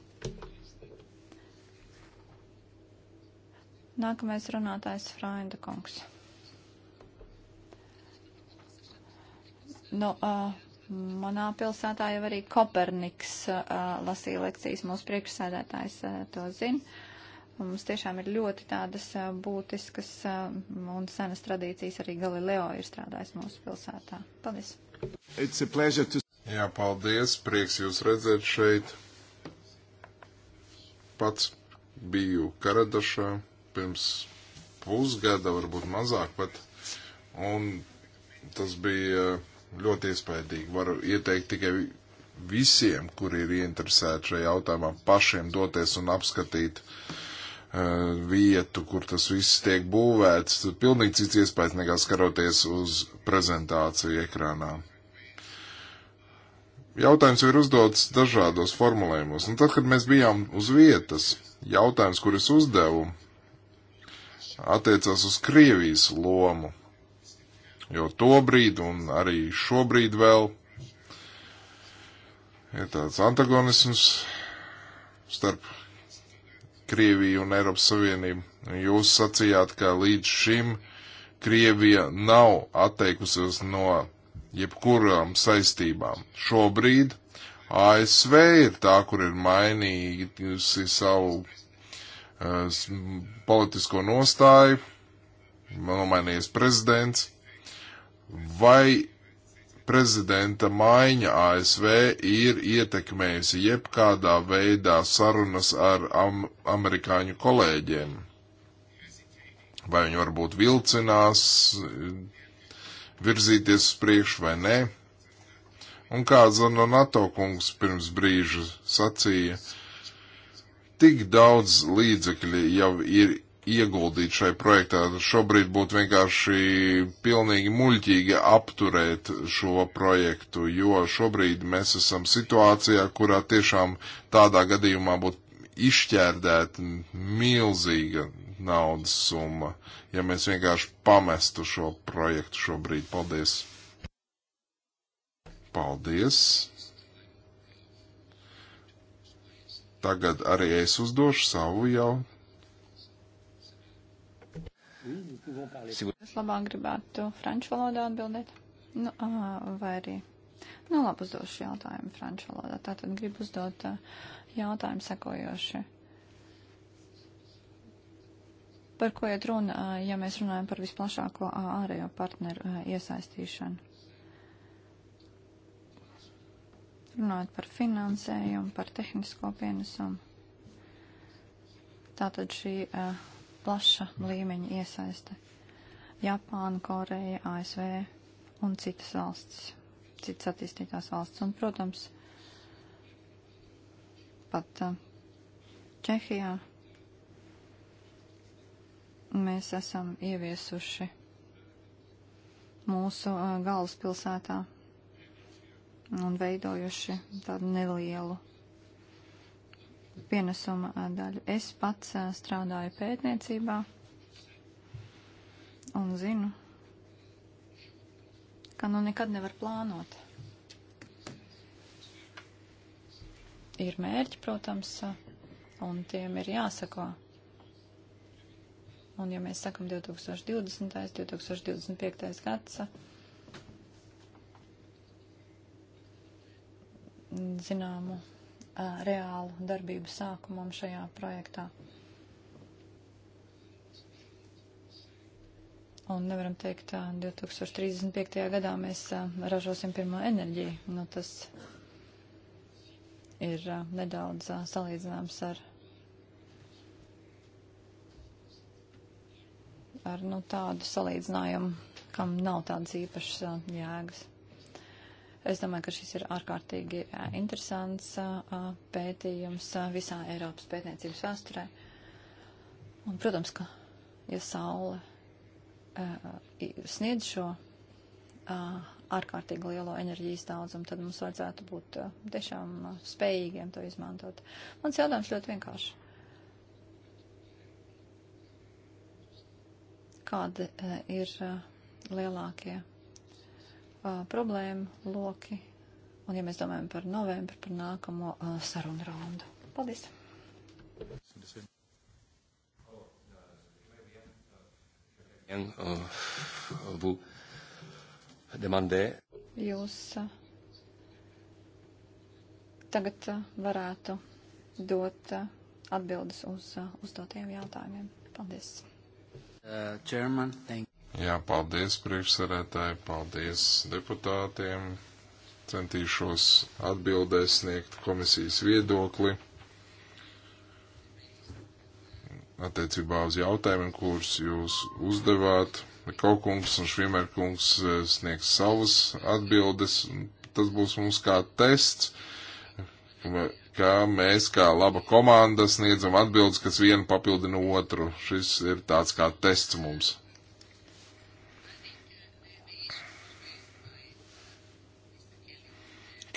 Nākamais runātājs Fraida kungs. Nu, uh, manā pilsētā jau arī Koperniks uh, lasīja lekcijas, mūsu priekšsēdētājs uh, to zina. Mums tiešām ir ļoti tādas uh, būtiskas uh, un senas tradīcijas, arī Galileo ir strādājis mūsu pilsētā. Paldies! To... Jā, paldies, prieks jūs redzēt šeit. Pats biju Karadašā pirms pusgada, varbūt mazāk pat, un tas bija ļoti iespaidīgi. Varu ieteikt tikai visiem, kuri ir ieinteresēti šajā jautājumā, pašiem doties un apskatīt uh, vietu, kur tas viss tiek būvēts. Pilnīgi cits iespējas nekā skaroties uz prezentāciju ekrānā. Jautājums ir uzdots dažādos formulējumos, un nu, tad, kad mēs bijām uz vietas, jautājums, kuris uzdevu, attiecās uz Krievijas lomu, jo tobrīd un arī šobrīd vēl ir tāds antagonisms starp Krieviju un Eiropas Savienību. Jūs sacījāt, ka līdz šim Krievija nav atteikusies no jebkurām saistībām. Šobrīd ASV ir tā, kur ir mainījusi savu politisko nostāju, nomainījies prezidents, vai prezidenta maiņa ASV ir ietekmējusi jebkādā veidā sarunas ar am amerikāņu kolēģiem. Vai viņi varbūt vilcinās virzīties uz priekšu vai nē. Un kā Zano NATO kungs pirms brīža sacīja, uh, tik daudz līdzekļu jau ir ieguldīt šai projektā. Šobrīd būtu vienkārši pilnīgi muļķīgi apturēt šo projektu, jo šobrīd mēs esam situācijā, kurā tiešām tādā gadījumā būtu izšķērdēta milzīga naudas summa, ja mēs vienkārši pamestu šo projektu šobrīd. Paldies! Paldies! Tagad arī es uzdošu savu jau. Es labāk gribētu franču valodā atbildēt. Nu, vai arī. Nu, labi, uzdošu jautājumu franču valodā. Tātad gribu uzdot jautājumu sekojoši par ko iet runa, ja mēs runājam par visplašāko ārējo partneru iesaistīšanu? runājot par finansējumu, par tehnisko pienesumu. Tātad šī uh, plaša līmeņa iesaiste - Japāna, Koreja, ASV un citas valsts, citas attīstītās valsts. Un, protams, pat uh, Čehijā mēs esam ieviesuši mūsu uh, galvaspilsētā un veidojuši tādu nelielu pienesuma daļu. Es pats strādāju pētniecībā un zinu, ka nu nekad nevar plānot. Ir mērķi, protams, un tiem ir jāsako. Un ja mēs sakam 2020. 2025. gads, zināmu reālu darbību sākumam šajā projektā. Un nevaram teikt, 2035. gadā mēs ražosim pirmo enerģiju. Nu, tas ir nedaudz salīdzināms ar, ar nu, tādu salīdzinājumu, kam nav tādas īpašas jēgas. Es domāju, ka šis ir ārkārtīgi interesants pētījums visā Eiropas pētniecības vēsturē. Un, protams, ka, ja saule sniedz šo ārkārtīgi lielo enerģijas daudzumu, tad mums vajadzētu būt tiešām spējīgiem to izmantot. Mans jautājums ļoti vienkārši. Kādi ir lielākie uh, problēmu loki. Un ja mēs domājam par novembru, par nākamo uh, sarunu raundu. Paldies! Jūs uh, tagad varētu dot atbildes uz uzdotajiem jautājumiem. Paldies! Uh, chairman, thank Jā, paldies priekšsarētāji, paldies deputātiem. Centīšos atbildēs sniegt komisijas viedokli attiecībā uz jautājumiem, kurus jūs uzdevāt. Kaukungs un Švimerkungs eh, sniegs savas atbildes. Tas būs mums kā tests, ka mēs kā laba komanda sniedzam atbildes, kas viena papildina otru. Šis ir tāds kā tests mums.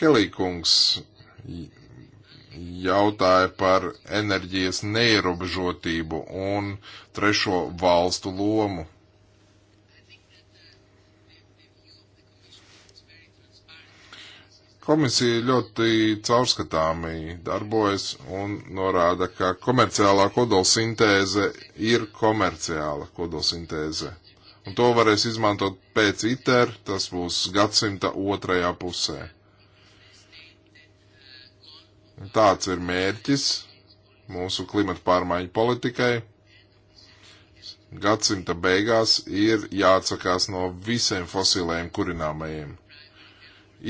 Kelīkungs jautāja par enerģijas neierobežotību un trešo valstu lomu. Komisija ļoti caurskatāmī darbojas un norāda, ka komerciālā kodolsintēze ir komerciāla kodolsintēze. Un to varēs izmantot pēc ITER, tas būs gadsimta otrajā pusē. Tāds ir mērķis mūsu klimata pārmaiņu politikai. Gadsimta beigās ir jāatsakās no visiem fosilējiem kurināmajiem.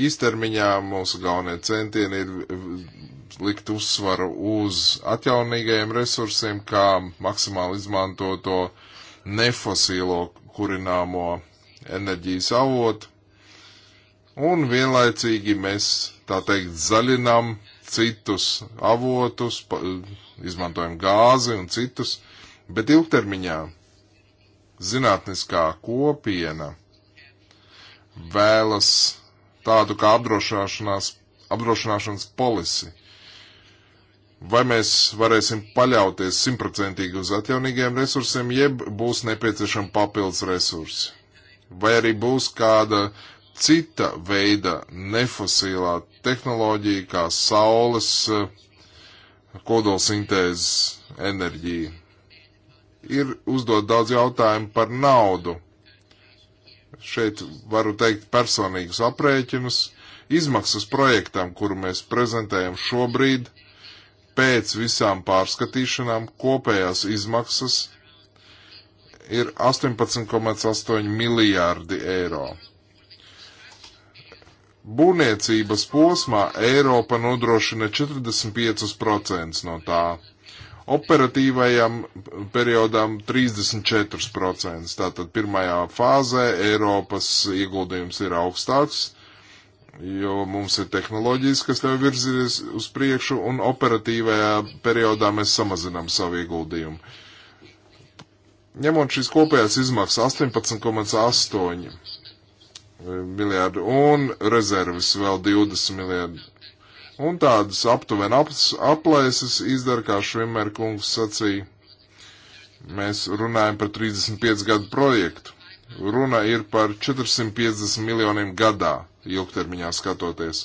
Īstermiņā mūsu galvenie centieni ir likt uzsvaru uz atjaunīgajiem resursiem, kā maksimāli izmantot to nefosīlo kurināmo enerģijas avotu, un vienlaicīgi mēs, tā teikt, zaļinām citus avotus, izmantojam gāzi un citus, bet ilgtermiņā zinātniskā kopiena vēlas tādu kā apdrošināšanās, apdrošināšanas polisi. Vai mēs varēsim paļauties simtprocentīgi uz atjaunīgiem resursiem, jeb būs nepieciešama papildus resursi? Vai arī būs kāda cita veida nefosilā tehnoloģija, kā saules eh, kodolsintēzes enerģija. Ir uzdot daudz jautājumu par naudu. Šeit varu teikt personīgus aprēķinus. Izmaksas projektam, kuru mēs prezentējam šobrīd, pēc visām pārskatīšanām kopējās izmaksas ir 18,8 miljārdi eiro būvniecības posmā Eiropa nodrošina 45% no tā, operatīvajam periodam 34%. Tātad pirmajā fāzē Eiropas ieguldījums ir augstāks, jo mums ir tehnoloģijas, kas tev virzīsies uz priekšu, un operatīvajā periodā mēs samazinām savu ieguldījumu. Ņemot šīs kopējās izmaksas 18,8 miljārdu un rezerves vēl 20 miljārdu. Un tādas aptuveni aplēses izdara, kā Švimēr kungs sacīja. Mēs runājam par 35 gadu projektu. Runa ir par 450 miljoniem gadā, ilgtermiņā skatoties.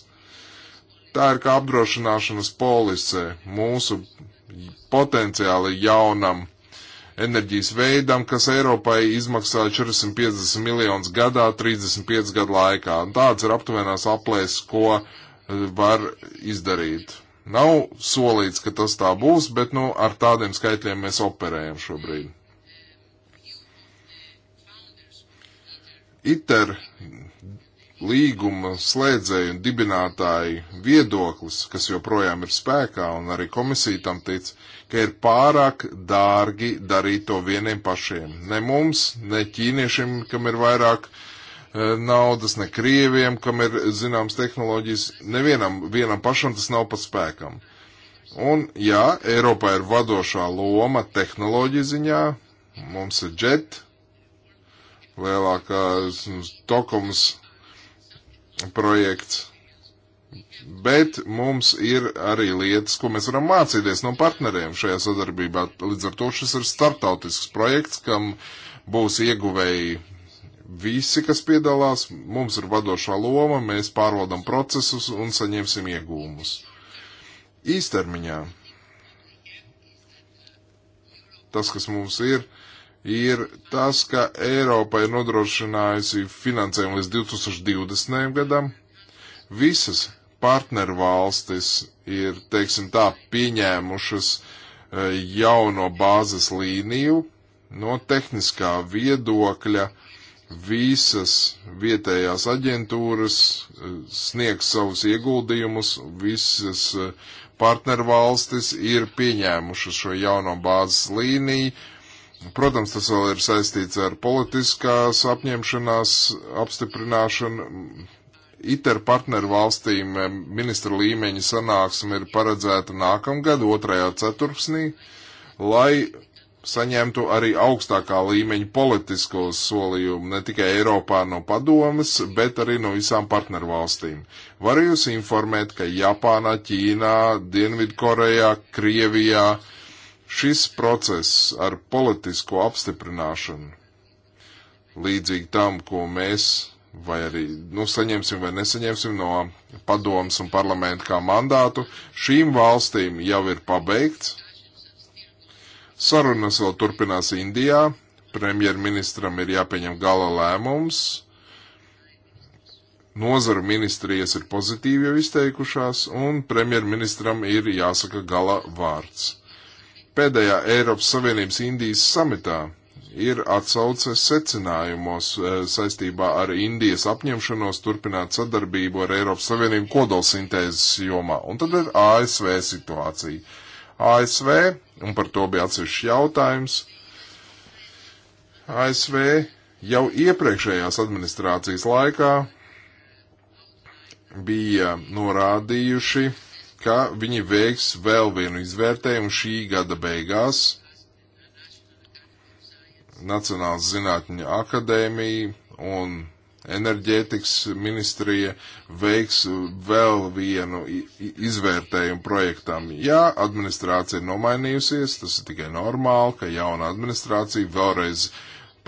Tā ir kā apdrošināšanas polise mūsu potenciāli jaunam enerģijas veidam, kas Eiropai izmaksā 450 miljonus gadā, 35 gadu laikā. Un tāds ir aptuvenās aplēs, ko e, var izdarīt. Nav solīts, ka tas tā būs, bet nu, ar tādiem skaitļiem mēs operējam šobrīd. ITER līguma slēdzēju un dibinātāju viedoklis, kas joprojām ir spēkā un arī komisija tam tic, ka ir pārāk dārgi darīt to vieniem pašiem. Ne mums, ne ķīniešiem, kam ir vairāk e, naudas, ne krieviem, kam ir zināms tehnoloģijas, nevienam vienam pašam tas nav pat spēkam. Un jā, Eiropā ir vadošā loma tehnoloģija ziņā, mums ir džet, lielākā nu, tokums projekts Bet mums ir arī lietas, ko mēs varam mācīties no partneriem šajā sadarbībā. Līdz ar to šis ir startautisks projekts, kam būs ieguvēji visi, kas piedalās. Mums ir vadošā loma, mēs pārvaldam procesus un saņemsim iegūmus. Īstermiņā tas, kas mums ir, ir tas, ka Eiropa ir nodrošinājusi finansējumu līdz 2020. gadam visas partnervalstis ir, teiksim tā, pieņēmušas e, jauno bāzes līniju no tehniskā viedokļa visas vietējās aģentūras e, sniegs savus ieguldījumus, visas e, partnervalstis ir pieņēmušas šo jauno bāzes līniju. Protams, tas vēl ir saistīts ar politiskās apņemšanās apstiprināšanu, ITER partneru valstīm eh, ministra līmeņa sanāksme ir paredzēta nākamgad, 2. ceturksnī, lai saņemtu arī augstākā līmeņa politiskos solījumu ne tikai Eiropā no padomas, bet arī no visām partneru valstīm. Varu jūs informēt, ka Japānā, Ķīnā, Dienvidkorejā, Krievijā šis process ar politisko apstiprināšanu, līdzīgi tam, ko mēs vai arī nu, saņemsim vai nesaņemsim no padomas un parlamenta kā mandātu, šīm valstīm jau ir pabeigts. Sarunas vēl turpinās Indijā. Premjerministram ir jāpieņem gala lēmums. Nozaru ministrijas ir pozitīvi jau izteikušās, un premjerministram ir jāsaka gala vārds. Pēdējā Eiropas Savienības Indijas samitā ir atsauce secinājumos e, saistībā ar Indijas apņemšanos turpināt sadarbību ar Eiropas Savienību kodolsintēzes jomā. Un tad ir ASV situācija. ASV, un par to bija atsevišķs jautājums, ASV jau iepriekšējās administrācijas laikā bija norādījuši, ka viņi veiks vēl vienu izvērtējumu šī gada beigās Nacionālas zinātņu akadēmija un enerģētikas ministrija veiks vēl vienu izvērtējumu projektam. Jā, administrācija ir nomainījusies, tas ir tikai normāli, ka jauna administrācija vēlreiz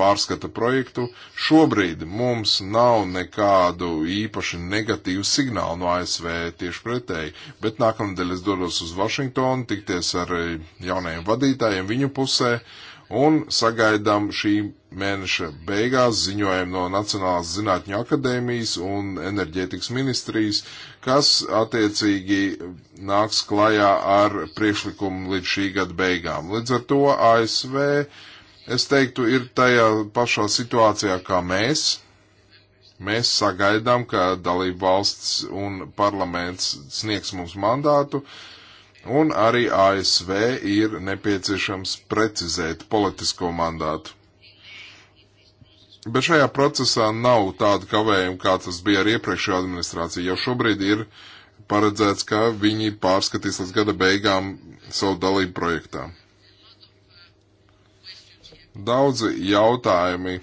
pārskata projektu. Šobrīd mums nav nekādu īpaši negatīvu signālu no ASV tieši pretēji, bet nākamnedēļ es dodos uz Vašingtonu tikties ar jaunajiem vadītājiem viņu pusē. Uh, un sagaidām šī mēneša beigās ziņojumu no Nacionālās zinātņu akadēmijas un enerģētikas ministrijas, kas attiecīgi nāks klajā ar priekšlikumu līdz šī gada beigām. Līdz ar to ASV, es teiktu, ir tajā pašā situācijā kā mēs. Mēs sagaidām, ka dalība valsts un parlaments sniegs mums mandātu, uh, Un arī ASV ir nepieciešams precizēt politisko mandātu. Bet šajā procesā nav tāda kavējuma, kā tas bija ar iepriekšējo administrāciju. Jau šobrīd ir paredzēts, ka viņi pārskatīs līdz gada beigām savu dalību projektā. Daudzi jautājumi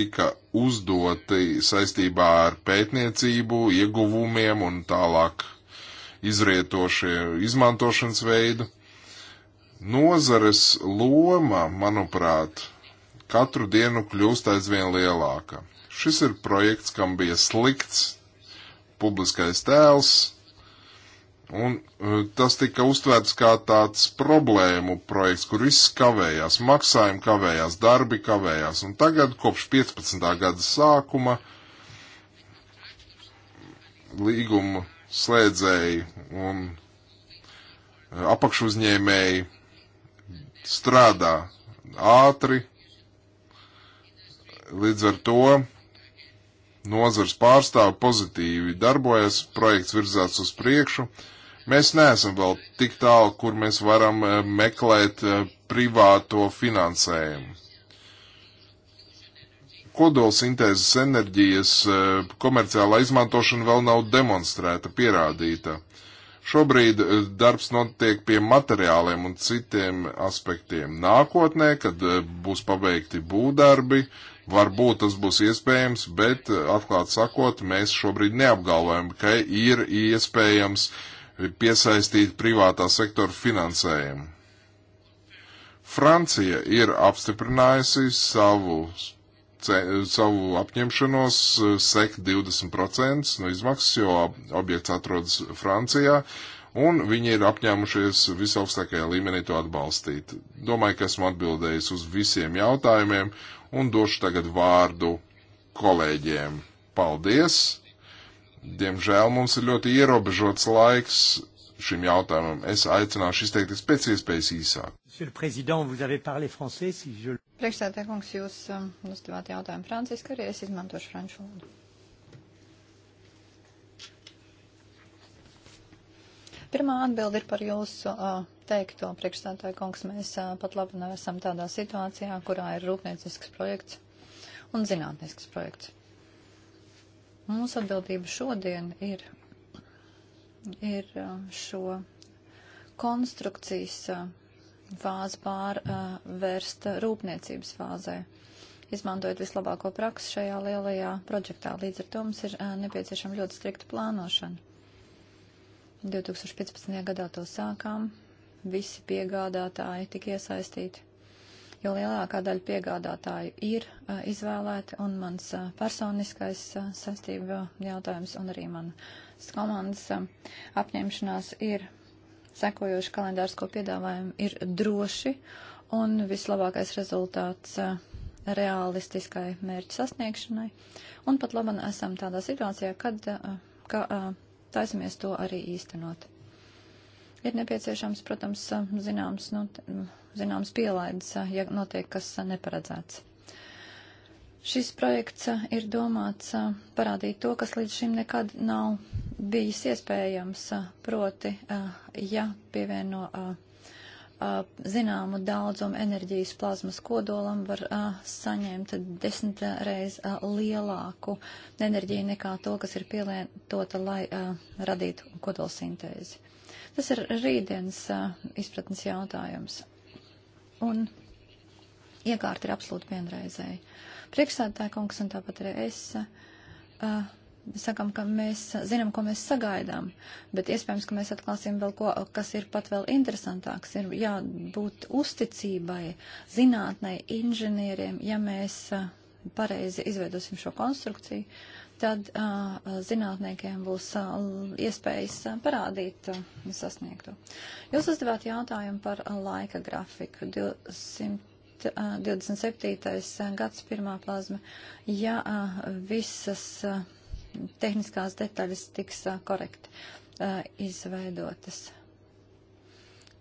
tika uzdoti saistībā ar pētniecību, ieguvumiem un tālāk izrietošie izmantošanas veidu. Nozares loma, manuprāt, katru dienu kļūst aizvien lielāka. Šis ir projekts, kam bija slikts publiskais tēls, Un e, tas tika uztvērts kā tāds problēmu projekts, kur viss kavējās, maksājumi kavējās, darbi kavējās. Un tagad, kopš 15. gada sākuma, līguma slēdzēji un eh, apakšuzņēmēji strādā ātri, līdz ar to nozars pārstāv pozitīvi darbojas, projekts virzās uz priekšu. Mēs neesam vēl tik tālu, kur mēs varam eh, meklēt eh, privāto finansējumu kodolsintēzes enerģijas e, komerciālā izmantošana vēl nav demonstrēta, pierādīta. Šobrīd e, darbs notiek pie materiāliem un citiem aspektiem. Nākotnē, kad e, būs pabeigti būvdarbi, varbūt tas būs iespējams, bet atklāt sakot, mēs šobrīd neapgalvojam, ka ir iespējams piesaistīt privātā sektora finansējumu. Francija ir apstiprinājusi savus savu apņemšanos eh, sekt 20% no izmaksas, jo objekts atrodas Francijā, un viņi ir apņēmušies visaugstākajā līmenī to atbalstīt. Domāju, ka esmu atbildējis uz visiem jautājumiem, un došu tagad vārdu kolēģiem. Paldies! Diemžēl mums ir ļoti ierobežots laiks šim jautājumam. Es aicināšu izteikties pēc iespējas īsāk. Monsieur le Président, vous avez parlé français, si je... Priekšsēdētāj kungs, jūs um, uzdevāt jautājumu franciski, arī es izmantošu franču valodu. Pirmā atbilda ir par jūsu uh, teikto, priekšsēdētāj kungs, mēs uh, pat labi esam tādā situācijā, kurā ir rūpniecisks projekts un zinātnisks projekts. Mūsu atbildība šodien ir, ir uh, šo konstrukcijas. Uh, fāzi pārvērst rūpniecības fāzē, izmantojot vislabāko praksi šajā lielajā projektā. Līdz ar to mums ir nepieciešama ļoti strikta plānošana. 2015. gadā to sākām, visi piegādātāji tika iesaistīti jo lielākā daļa piegādātāju ir a, izvēlēti, un mans a, personiskais a, sastība jautājums un arī manas komandas apņemšanās ir sekojoši kalendārs, ko piedāvājam, ir droši un vislabākais rezultāts eh, realistiskai mērķu sasniegšanai. Un pat labam esam tādā situācijā, kad eh, ka, eh, taisamies to arī īstenot. Ir nepieciešams, protams, zināms, nu, zināms pielaides, ja notiek kas neparedzēts. Šis projekts ir domāts parādīt to, kas līdz šim nekad nav bijis iespējams, proti, ja pievieno zināmu daudzumu enerģijas plazmas kodolam, var saņemt desmit reiz lielāku enerģiju nekā to, kas ir pielietota, lai radītu kodolsintēzi. Tas ir rītdienas izpratnes jautājums. Un iekārta ir absolūti vienreizēja. Priekšsēdētāja kungs un tāpat arī es. Uh, sakam, ka mēs zinām, ko mēs sagaidām, bet iespējams, ka mēs atklāsim vēl ko, kas ir pat vēl interesantāks. Ir jābūt uzticībai, zinātnei, inženieriem, ja mēs pareizi izveidosim šo konstrukciju, tad uh, zinātniekiem būs uh, iespējas uh, parādīt uh, sasniegto. Jūs uzdevāt jautājumu par uh, laika grafiku. 200, 27. gads pirmā plazma. Ja visas tehniskās detaļas tiks uh, korekti uh, izveidotas.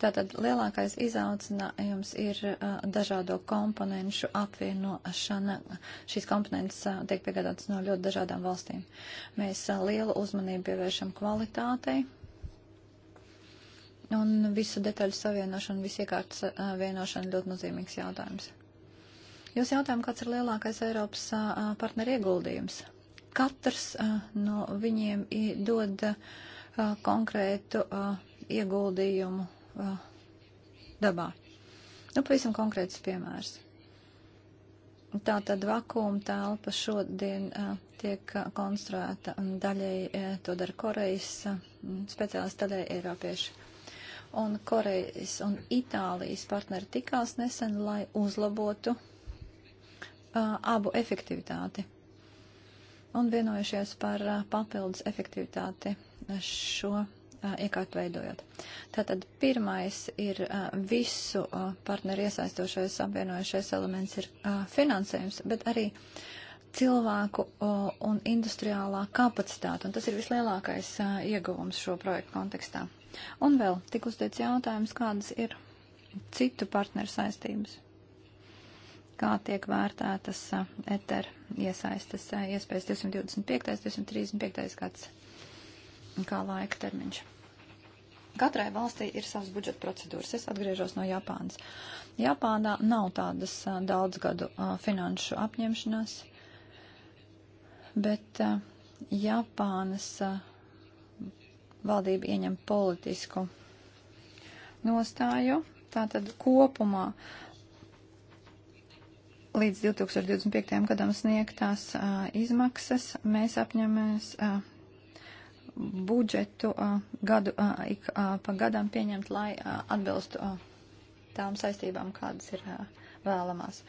Tātad lielākais izaucinājums ir uh, dažādo komponenšu apvienošana. Šīs komponentes uh, tiek piegādātas no ļoti dažādām valstīm. Mēs uh, lielu uzmanību pievēršam kvalitātei un visu detaļu savienošanu, visu iekārtas uh, vienošanu ļoti nozīmīgs jautājums. Jūs jautājam, kāds ir lielākais Eiropas uh, partneru ieguldījums? katrs no viņiem dod konkrētu ieguldījumu dabā. Nu, pavisam konkrēts piemērs. Tā tad vakuma telpa šodien a, tiek a, konstruēta un daļai a, to dara Korejas speciālisti, daļai Eiropieši. Un Korejas un Itālijas partneri tikās nesen, lai uzlabotu abu efektivitāti un vienojušies par papildus efektivitāti šo iekārtu veidojot. Tātad pirmais ir visu partneru iesaistošais apvienojušais elements ir finansējums, bet arī cilvēku un industriālā kapacitāte, un tas ir vislielākais ieguvums šo projektu kontekstā. Un vēl tik uzdots jautājums, kādas ir citu partneru saistības kā tiek vērtētas ETER iesaistas iespējas 225. 235. gads kā laika termiņš. Katrai valstī ir savas budžeta procedūras. Es atgriežos no Japānas. Japānā nav tādas daudzgadu finanšu apņemšanās, bet Japānas valdība ieņem politisku nostāju. Tātad kopumā uh, līdz 2025. gadam sniegtās uh, izmaksas mēs apņemamies uh, budžetu uh, gadu uh, ik uh, pa gadam pieņemt, lai uh, atbilstu uh, tām saistībām, kādas ir uh, vēlamās.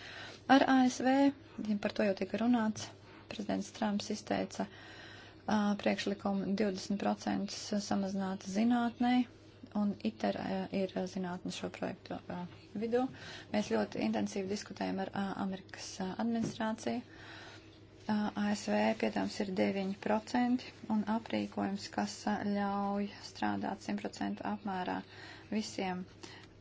Ar ASV, ja par to jau tika runāts, prezidents Trumps izteica uh, priekšlikumu 20% samazināt zinātnei un ITER eh, ir eh, zinātnes šo projektu eh, vidū. Mēs ļoti intensīvi diskutējam ar Amerikas administrāciju. ASV piedāvājums ir 9% un aprīkojums, kas ļauj strādāt 100% apmērā visiem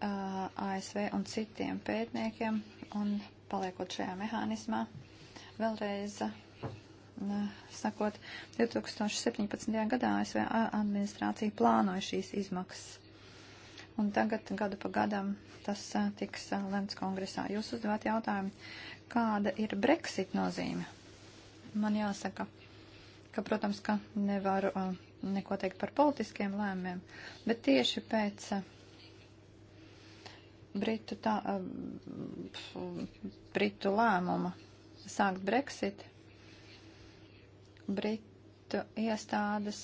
ASV un citiem pētniekiem un paliekot šajā mehānismā. Vēlreiz sakot, 2017. gadā ASV administrācija plānoja šīs izmaksas un tagad gadu pa gadam tas eh, tiks eh, lemts kongresā. Jūs uzdevāt jautājumu, kāda ir Brexit nozīme? Man jāsaka, ka, protams, ka nevaru eh, neko teikt par politiskiem lēmumiem, bet tieši pēc Britu, tā, Britu lēmuma sākt Brexit, Britu iestādes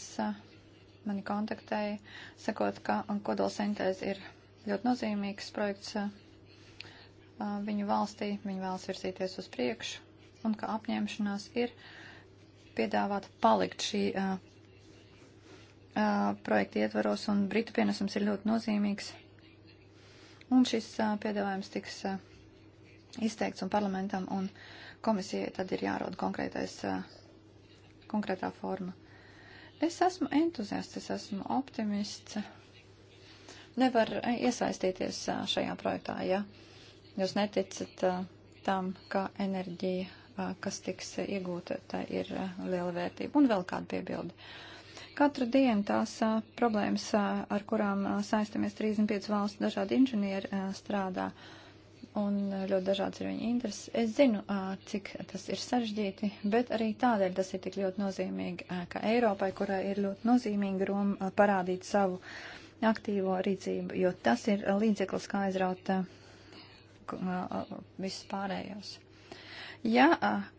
mani kontaktēja, sakot, ka kodolsintēze ir ļoti nozīmīgs projekts uh, viņu valstī, viņi vēlas virzīties uz priekšu, un ka apņemšanās ir piedāvāt palikt šī uh, uh, projekta ietvaros, un Britu pienesums ir ļoti nozīmīgs. Un šis uh, piedāvājums tiks uh, izteikts un parlamentam un komisijai tad ir jārod konkrētais, uh, konkrētā forma. Es esmu entuziasts, es esmu optimists. Nevar iesaistīties šajā projektā, ja jūs neticat tam, ka enerģija, kas tiks iegūta, tā ir liela vērtība. Un vēl kāda piebildi. Katru dienu tās problēmas, ar kurām saistamies 35 valsts dažādi inženieri strādā un ļoti dažāds ir viņa intereses. Es zinu, cik tas ir sarežģīti, bet arī tādēļ tas ir tik ļoti nozīmīgi, ka Eiropai, kurai ir ļoti nozīmīgi Roma, parādīt savu aktīvo rīcību, jo tas ir līdzeklis, kā aizraut visus pārējos. Ja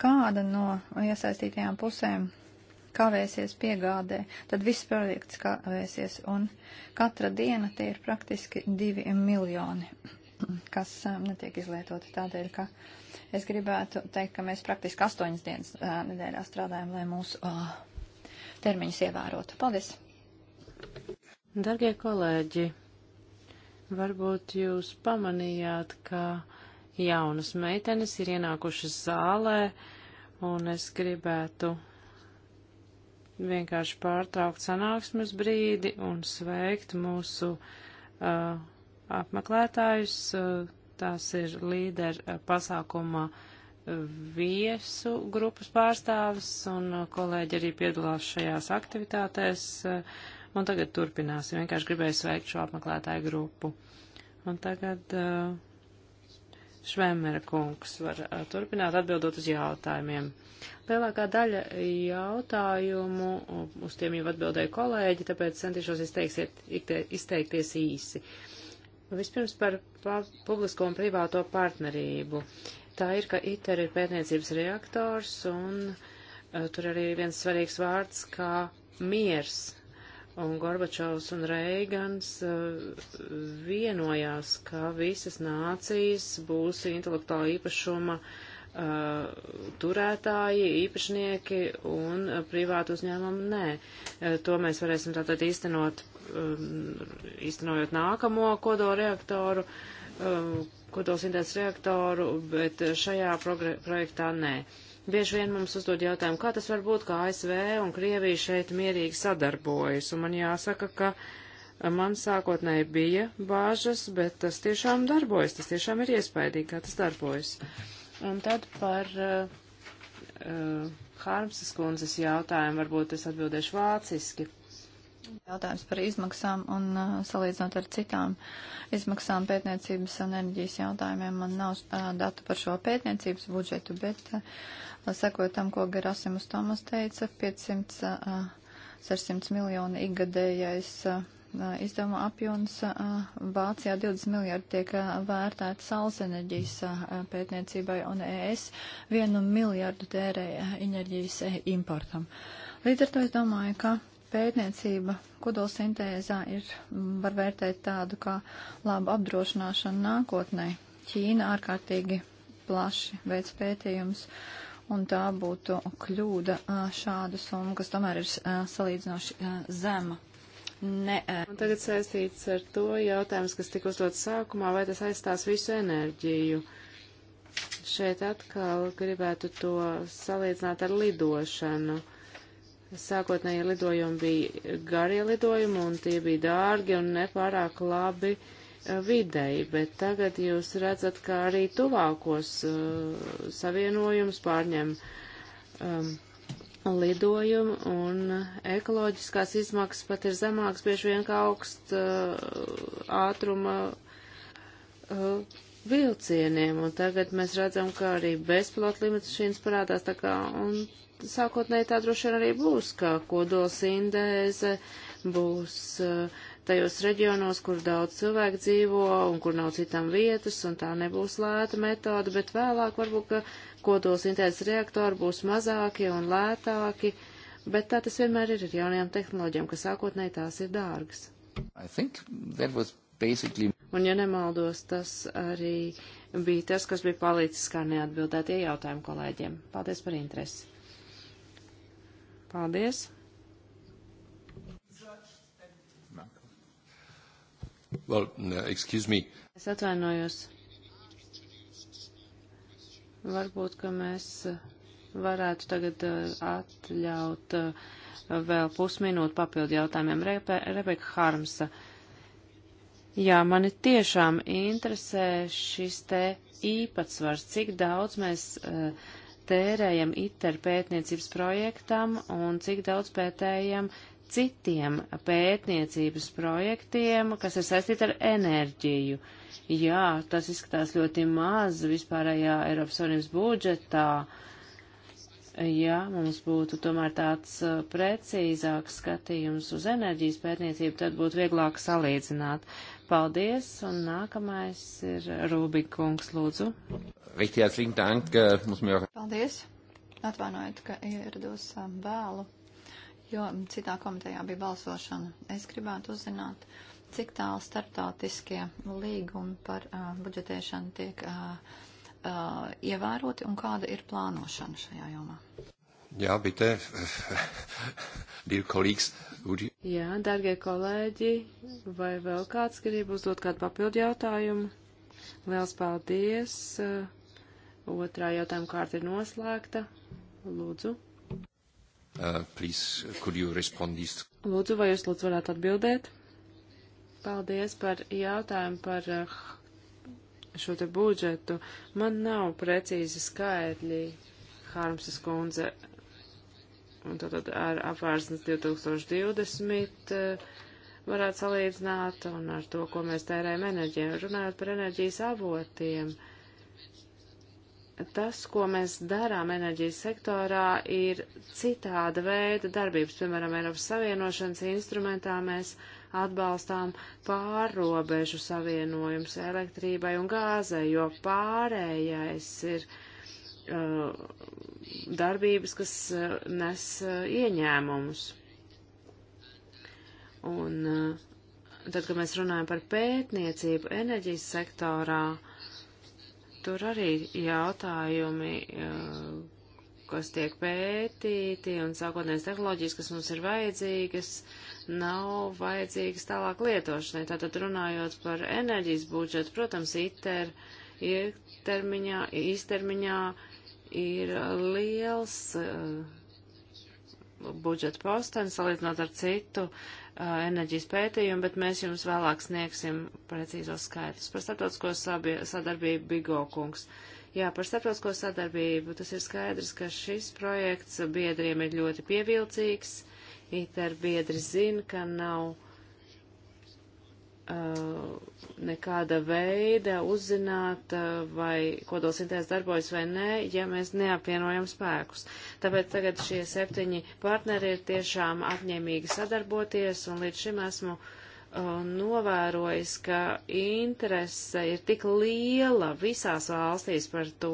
kāda no iesaistītajām pusēm kavēsies piegādē, tad viss projekts kavēsies, un katra diena tie ir praktiski divi miljoni kas netiek izlietoti tādēļ, ka es gribētu teikt, ka mēs praktiski astoņas dienas nedēļā strādājam, lai mūsu termiņus ievērotu. Paldies! Dargie kolēģi, varbūt jūs pamanījāt, ka jaunas meitenes ir ienākušas zālē, un es gribētu vienkārši pārtraukt sanāksmes brīdi un sveikt mūsu uh, apmeklētājus. Tās ir līderu pasākuma viesu grupas pārstāvis, un kolēģi arī piedalās šajās aktivitātēs. Un tagad turpināsim. Vienkārši gribēju sveikt šo apmeklētāju grupu. Un tagad eh, Švemera kungs var eh, turpināt atbildot uz jautājumiem. Lielākā daļa jautājumu, eh, uz tiem jau atbildēja kolēģi, tāpēc centīšos izteiksiet, izteikties īsi. Uh, Vispirms par publisko un privāto partnerību. Tā ir, ka ITER ir pētniecības reaktors, un uh, tur arī ir viens svarīgs vārds, kā miers. Un Gorbačovs un Reigans uh, vienojās, ka visas nācijas būs intelektuāla īpašuma uh, Uh, turētāji, īpašnieki un uh, privātu uzņēmumu nē. Uh, to mēs varēsim tātad īstenot, um, īstenojot nākamo kodolreaktoru, kodolsintētas reaktoru, bet šajā projektā nē. Bieži vien mums uzdod jautājumu, kā tas var būt, ka ASV un Krievija šeit mierīgi sadarbojas, un man jāsaka, ka man sākotnēji bija bāžas, bet tas tiešām darbojas, tas tiešām ir iespaidīgi, kā tas darbojas. Uh, Un tad par uh, eh, uh, eh, Hārmsas kundzes jautājumu varbūt es atbildēšu vāciski. Jautājums par izmaksām un uh, salīdzinot ar citām izmaksām pētniecības un enerģijas jautājumiem. Man nav uh, datu par šo pētniecības budžetu, bet uh, sekot tam, ko Gerasimus Tomas teica, 500, uh, 600 miljoni igadējais. Uh, izdevuma apjoms Vācijā 20 miljardi tiek vērtēta saules enerģijas pētniecībai un ES vienu miljardu tērēja enerģijas importam. Līdz ar to es domāju, ka pētniecība kodolsintēzā ir, var vērtēt tādu kā labu apdrošināšanu nākotnē. Ķīna ārkārtīgi plaši veids pētījums un tā būtu kļūda šādu summu, kas tomēr ir salīdzinoši zema ne. Un tagad saistīts ar to jautājums, kas tika uzdots sākumā, vai tas aizstās visu enerģiju. Šeit atkal gribētu to salīdzināt ar lidošanu. Sākotnēji lidojumi bija garie lidojumi, un tie bija dārgi un nepārāk labi videi, bet tagad jūs redzat, ka arī tuvākos uh, savienojums pārņem um, lidojumu, un ekoloģiskās izmaksas pat ir zemākas bieži vien kā augst uh, ātruma uh, vilcieniem, un tagad mēs redzam, ka arī bezpilota lidmašīnas parādās tā kā, un sākotnēji tā droši vien arī būs, ka kodolsindēze būs uh, tajos reģionos, kur daudz cilvēku dzīvo un kur nav citam vietas, un tā nebūs lēta metode, bet vēlāk varbūt, ka kodolsintēzes reaktori būs mazāki un lētāki, bet tā tas vienmēr ir ar jaunajām tehnoloģijām, ka sākotnēji tās ir dārgas. Basically... Un, ja nemaldos, tas arī bija tas, kas bija palicis kā neatbildētie jautājumi kolēģiem. Paldies par interesi. Paldies! Well, excuse me. Es atvainojos. Varbūt, ka mēs eh, varētu tagad eh, atļaut eh, vēl pusminūtu papildu jautājumiem Rebe Rebeka Harmsa. Jā, mani tiešām interesē šis te īpatsvars, cik daudz mēs uh, tērējam ITER pētniecības projektam un cik daudz pētējam citiem pētniecības projektiem, kas ir saistīti ar enerģiju. Jā, tas izskatās ļoti maz vispārējā Eiropas Savienības budžetā. Ja mums būtu tomēr tāds uh, precīzāks skatījums uz enerģijas pētniecību, tad būtu vieglāk salīdzināt. Paldies, un nākamais ir Rūbikungs, lūdzu. Äh, Paldies, atvainojiet, ka ierados um, vēlu jo citā komitejā bija balsošana. Es gribētu uzzināt, cik tālu startautiskie līgumi par uh, budžetēšanu tiek uh, uh, ievēroti un kāda ir plānošana šajā jomā. Jā, bitē, dear colleagues, would you... Jā, dargie kolēģi, vai vēl kāds grib uzdot kādu papildu jautājumu? Liels paldies! Otrā jautājuma kārta ir noslēgta. Lūdzu. Uh, please, could you respond this? Lūdzu, vai jūs lūdzu varētu atbildēt? Paldies par jautājumu par uh, šo te budžetu. Man nav precīzi skaitļi, Hārmsas kundze, un tātad ar apvērsnes 2020 uh, varētu salīdzināt un ar to, ko mēs tērējam enerģijai. Runājot par enerģijas avotiem. Uh, tas, ko mēs darām enerģijas sektorā, ir citāda veida darbības. Piemēram, Eiropas Savienošanas instrumentā mēs atbalstām pārrobežu savienojums elektrībai un gāzai, jo pārējais ir uh, darbības, kas uh, nes uh, ieņēmumus. Un uh, tad, kad mēs runājam par pētniecību enerģijas sektorā, uh, tur arī jautājumi, kas tiek pētīti un sākotnēs tehnoloģijas, kas mums ir vajadzīgas, nav vajadzīgas tālāk lietošanai. Tātad runājot par enerģijas budžetu, protams, ITER ilgtermiņā, īstermiņā ir liels uh, budžeta postens, salīdzinot ar citu uh, enerģijas pētījumu, bet mēs jums vēlāk sniegsim precīzos skaidrus. Par starptautisko sadarbību Bigo kungs. Jā, par starptautisko sadarbību tas ir skaidrs, ka šis projekts biedriem ir ļoti pievilcīgs. ITER biedri zina, ka nav Uh, nekāda veida uzzināt, uh, vai kodolsintēze darbojas vai nē, ja mēs neapvienojam spēkus. Tāpēc tagad šie septiņi partneri ir tiešām apņēmīgi sadarboties, un līdz šim esmu uh, novērojis, ka interese ir tik liela visās valstīs par to,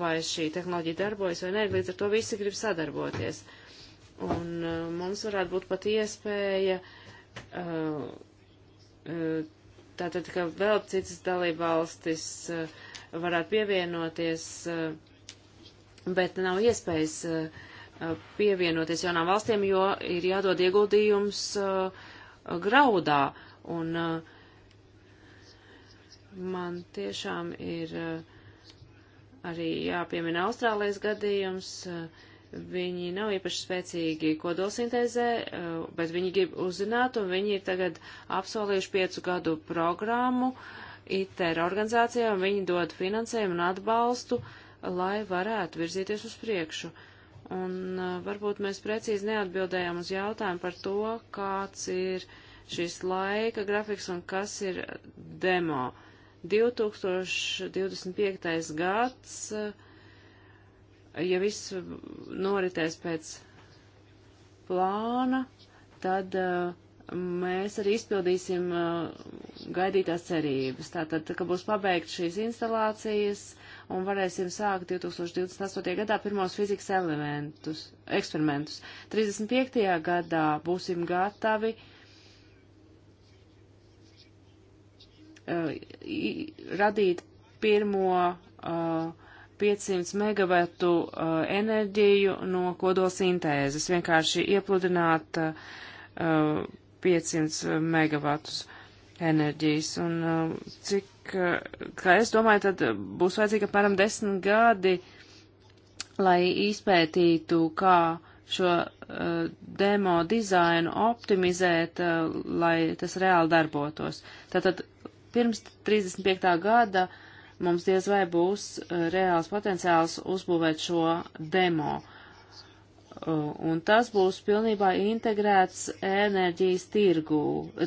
vai šī tehnoloģija darbojas vai nē, līdz ar to visi grib sadarboties. Un uh, mums varētu būt pat iespēja uh, tātad, ka vēl citas dalībvalstis eh, varētu pievienoties, eh, bet nav iespējas eh, pievienoties jaunām valstīm, jo ir jādod ieguldījums graudā. Un man tiešām ir arī jāpiemina Austrālijas gadījums. Uh, Viņi nav īpaši spēcīgi kodolsintēzē, uh, bet viņi grib uzzināt, un viņi ir tagad apsolījuši piecu gadu programmu ITER organizācijā, un viņi dod finansējumu un atbalstu, lai varētu virzīties uz priekšu. Un uh, varbūt mēs precīzi neatbildējām uz jautājumu par to, kāds ir šis laika grafiks un kas ir demo. 2025. gads uh, ja viss noritēs pēc plāna, tad uh, mēs arī izpildīsim uh, gaidītās cerības. Tātad, ka būs pabeigts šīs instalācijas un varēsim sākt 2028. gadā pirmos fizikas elementus, eksperimentus. 35. gadā būsim gatavi uh, radīt pirmo uh, 500 megavatu uh, enerģiju no kodolsintēzes, vienkārši iepludināt uh, 500 megavatus enerģijas. Un uh, cik, uh, kā es domāju, tad būs vajadzīgi apmēram 10 gadi, lai izpētītu, kā šo uh, demo dizainu optimizēt, uh, lai tas reāli darbotos. Tātad pirms 35. gada uh, mums diez vai būs uh, reāls potenciāls uzbūvēt šo demo. Uh, un tas būs pilnībā integrēts enerģijas tirgū,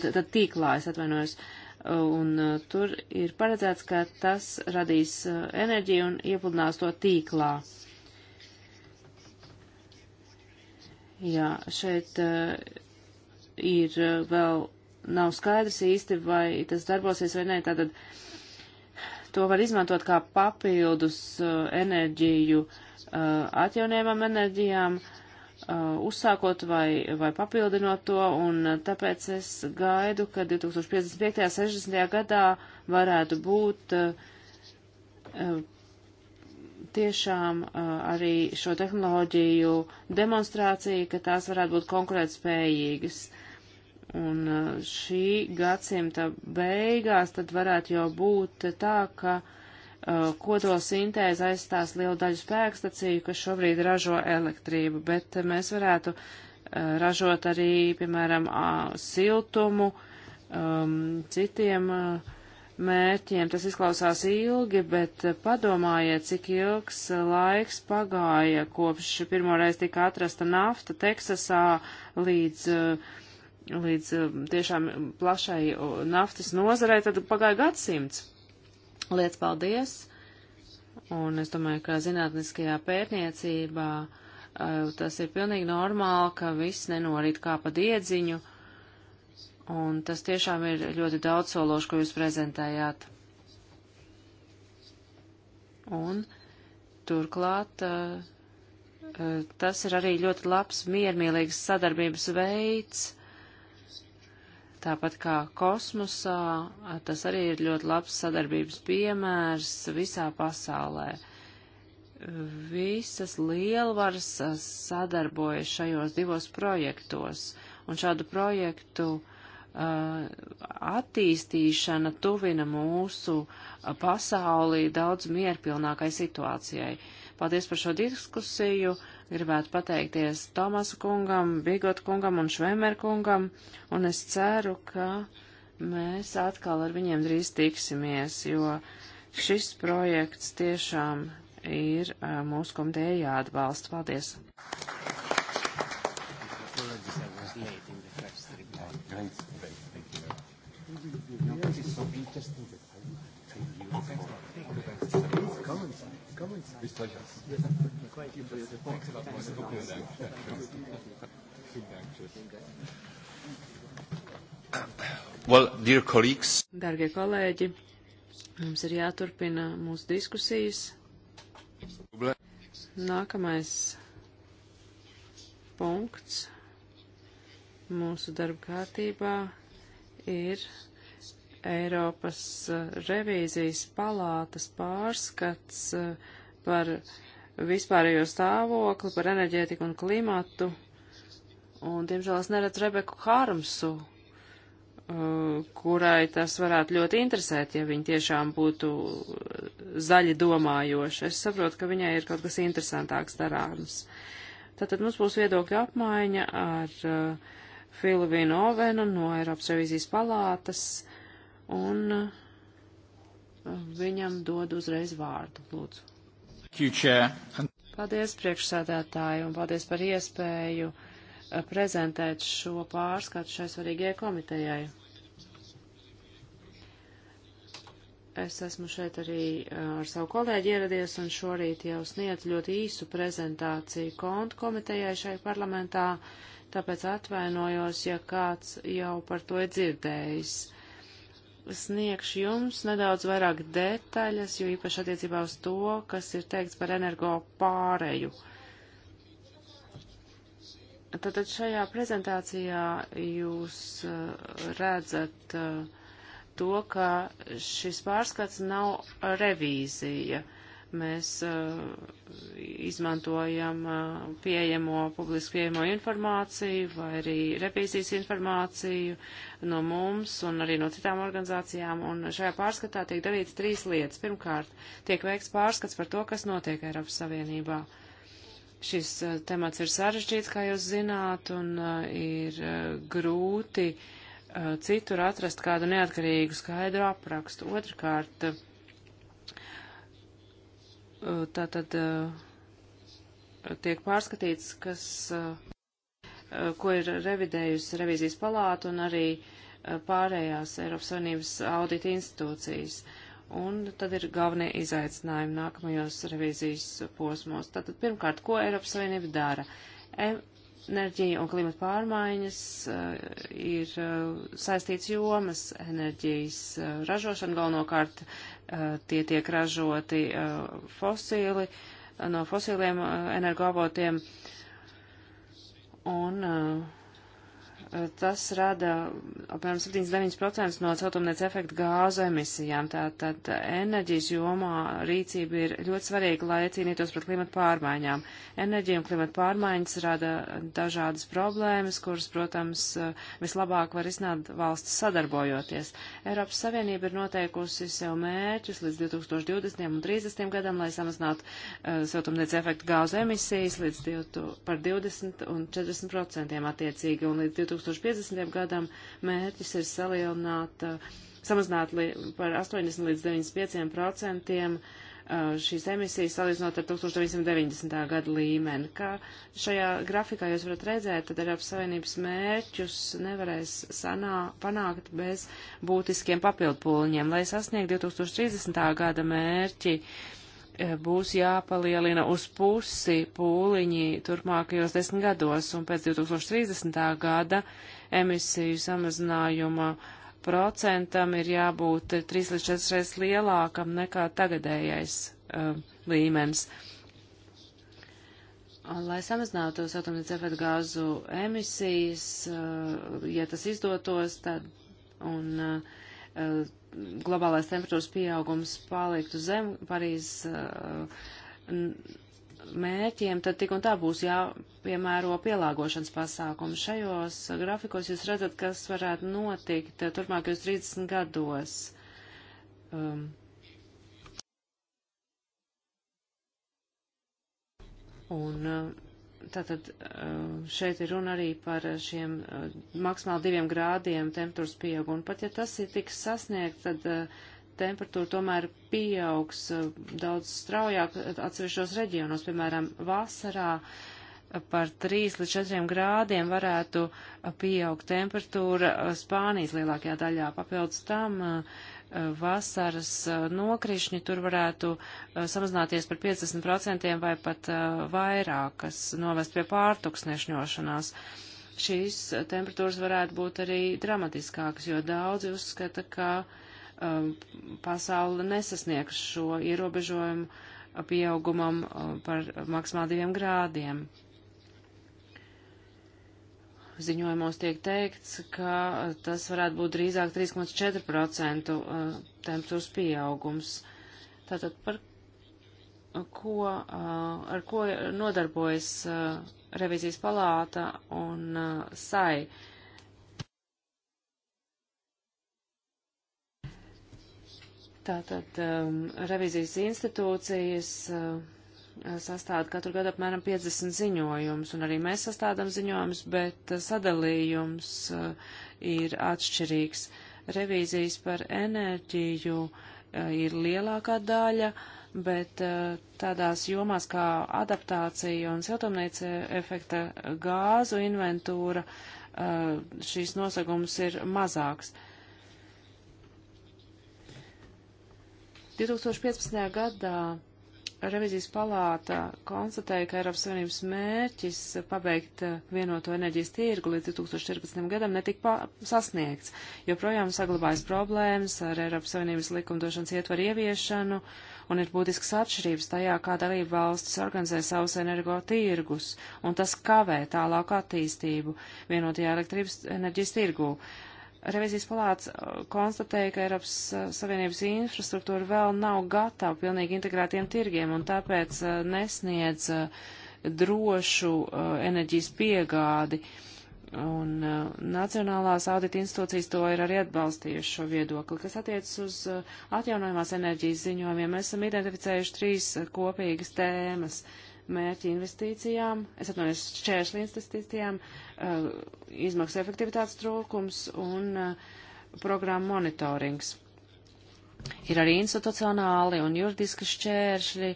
tad tīklā, es atvainojos. Uh, un tur ir paredzēts, ka tas radīs enerģiju un iepludinās to tīklā. Jā, šeit ir vēl nav skaidrs īsti, vai tas darbosies vai nē. Tātad uh, to var izmantot kā papildus uh, enerģiju uh, atjaunējumam enerģijām, uh, uzsākot vai, vai papildinot to, un tāpēc es gaidu, ka 2055. 60. gadā varētu būt tiešām arī šo tehnoloģiju demonstrācija, ka tās varētu būt konkurētspējīgas. spējīgas Un e, šī gadsimta beigās tad varētu jau būt tā, ka uh, kodolsintēze aizstās lielu daļu spēkstacīju, kas šobrīd ražo elektrību, bet e, mēs varētu uh, ražot arī, piemēram, uh, siltumu, um, citiem mērķiem. Tas izklausās ilgi, bet padomājiet, cik ilgs laiks pagāja kopš pirmoreiz tika atrasta nafta Teksasā līdz uh, līdz um, tiešām plašai naftas nozarei, tad pagāja gadsimts. Liec paldies! Un es domāju, ka zinātniskajā pētniecībā uh, tas ir pilnīgi normāli, ka viss nenorīt kā pa diedziņu. Un tas tiešām ir ļoti daudz sološu, ko jūs prezentējāt. Un turklāt uh, uh, tas ir arī ļoti labs miermīlīgas sadarbības veids Tāpat kā kosmosā, tas arī ir ļoti labs sadarbības piemērs visā pasaulē. Visas lielvaras sadarbojas šajos divos projektos, un šādu projektu uh, attīstīšana tuvina mūsu pasaulī daudz mierpilnākai situācijai. Uh, Paldies par šo diskusiju. Gribētu pateikties Tomasu kungam, Bigot kungam un Švemer kungam, un es ceru, ka mēs atkal ar viņiem drīz tiksimies, jo šis projekts tiešām ir mūsu komitēja jāatbalsta. Paldies! No, this is so interesting that I would tell you. Please come and sign coming. Österreich ist. Vielen Dank. Vielen Dank. Tschüss. Well, dear colleagues. Dargie kolēģi, mums ir jāturpina mūsu diskusijas. Nākamais punkts mūsu darba kārtībā ir Eiropas eh, revīzijas palātas pārskats eh, par vispārējo stāvokli, par enerģētiku un klimatu. Un, diemžēl, es neredzu Rebeku Harmsu, eh, kurai tas varētu ļoti interesēt, ja viņa tiešām būtu zaļi domājoša. Es saprotu, ka viņai ir kaut kas interesantāks darāms. Tātad mums būs viedokļa apmaiņa ar uh, Filu Vinu Ovenu no Eiropas revizijas palātas un uh, viņam dod uzreiz vārdu, lūdzu. Paldies priekšsēdētāji un paldies par iespēju uh, prezentēt šo pārskatu šai svarīgajai komitejai. Es esmu šeit arī uh, ar savu kolēģi ieradies un šorīt jau sniedz ļoti īsu prezentāciju kontu komitejai šai parlamentā, tāpēc atvainojos, ja kāds jau par to ir dzirdējis sniegšu jums nedaudz vairāk detaļas, jo īpaši attiecībā uz to, kas ir teikts par energo pāreju. Tātad šajā prezentācijā jūs uh, redzat uh, to, ka šis pārskats nav revīzija. Uh, Mēs uh, izmantojam uh, pieejamo, publiski pieejamo informāciju vai arī revīzijas informāciju no mums un arī no citām organizācijām. Un šajā pārskatā tiek darīts trīs lietas. Pirmkārt, tiek veikts pārskats par to, kas notiek Eiropas Savienībā šis uh, temats ir sarežģīts, kā jūs zināt, un uh, ir uh, grūti uh, citur atrast kādu neatkarīgu skaidru aprakstu. Otrakārt, Eh, tātad eh, tiek pārskatīts, kas, eh, ko ir revidējusi revīzijas palāta un arī pārējās Eiropas Savienības audita institūcijas. Un tad ir galvenie izaicinājumi nākamajos revīzijas posmos. Tātad pirmkārt, ko Eiropas Savienība dara? enerģija un klimata pārmaiņas uh, ir uh, saistīts jomas enerģijas uh, ražošana. Galvenokārt uh, tie tiek ražoti uh, fosīli, uh, no fosīliem uh, energoavotiem. Un uh, Eh, tas rada apmēram 79% no celtumnēca efekta gāzu emisijām. Tātad enerģijas jomā rīcība ir ļoti svarīga, lai cīnītos pret klimatu pārmaiņām. Enerģija un klimatu pārmaiņas rada dažādas problēmas, kuras, protams, eh, vislabāk var izsnāt valsts sadarbojoties. Eiropas Savienība ir noteikusi sev mērķus līdz 2020. un 30. gadam, lai samazinātu uh, eh, celtumnēca efekta gāzu emisijas līdz 20, par 20 un 40% attiecīgi un līdz 2020. 2050. gadam mērķis ir salielināt, samazināt par 80 līdz 95 procentiem šīs emisijas salīdzinot ar 1990. gada līmeni. Kā šajā grafikā jūs varat redzēt, tad Eiropas Savienības mērķus nevarēs sanā, panākt bez būtiskiem papildpūliņiem. Lai sasniegtu 2030. gada mērķi, uh, Eh, būs jāpalielina uz pusi pūliņi turpmākajos desmit gados, un pēc 2030. gada emisiju samazinājuma procentam ir jābūt 3 līdz 4 reizes lielākam nekā tagadējais uh, līmenis. Un, lai samazinātu siltumnīca efektu gāzu emisijas, uh, ja tas izdotos, tad un uh, globālais temperatūras pieaugums paliktu zem Parīzes uh, mērķiem, tad tik un tā būs jāpiemēro pielāgošanas pasākumi. Šajos grafikos jūs redzat, kas varētu notikt uh, turpmākajos 30 gados. Um, un uh, Tātad eh, šeit ir runa arī par šiem eh, maksimāli diviem grādiem temperatūras pieaugu, un pat ja tas ir tiks sasniegt, tad eh, temperatūra tomēr pieaugs daudz straujāk atsevišķos reģionos, piemēram, vasarā par 3 līdz 4 grādiem varētu pieaugt temperatūra Spānijas lielākajā daļā. Papildus tam uh, vasaras eh, nokrišņi tur varētu eh, samazināties par 50% vai pat eh, vairāk, kas novest pie pārtuksnešņošanās. Šīs temperatūras varētu būt arī dramatiskākas, jo daudzi uzskata, ka um, pasaule nesasniegs šo ierobežojumu pieaugumam par maksimāli diviem grādiem ziņojumos tiek teikts, ka eh, tas varētu būt drīzāk 3,4% eh, temperatūras pieaugums. Tātad par ko, eh, ar ko nodarbojas revizijas palāta un sai. Tātad um, revizijas institūcijas uh, Eh, sastāda katru gadu apmēram 50 ziņojumus, un arī mēs sastādām ziņojumus, bet eh, sadalījums eh, ir atšķirīgs. Revīzijas par enerģiju ir lielākā daļa, bet tādās jomās kā adaptācija un siltumnīca efekta gāzu inventūra šīs nosagums ir mazāks. 2015. gadā revizijas palāta konstatēja, ka Eiropas Savienības mērķis pabeigt eh, vienoto enerģijas tirgu līdz 2014. gadam netika sasniegts, jo projām saglabājas problēmas ar Eiropas Savienības likumdošanas ietvaru ieviešanu un ir būtisks atšķirības tajā, kā dalība valstis organizē savus energo tirgus, un tas kavē tālāku attīstību vienotajā elektrības enerģijas tirgū. Uh, Revizijas palāts uh, konstatēja, ka Eiropas uh, Savienības infrastruktūra vēl nav gatava pilnīgi integrētiem tirgiem un tāpēc uh, nesniedz drošu enerģijas piegādi. Un Nacionālās audita institūcijas to ir arī atbalstījuši šo viedokli. Kas attiecas uz atjaunojumās enerģijas ziņojumiem, mēs esam identificējuši trīs kopīgas tēmas. Uh, mērķi investīcijām, es atvainojos šķēršļi investīcijām, uh, izmaksu efektivitātes trūkums un uh, programmu monitorings. Ir arī institucionāli un juridiski šķēršļi,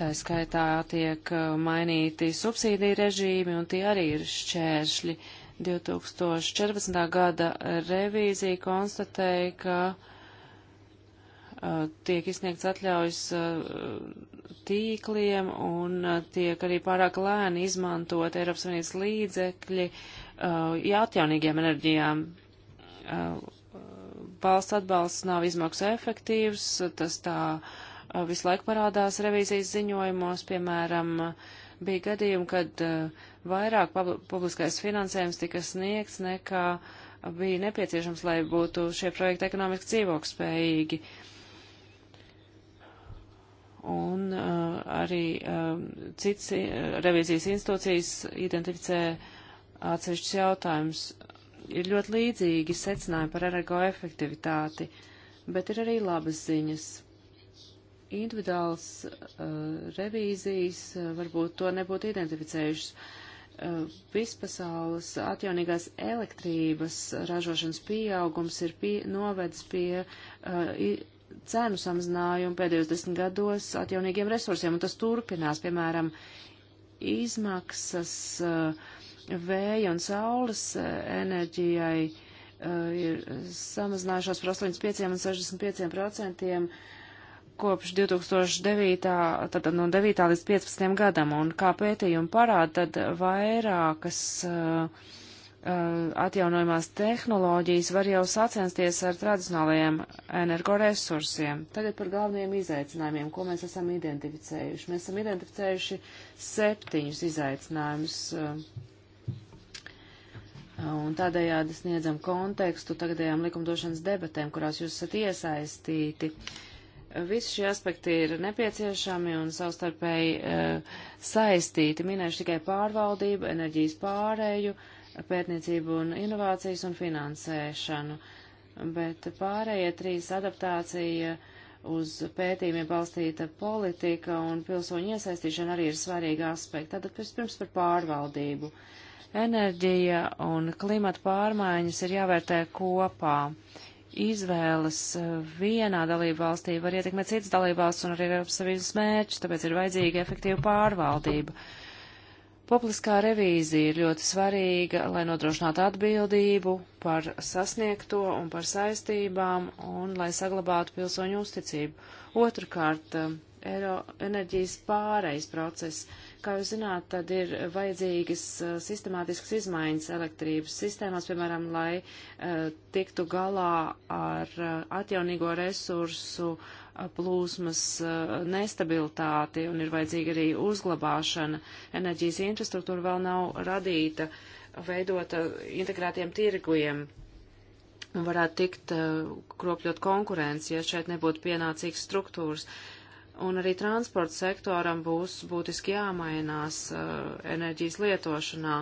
tā skaitā tiek uh, mainīti subsīdija režīmi un tie arī ir šķēršļi. 2014. gada revīzija konstatēja, ka Uh, tiek izsniegts atļaujas uh, tīkliem un uh, tiek arī pārāk lēni izmantot Eiropas Savienības līdzekļi atjaunīgiem enerģijām. Valsts atbalsts nav izmaksu efektīvs, tas tā visu laiku parādās revīzijas ziņojumos, piemēram, bija gadījumi, kad vairāk publiskais finansējums tika sniegts nekā bija nepieciešams, lai būtu šie projekti ekonomiski dzīvokspējīgi. Uh, un uh, arī uh, cits uh, revīzijas institūcijas identificē atsevišķus jautājumus. Ir ļoti līdzīgi secinājumi par energo efektivitāti, bet ir arī labas ziņas. Individuāls uh, revīzijas uh, varbūt to nebūtu identificējušas. Uh, vispasaules atjaunīgās elektrības ražošanas pieaugums ir pie, novedis pie uh, cenu samazinājumu pēdējos desmit gados atjaunīgiem resursiem, un tas turpinās, piemēram, izmaksas uh, vēja un saules uh, enerģijai uh, ir samazinājušās par 85 un 65 procentiem kopš 2009, tad no 9 līdz 15 gadam, un kā pētījumi parāda, tad vairākas uh, Eh, atjaunojumās tehnoloģijas var jau sacensties ar tradicionālajiem energoresursiem. Tagad par galvenajiem izaicinājumiem, ko mēs esam identificējuši. Mēs esam identificējuši septiņus izaicinājumus. Eh, un tādējādi sniedzam kontekstu tagadējām likumdošanas debatēm, kurās jūs esat iesaistīti. Visi šie aspekti ir nepieciešami un savstarpēji uh, saistīti. Minēšu tikai pārvaldību, enerģijas pārēju, uh, pētniecību un inovācijas un finansēšanu, bet pārējie trīs adaptācija uz pētījumiem balstīta politika un pilsoņu iesaistīšana arī ir svarīga aspekta. Tad pirms par pārvaldību. Enerģija un klimata pārmaiņas ir jāvērtē kopā. Izvēles vienā dalību valstī var ietekmēt citas dalību valsts un arī Eiropas Savienības mērķus, tāpēc ir vajadzīga efektīva pārvaldība. Uh, Publiskā revīzija ir ļoti svarīga, lai nodrošinātu atbildību par sasniegto un par saistībām un lai saglabātu pilsoņu uzticību. Otrakārt, eiro enerģijas pārejas process. Kā jūs zināt, tad ir vajadzīgas uh, sistemātiskas izmaiņas elektrības sistēmās, piemēram, lai uh, tiktu galā ar uh, atjaunīgo resursu uh, plūsmas uh, nestabilitāti un ir vajadzīga arī uzglabāšana. Enerģijas infrastruktūra vēl nav radīta, veidota uh, integrētiem tirgujiem un varētu tikt uh, kropļot konkurence, ja šeit nebūtu pienācīgas struktūras un arī transporta sektoram būs būtiski jāmainās uh, enerģijas lietošanā.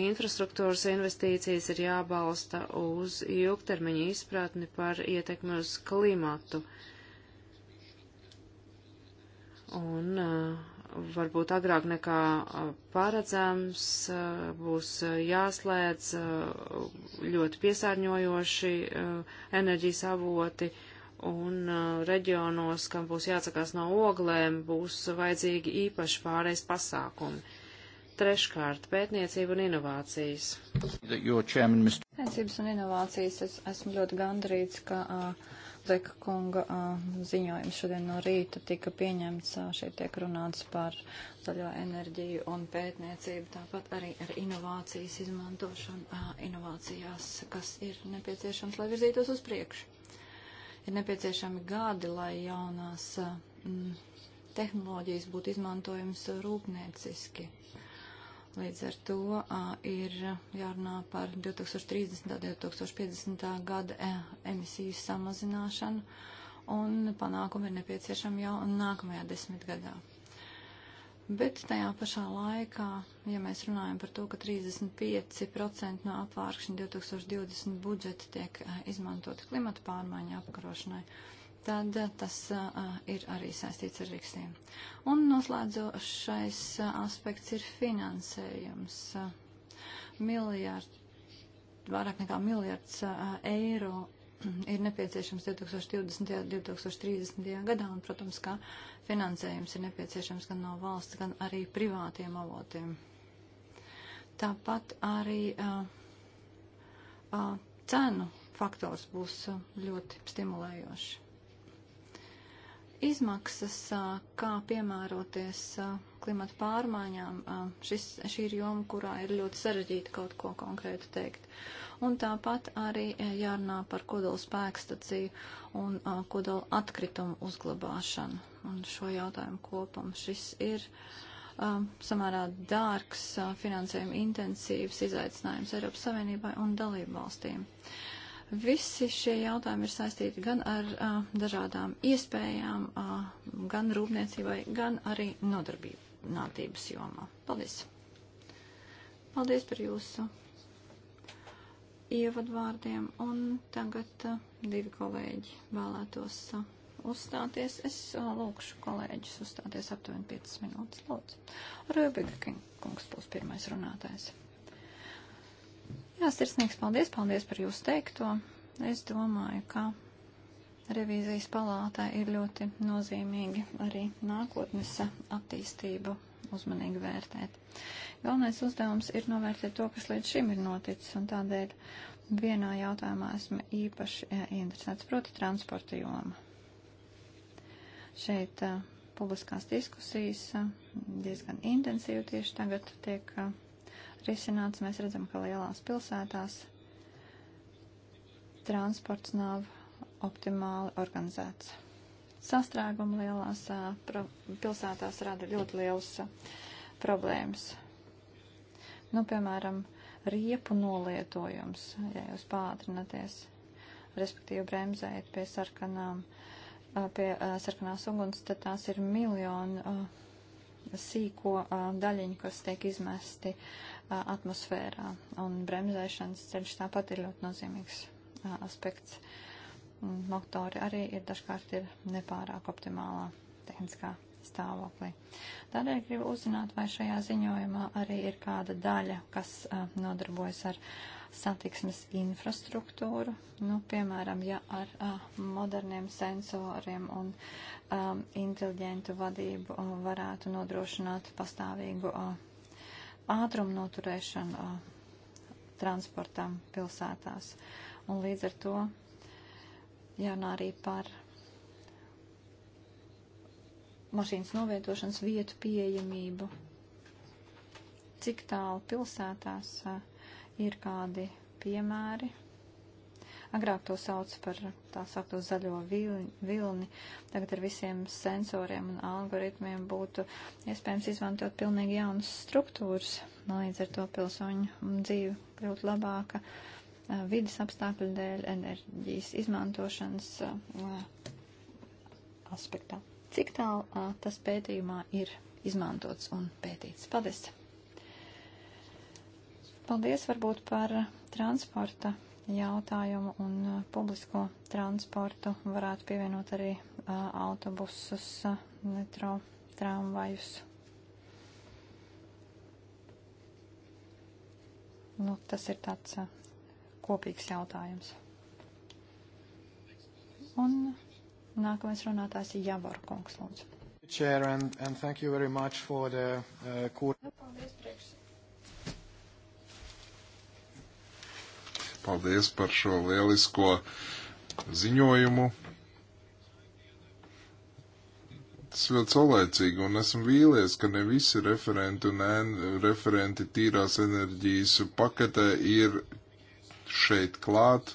Infrastruktūras investīcijas ir jābalsta uz ilgtermiņa izpratni par ietekmi uz klimatu. Un uh, varbūt agrāk nekā eh, paredzams būs jāslēdz ļoti piesārņojoši enerģijas avoti un uh, reģionos, kam būs jāatsakās no oglēm, būs vajadzīgi īpaši pārējais pasākumi. Treškārt, pētniecība un inovācijas. Pētniecības un inovācijas es esmu ļoti gandrīts, ka uh, Zeka kunga uh, ziņojums šodien no rīta tika pieņemts. Uh, šeit tiek runāts par zaļo enerģiju un pētniecību, tāpat arī ar inovācijas izmantošanu uh, inovācijās, kas ir nepieciešams, lai virzītos uz priekšu ir nepieciešami gadi, lai jaunās mm, tehnoloģijas būtu izmantojums rūpnieciski. Līdz ar to uh, ir jārunā par 2030. un 2050. gada e, emisiju samazināšanu, un panākumi ir nepieciešami jau nākamajā desmitgadā. Bet tajā pašā laikā, ja mēs runājam par to, ka 35% no apvārkšņa 2020 budžeta tiek eh, izmantota klimata pārmaiņa apkarošanai, tad eh, tas eh, ir arī saistīts ar riksiem. Un noslēdzošais aspekts ir finansējums. Miljārd, vairāk nekā miljards eiro ir nepieciešams 2020. un 2030. gadā, un, protams, kā finansējums ir nepieciešams gan no valsts, gan arī privātiem avotiem. Tāpat arī uh, uh, cenu faktors būs uh, ļoti stimulējošs. Izmaksas, kā piemēroties klimata pārmaiņām, šis, šī ir joma, kurā ir ļoti sarežģīti kaut ko konkrētu teikt. Un tāpat arī jārunā par kodola spēkstaciju un kodola atkritumu uzglabāšanu un šo jautājumu kopam. Šis ir um, samērā dārgs, finansējuma intensīvs izaicinājums Eiropas Savienībai un dalību valstīm. Uh, Visi šie jautājumi ir saistīti gan ar uh, dažādām iespējām, uh, gan rūpniecībai, gan arī nodarbinātības jomā. Paldies! Paldies par jūsu ievadvārdiem, un tagad uh, divi kolēģi vēlētos uh, uzstāties. Es uh, lūkšu kolēģis uzstāties aptuveni 5 minūtes. Lūdzu, Rūbiga kungs būs pirmais runātājs. Jā, sirsnīgs paldies, paldies par jūsu teikto. Es domāju, ka revīzijas palātā ir ļoti nozīmīgi arī nākotnes attīstību uzmanīgi vērtēt. Galvenais uzdevums ir novērtēt to, kas līdz šim ir noticis, un tādēļ vienā jautājumā esmu īpaši interesēts, proti transporta joma. Šeit publiskās diskusijas diezgan intensīvi tieši tagad tiek risināts. Mēs redzam, ka lielās pilsētās transports nav optimāli organizēts. Sastrēgumi lielās pilsētās rada ļoti liels problēmas. Nu, piemēram, riepu nolietojums, ja jūs pātrināties, respektīvi bremzējat pie sarkanām, pie sarkanās uguns, tad tās ir miljonu sīko daļiņu, kas tiek izmesti atmosfērā. Un bremzēšanas ceļš tāpat ir ļoti nozīmīgs aspekts. Motori arī ir dažkārt ir nepārāk optimālā tehniskā stāvoklī. Tādēļ gribu uzzināt, vai šajā ziņojumā arī ir kāda daļa, kas nodarbojas ar satiksmes infrastruktūru, nu, piemēram, ja ar a, moderniem sensoriem un a, inteliģentu vadību a, varētu nodrošināt pastāvīgu a, ātrumu noturēšanu transportam pilsētās. Un līdz ar to jārunā arī par mašīnas novietošanas vietu pieejamību. Cik tālu pilsētās ir kādi piemēri? Agrāk to sauc par tā saukto zaļo vilni. Tagad ar visiem sensoriem un algoritmiem būtu iespējams izmantot pilnīgi jaunas struktūras, līdz ar to pilsoņu dzīve kļūtu labāka vidas apstākļu dēļ, enerģijas izmantošanas aspektā. Cik tālu tas pētījumā ir izmantots un pētīts? Paldies! Paldies varbūt par transporta jautājumu un uh, publisko transportu varētu pievienot arī uh, autobusus, uh, metro, tramvajus. Nu, tas ir tāds kopīgs jautājums. Un nākamais runātājs ir Javor Kungs, lūdzu. Chair, and, and thank you very much for the uh, court. Paldies, priekš, Paldies par šo lielisko ziņojumu. Tas ļoti saulēcīgi, un esmu vīlies, ka ne visi referenti un en, referenti tīrās enerģijas paketē ir šeit klāt.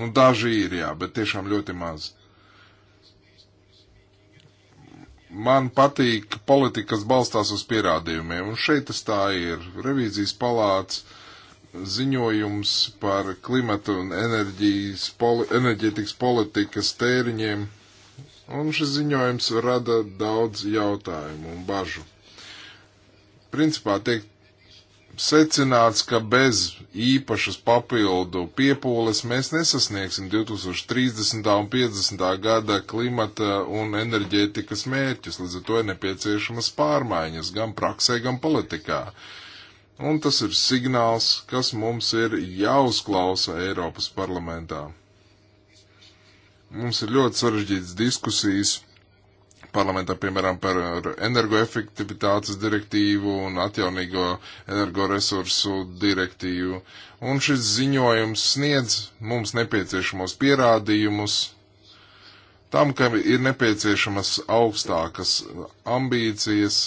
Nu, daži ir, jā, bet tiešām ļoti maz. Man patīk politika, kas balstās uz pierādījumiem, un šeit tas tā ir. Revīzijas palāts uh, ziņojums par klimatu un enerģijas, poli, enerģetikas politikas tēriņiem, un šis ziņojums rada daudz jautājumu un bažu. Principā tiek secināts, ka bez īpašas papildu piepūles mēs nesasniegsim 2030. un 50. gada klimata un enerģētikas mērķus, līdz ar to ir nepieciešamas pārmaiņas gan praksē, gan politikā. Uh, Un tas ir signāls, kas mums ir jāuzklausa Eiropas parlamentā. Mums ir ļoti sarežģītas diskusijas parlamentā, piemēram, par energoefektivitātes direktīvu un atjaunīgo energoresursu direktīvu. Un šis ziņojums sniedz mums nepieciešamos pierādījumus tam, ka ir nepieciešamas augstākas ambīcijas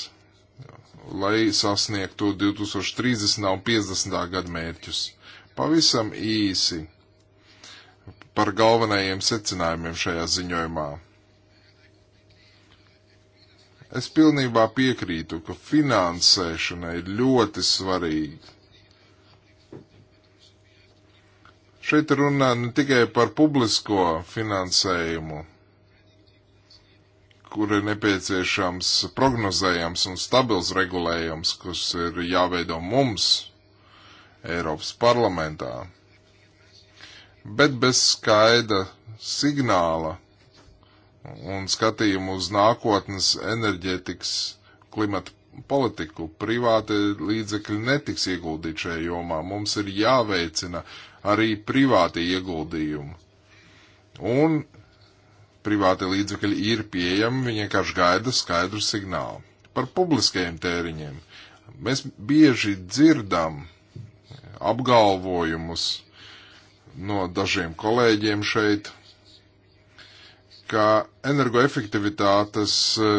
lai sasniegtu 2030. un 50. gadu mērķus. Pavisam īsi par galvenajiem secinājumiem šajā ziņojumā. Es pilnībā piekrītu, ka finansēšana ir ļoti svarīga. Šeit runā ne tikai par publisko finansējumu, kur ir nepieciešams prognozējams un stabils regulējums, kas ir jāveido mums, Eiropas parlamentā. Bet bez skaida signāla un skatījumu uz nākotnes enerģētikas klimata politiku privāti līdzekļi netiks ieguldīti šajā jomā. Mums ir jāveicina arī privāti ieguldījumi. Un privāti līdzekļi ir pieejami, viņi vienkārši gaida skaidru signālu. Par publiskajiem tēriņiem. Mēs bieži dzirdam apgalvojumus no dažiem kolēģiem šeit, ka energoefektivitātes e,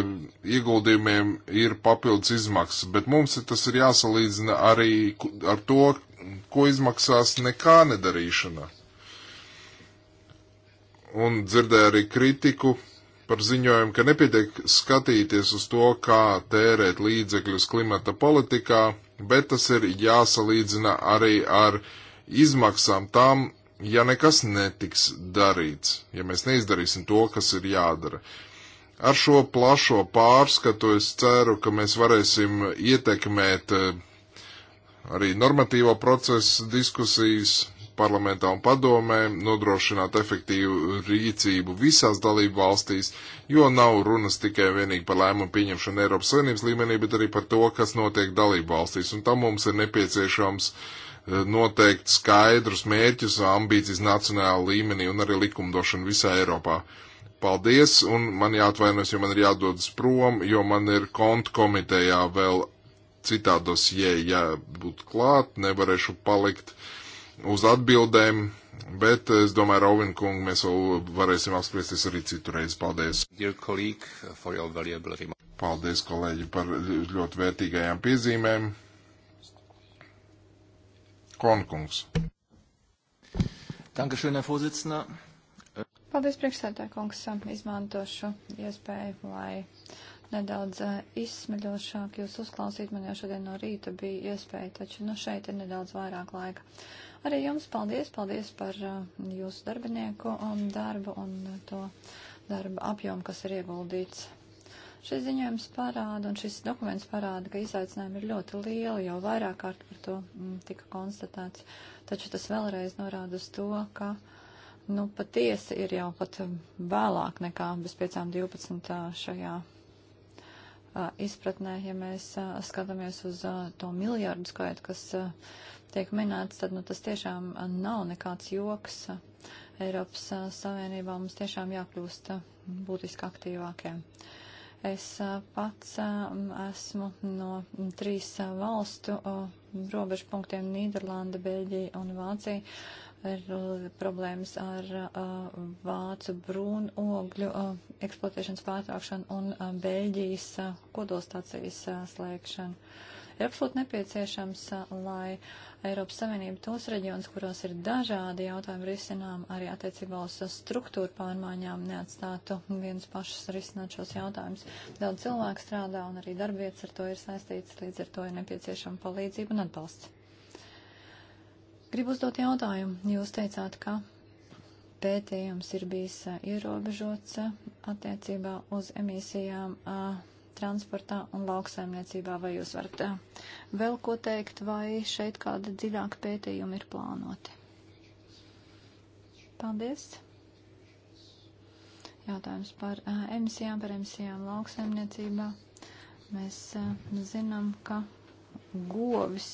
ieguldījumiem ir papildus izmaksas, bet mums tas ir jāsalīdzina arī ar to, ko izmaksās nekā nedarīšana un dzirdēju arī kritiku par ziņojumu, ka nepietiek skatīties uz to, kā tērēt līdzekļus klimata politikā, bet tas ir jāsalīdzina arī ar izmaksām tām, ja nekas netiks darīts, ja mēs neizdarīsim to, kas ir jādara. Ar šo plašo pārskatu es ceru, ka mēs varēsim ietekmēt eh, arī normatīvo procesu diskusijas, parlamentā un padomē, nodrošināt efektīvu rīcību visās dalību valstīs, jo nav runas tikai vienīgi par lēmumu pieņemšanu Eiropas Savienības līmenī, bet arī par to, kas notiek dalību valstīs. Un tam mums ir nepieciešams eh, noteikt skaidrus mērķus, ambīcijas nacionālā līmenī un arī likumdošanu visā Eiropā. Paldies, un man jāatvainojas, jo man ir jādodas prom, jo man ir kontu komitejā vēl citādos, ja, ja būtu klāt, nevarēšu palikt uz atbildēm, bet es domāju, Rauvin kungu mēs vēl varēsim apspriesties arī citu reizi. Paldies! Paldies, kolēģi, par ļoti vērtīgajām piezīmēm. Konkungs. Dankeschön, Herr Vorsitzender. Paldies, priekšsēdētāj, kungs. Izmantošu iespēju, lai nedaudz uh, izsmeļošāk jūs uzklausīt. Man jau šodien no rīta bija iespēja, taču nu šeit ir nedaudz vairāk laika. Arī jums paldies, paldies par uh, jūsu darbinieku un um, darbu un to darba apjomu, kas ir ieguldīts. Šis ziņojums parāda un šis dokuments parāda, ka izaicinājumi ir ļoti lieli, jau vairāk kārt par to m, mm, tika konstatēts. Taču tas vēlreiz norāda uz to, ka nu, patiesi ir jau pat um, vēlāk nekā bez 5.12. Uh, šajā a, uh, izpratnē, ja mēs a, skatāmies uz a, to miljardu skaitu, kas tiek minēts, tad nu, tas tiešām nav nekāds joks. Eiropas Savienībā mums tiešām jākļūst būtiski aktīvākiem. Es pats esmu no trīs valstu robežu punktiem - Nīderlanda, Beļģija un Vācija. Ir problēmas ar vācu brūnu ogļu eksploatēšanas pārtraukšanu un Beļģijas kodolstācijas slēgšanu ir absolūti nepieciešams, lai Eiropas Savienība tos reģionus, kuros ir dažādi jautājumi risinām, arī attiecībā uz struktūru pārmaiņām neatstātu viens pašus risināt šos jautājumus. Daudz cilvēku strādā un arī darbvietas ar to ir saistīts, līdz ar to ir nepieciešama palīdzība un atbalsts. Gribu uzdot jautājumu. Jūs teicāt, ka pētījums ir bijis ierobežots attiecībā uz emisijām. Uh, transportā un lauksaimniecībā. Vai jūs varat eh, vēl ko teikt, vai šeit kāda dziļāka pētījuma ir plānoti? Paldies! Jautājums par eh, emisijām, par emisijām lauksaimniecībā. Mēs eh, zinām, ka govis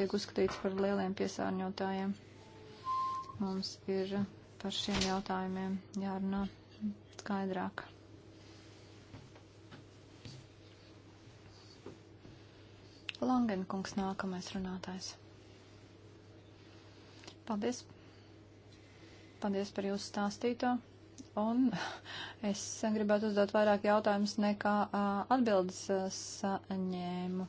tiek uzskatīts par lieliem piesārņotājiem. Mums ir par šiem jautājumiem jārunā skaidrāk. Langenkungs nākamais runātājs. Paldies. Paldies par jūsu stāstīto. Un es gribētu uzdot vairāk jautājumus nekā atbildes saņēmu.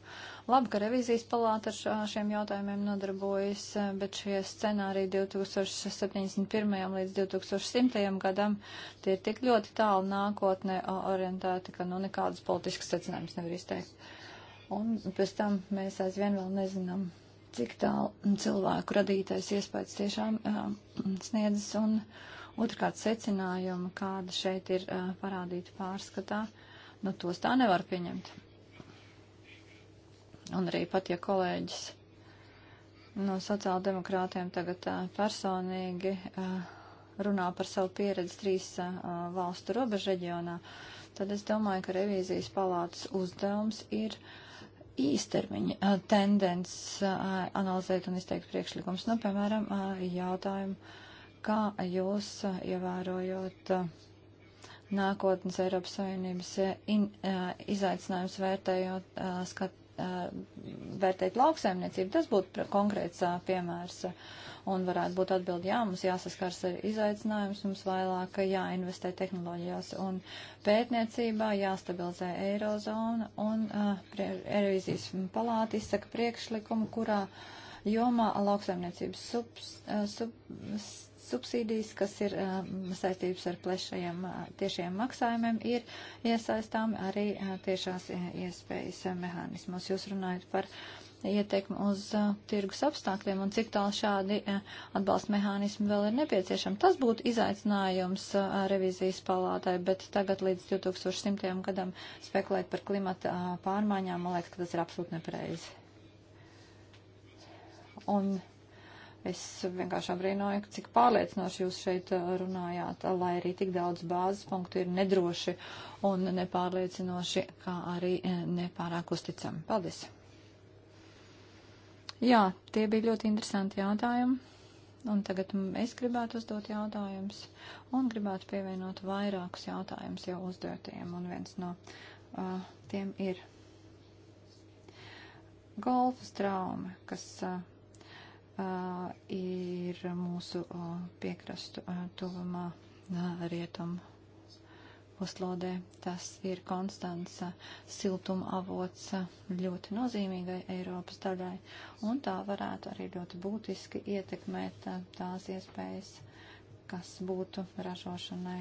Labi, ka revizijas palāta ar šiem jautājumiem nodarbojas, bet šie scenāriji 2071. līdz 2100. gadam tie ir tik ļoti tālu nākotnē orientēti, ka nu nekādas politiskas secinājumas nevar izteikt. Un pēc tam mēs aizvien vēl nezinām, cik tālu cilvēku radītais iespējas tiešām uh, sniedzas. Un otrkārt secinājumu, kāda šeit ir uh, parādīta pārskatā, nu tos tā nevar pieņemt. Un arī pat, ja kolēģis no sociāldemokrātiem tagad uh, personīgi uh, runā par savu pieredzi trīs uh, valstu robežu reģionā, tad es domāju, ka revīzijas palātas uzdevums ir uh, īstermiņa tendences analizēt un izteikt priekšlikums. Nu, piemēram, jautājumu, kā jūs ievērojot nākotnes Eiropas Savienības in, izaicinājums vērtējot, skat, Eh, vērtēt lauksaimniecību. Tas būtu konkrēts eh, piemērs un varētu būt atbildi, jā, mums jāsaskars ar izaicinājums, mums vairāk jāinvestē tehnoloģijās un pētniecībā, jāstabilizē eirozona un uh, eh, revizijas palāta izsaka priekšlikumu, kurā jomā lauksaimniecības subs, uh, subs subsīdijas, kas ir um, saistības ar plešajiem uh, tiešiem maksājumiem, ir iesaistāmi arī uh, tiešās uh, iespējas mehānismos. Jūs runājat par ietekmi uz uh, tirgus apstākļiem un cik tālu šādi uh, atbalsta mehānismi vēl ir nepieciešami. Tas būtu izaicinājums uh, revizijas palātai, bet tagad līdz 2100. gadam spekulēt par klimata pārmaiņām, man liekas, ka tas ir absolūti nepareizi. Un Es vienkārši abrīnoju, cik pārliecinoši jūs šeit uh, runājāt, lai arī tik daudz bāzes punktu ir nedroši un nepārliecinoši, kā arī uh, nepārāk uzticami. Paldies! Jā, tie bija ļoti interesanti jautājumi. Un tagad es gribētu uzdot jautājumus un gribētu pievienot vairākus jautājumus jau uzdotiem. Un viens no uh, tiem ir golfa trauma, kas. Uh, uh, ir mūsu uh, piekrastu uh, tuvumā uh, rietumu puslodē. Tas ir konstants uh, siltuma avots uh, ļoti nozīmīgai Eiropas daļai, un tā varētu arī ļoti būtiski ietekmēt uh, tās iespējas, kas būtu ražošanai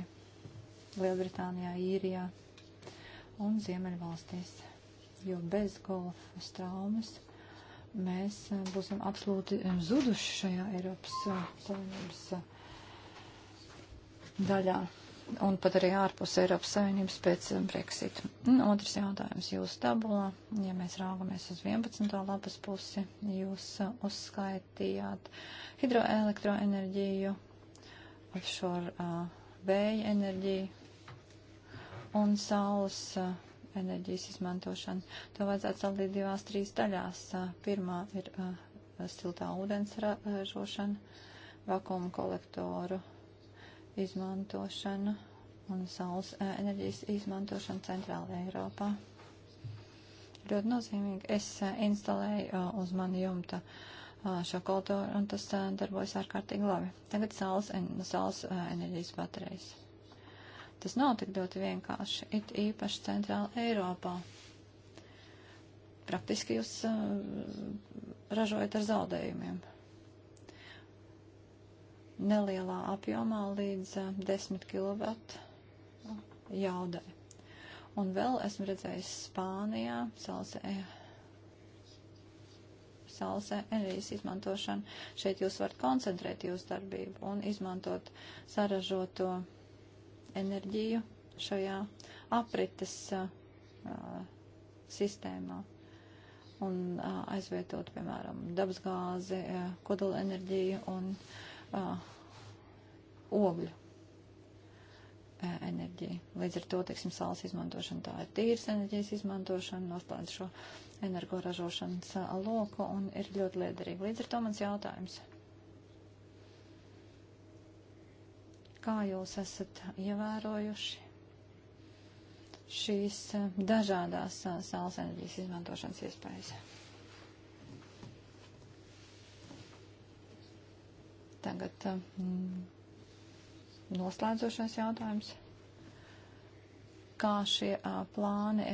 Lielbritānijā, Īrijā un Ziemeļvalstīs, jo bez golfa straumes mēs būsim absolūti zuduši šajā Eiropas Savienības daļā un pat arī ārpus Eiropas Savienības pēc Brexit. Un otrs jautājums jūsu tabulā, ja mēs raugamies uz 11. lapas pusi, jūs uzskaitījāt hidroelektroenerģiju, offshore vēja enerģiju un saules. Uh, enerģijas izmantošanu. To vajadzētu saldīt divās, trīs daļās. Pirmā ir siltā ūdens ražošana, vakuuma kolektoru izmantošana un saules enerģijas izmantošana Centrāla Eiropā. Ļoti nozīmīgi. Es instalēju uz mani jumta šo kolektoru, un tas darbojas ārkārtīgi labi. Tagad saules, saules enerģijas baterijas. Tas nav tik ļoti vienkārši, it īpaši centrāla Eiropā. Praktiski jūs uh, ražojat ar zaudējumiem. Nelielā apjomā līdz uh, 10 kW jaudai. Un vēl esmu redzējis Spānijā salsē, e, salsē enerģijas izmantošanu. Šeit jūs varat koncentrēt jūsu darbību un izmantot saražoto. To enerģiju šajā aprites sistēmā un aizvietot, piemēram, dabasgāzi, kodola enerģiju un ogļu enerģiju. Līdz ar to, teiksim, sāls izmantošana tā ir tīras enerģijas izmantošana, noslēdz šo energoražošanas loku un ir ļoti liederīga. Līdz ar to mans jautājums. Kā jūs esat ievērojuši šīs eh, dažādās eh, saules enerģijas izmantošanas iespējas? Tagad eh, mm, noslēdzošais jautājums. Kā šie a, plāni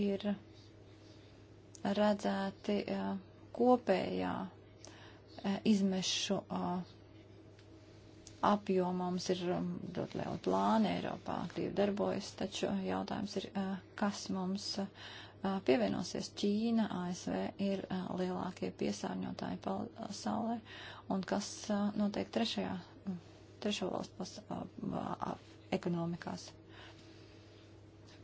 ir redzēti a, kopējā a, izmešu a, apjomā mums ir ļoti um, liela plāna Eiropā, aktīvi darbojas, taču jautājums ir, uh, kas mums uh, uh, pievienosies. Ķīna, ASV ir lielākie piesārņotāji pasaulē, un kas notiek trešajā, mm, trešo valstu ekonomikās.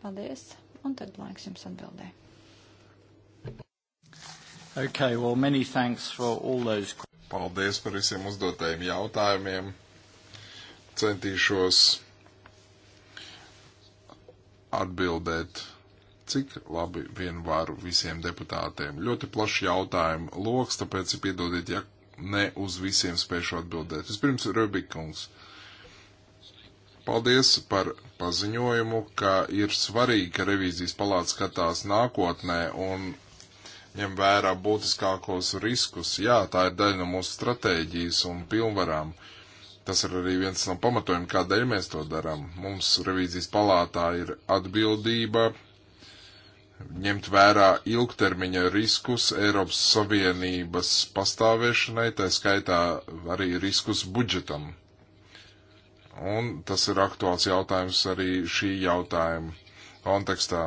Paldies, un tad laiks jums atbildē. Okay, well, many thanks for all those. Paldies par visiem uzdotajiem jautājumiem centīšos atbildēt, cik labi vien varu visiem deputātiem. Ļoti plašs jautājumu loks, tāpēc piedodiet, ja ne uz visiem spēšu atbildēt. Vispirms Rubikungs. Paldies par paziņojumu, ka ir svarīgi, ka revīzijas palāca skatās nākotnē un ņem vērā būtiskākos riskus. Jā, tā ir daļa no mūsu stratēģijas un pilnvarām. Uh, Tas ir arī viens no pamatojumiem, kādēļ mēs to darām. Mums revīzijas palātā ir atbildība ņemt vērā ilgtermiņa riskus Eiropas Savienības pastāvēšanai, tā skaitā arī riskus budžetam. Un tas ir aktuāls jautājums arī šī jautājuma kontekstā.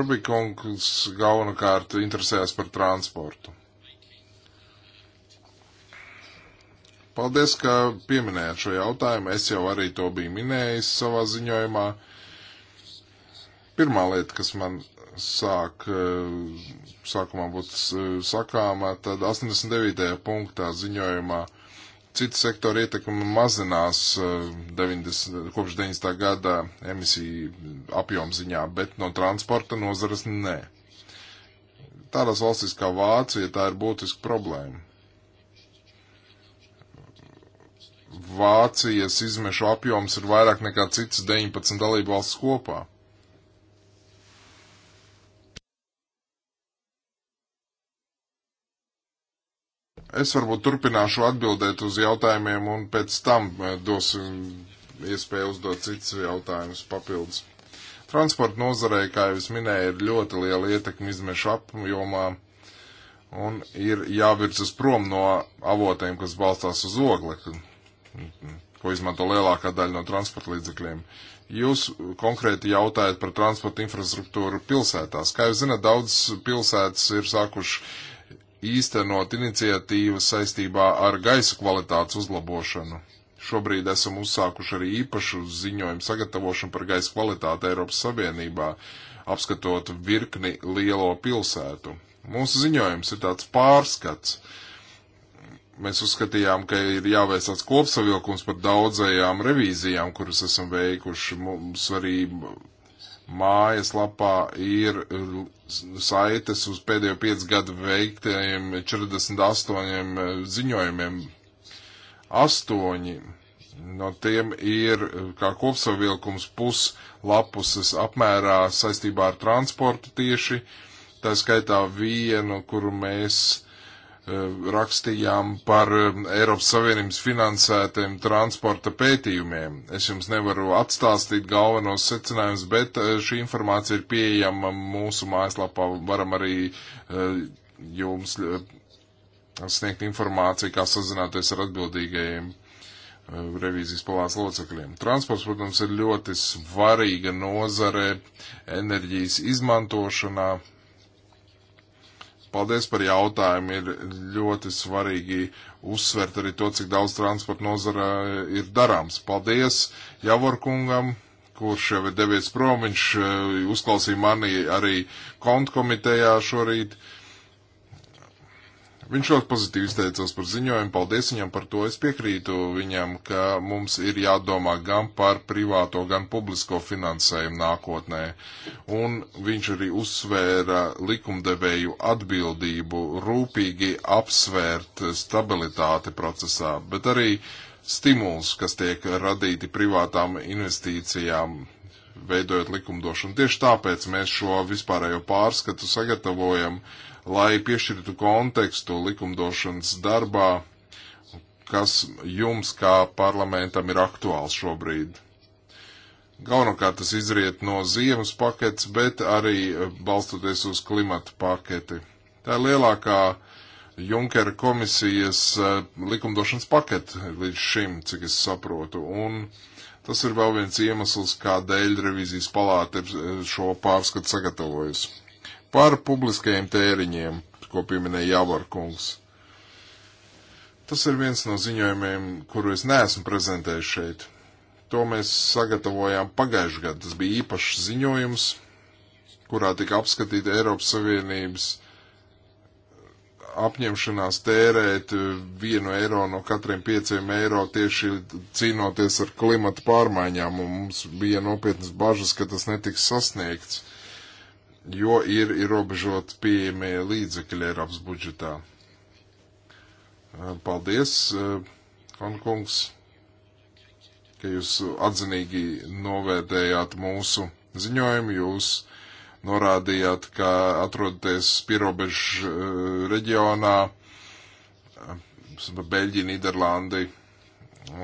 Rubikungs galvenokārt interesējas par transportu. Paldies, ka pieminējāt šo jautājumu. Es jau arī to biju minējis savā ziņojumā. Pirmā lieta, kas man sāk, eh, sākumā būtu eh, sakāmā, tad 89. punktā ziņojumā citu sektoru ietekme mazinās 90, eh, kopš 90. gada emisiju apjomziņā, bet no transporta nozares nē. Tādās valstīs kā Vācija tā ir būtiska problēma. Vācijas izmešu apjoms ir vairāk nekā citas 19 dalību valsts kopā. Es varbūt turpināšu atbildēt uz jautājumiem un pēc tam eh, dosim iespēju uzdot citus jautājumus papildus. Transporta nozarei, kā jau es minēju, ir ļoti liela ietekme izmešu apjomā un ir jāvirzas prom no avotiem, kas balstās uz oglekli. Mhm. ko izmanto lielākā daļa no transporta līdzekļiem. Jūs konkrēti jautājat par transporta infrastruktūru pilsētās. Kā jūs zināt, daudz pilsētas ir sākuši īstenot iniciatīvas saistībā ar gaisa kvalitātes uzlabošanu. Šobrīd esam uzsākuši arī īpašu ziņojumu sagatavošanu par gaisa kvalitāti Eiropas Savienībā, apskatot virkni lielo pilsētu. Mūsu ziņojums ir tāds pārskats, uh, mēs uzskatījām, ka ir jāveic tāds kopsavilkums par daudzajām revīzijām, kuras esam veikuši. Mums arī mājaslapā ir saites uz pēdējo 5 gadu veiktajiem 48 eh, ziņojumiem. Astoņi no tiem ir eh, kā kopsavilkums puslapuses apmērā saistībā ar transportu tieši. Tā skaitā vienu, kuru mēs Eh, rakstījām par eh, Eiropas Savienības finansētiem transporta pētījumiem. Es jums nevaru atstāstīt galvenos secinājumus, bet eh, šī informācija ir pieejama mūsu mājaslapā. Varam arī jums sniegt informāciju, kā sazināties ar atbildīgajiem revīzijas palāca locekļiem. Transports, protams, ir ļoti svarīga nozare enerģijas izmantošanā, Paldies par jautājumu. Ir ļoti svarīgi uzsvert arī to, cik daudz transporta nozara ir darāms. Paldies Javorkungam, kurš jau ir devies prom. Viņš eh, uzklausīja mani arī kontkomitejā šorīt. Uh, Viņš ļoti pozitīvi izteicās par ziņojumu, paldies viņam par to. Es piekrītu viņam, ka mums ir jādomā gan par privāto, gan publisko finansējumu nākotnē. Un viņš arī uzsvēra likumdevēju atbildību rūpīgi apsvērt stabilitāti procesā, bet arī stimulus, kas tiek radīti privātām investīcijām veidojot likumdošanu. Tieši tāpēc mēs šo vispārējo pārskatu sagatavojam uh, lai piešķirtu kontekstu likumdošanas darbā, kas jums kā parlamentam ir aktuāls šobrīd. Galvenokārt tas izriet no ziemas paketes, bet arī e, balstoties uz klimatu paketi. Tā ir lielākā Junkera komisijas e, likumdošanas pakete līdz šim, cik es saprotu. Un tas ir vēl viens iemesls, kādēļ revizijas palāte šo pārskatu sagatavojusi par publiskajiem tēriņiem, ko pieminēja Javorkungs. Tas ir viens no ziņojumiem, kuru es neesmu prezentējis šeit. To mēs sagatavojām pagājušajā gadā. Tas bija īpašs ziņojums, kurā tika apskatīta Eiropas Savienības apņemšanās tērēt vienu eiro no katriem pieciem eiro tieši cīnoties ar klimatu pārmaiņām, un mums bija nopietnas bažas, ka tas netiks sasniegts jo ir ierobežot pieejamie līdzekļi Eiropas budžetā. Paldies, Konkungs, ka jūs atzinīgi novērtējāt mūsu ziņojumu. Jūs norādījāt, ka atrodaties pierobežu reģionā Beļģija, Nīderlandi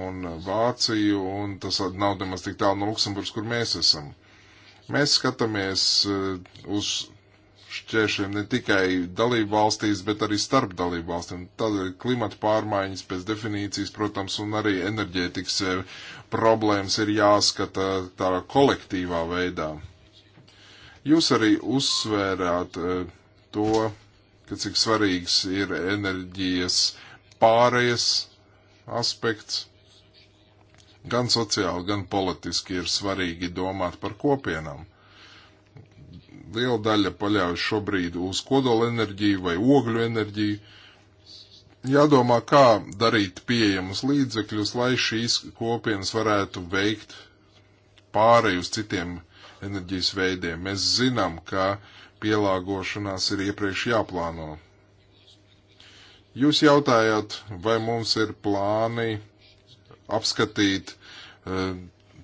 un Vāciju, un tas nav nemaz tik tālu no Luksemburgas, kur mēs esam. Mēs skatāmies eh, uz šķēršļiem ne tikai dalību valstīs, bet arī starp dalību valstīm. Tādēļ klimata pārmaiņas pēc definīcijas, protams, un arī enerģētikas eh, problēmas ir jāskata tādā kolektīvā veidā. Jūs arī uzsvērāt eh, to, ka cik svarīgs ir enerģijas pārējas aspekts Gan sociāli, gan politiski ir svarīgi domāt par kopienām. Liela daļa paļaujas šobrīd uz kodolenerģiju vai ogļu enerģiju. Jādomā, kā darīt pieejamus līdzekļus, lai šīs kopienas varētu veikt pārēju uz citiem enerģijas veidiem. Mēs zinām, ka pielāgošanās ir iepriekš jāplāno. Jūs jautājāt, vai mums ir plāni apskatīt eh,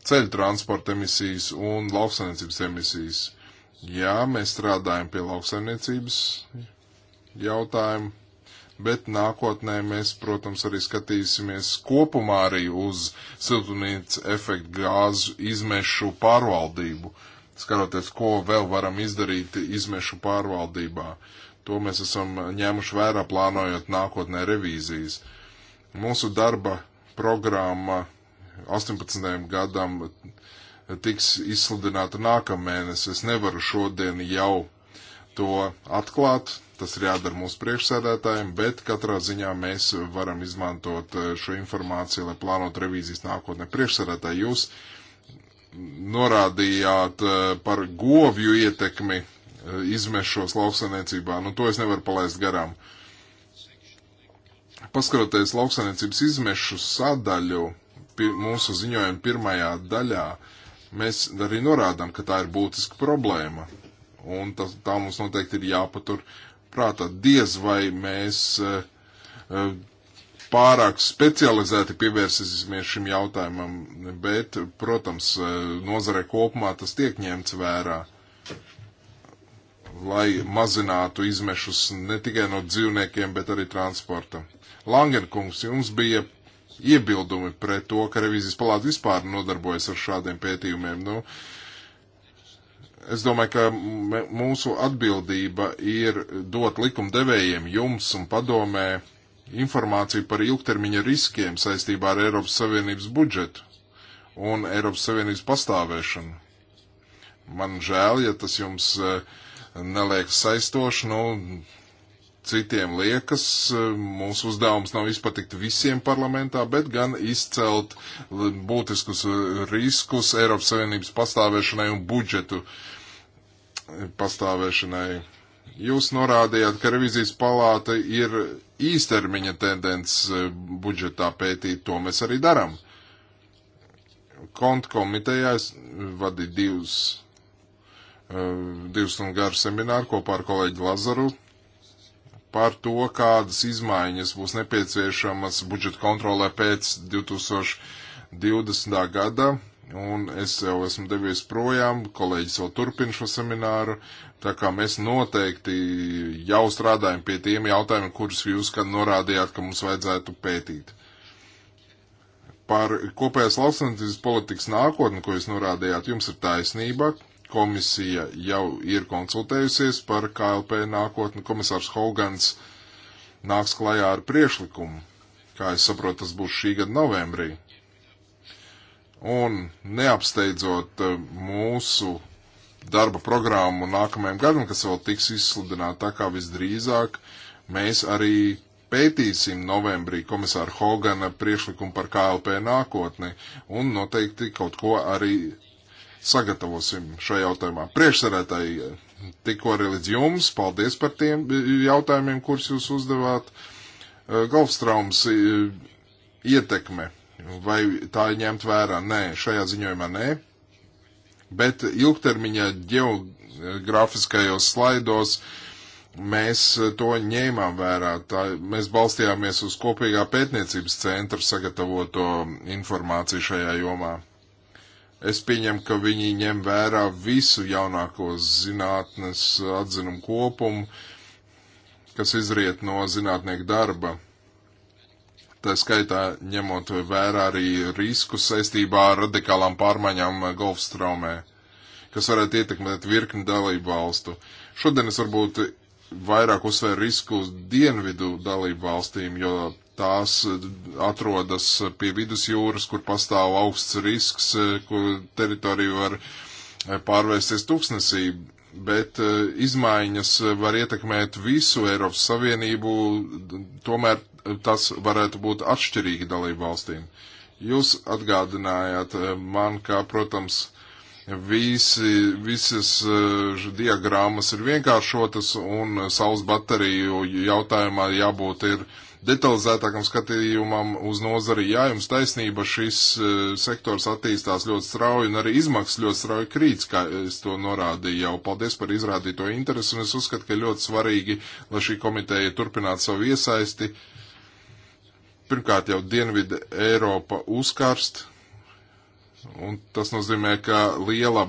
ceļu transporta emisijas un lauksainiecības emisijas. Jā, mēs strādājam pie lauksainiecības jautājumu, bet nākotnē mēs, protams, arī skatīsimies kopumā arī uz siltumnīca efektu gāzu izmešu pārvaldību, skaroties, ko vēl varam izdarīt izmešu pārvaldībā. To mēs esam ņēmuši vērā plānojot nākotnē revīzijas. Mūsu darba programma 18. gadam tiks izsludināta nākamēnes. Es nevaru šodien jau to atklāt, tas ir jādara mūsu priekšsēdētājiem, bet katrā ziņā mēs varam izmantot eh, šo informāciju, lai plānot revīzijas nākotnē. Priekšsēdētāji, jūs norādījāt eh, par govju ietekmi eh, izmešos lauksaniecībā, nu to es nevaru palaist garām. Uh, Paskaroties lauksainiecības izmešu sadaļu mūsu ziņojuma pirmajā daļā, mēs arī norādām, ka tā ir būtiska problēma. Un tas, tā mums noteikti ir jāpatur prātā. Diez vai mēs uh, pārāk specializēti pievērsīsimies šim jautājumam, bet, protams, eh, nozarē kopumā tas tiek ņemts vērā, lai mazinātu izmešus ne tikai no dzīvniekiem, bet arī transporta. Langenkungs, jums bija iebildumi pret to, ka revīzijas palāta vispār nodarbojas ar šādiem pētījumiem. Nu, es domāju, ka mūsu atbildība ir dot likumdevējiem, jums un padomē informāciju par ilgtermiņa riskiem saistībā ar Eiropas Savienības budžetu un Eiropas Savienības pastāvēšanu. Man žēl, ja tas jums eh, neliekas saistoši, nu, citiem liekas, e, mūsu uzdevums nav izpatikt visiem parlamentā, bet gan izcelt būtiskus riskus Eiropas Savienības pastāvēšanai un budžetu pastāvēšanai. Jūs norādījāt, ka revizijas palāta ir īstermiņa tendence e, budžetā pētīt, to mēs arī darām. Konta komitejā es vadīju divus, e, divus un garu semināru kopā ar kolēģi Lazaru, par to, kādas izmaiņas būs nepieciešamas budžeta kontrolē pēc 2020. gada. Un es jau esmu devies projām, kolēģis vēl turpina šo semināru, tā kā mēs noteikti jau strādājam pie tiem jautājumiem, kurus jūs kad norādījāt, ka mums vajadzētu pētīt. Par kopējās lauksaimniecības politikas nākotni, ko jūs norādījāt, jums ir taisnība, Komisija jau ir konsultējusies par KLP nākotni. Komisārs Hogans nāks klajā ar priešlikumu. Kā es saprotu, tas būs šī gada novembrī. Un neapsteidzot eh, mūsu darba programmu nākamajam gadam, kas vēl tiks izsludināta, tā kā visdrīzāk mēs arī pētīsim novembrī komisāra Hogana priešlikumu par KLP nākotni un noteikti kaut ko arī sagatavosim šo jautājumā. Priekšsarētāji, tikko arī līdz jums, paldies par tiem jautājumiem, kurus jūs uzdevāt. Eh, Golfstraumas eh, ietekme, vai tā ņemt vērā? Nē, šajā ziņojumā nē. Bet ilgtermiņā geogrāfiskajos slaidos mēs eh, to ņēmām vērā. Tā, mēs balstījāmies uz kopīgā pētniecības centra sagatavoto informāciju šajā jomā. Es pieņemu, ka viņi ņem vērā visu jaunāko zinātnes atzinumu kopumu, kas izriet no zinātnieku darba. Tā skaitā ņemot vērā arī risku saistībā ar radikālām pārmaiņām Golfstraumē, kas varētu ietekmēt virkni dalību valstu. Šodien es varbūt vairāk uzsvēru risku uz dienvidu dalību valstīm, jo tās atrodas pie vidusjūras, kur pastāv augsts risks, kur teritorija var eh, pārvērsties tūkstnesī, bet eh, izmaiņas var ietekmēt visu Eiropas Savienību, tomēr tas varētu būt atšķirīgi dalību valstīm. Jūs atgādinājāt eh, man, kā, protams, visi, visas uh, diagrammas ir vienkāršotas un saules bateriju jautājumā jābūt ir uh, detalizētākam skatījumam uz nozari. Jā, jums taisnība, šis e, sektors attīstās ļoti strauji un arī izmaksas ļoti strauji krīts, kā es to norādīju jau. Paldies par izrādīto interesi un es uzskatu, ka ļoti svarīgi, lai šī komiteja turpinātu savu iesaisti. Pirmkārt jau Dienvidu Eiropa uzkarst, un tas nozīmē, ka liela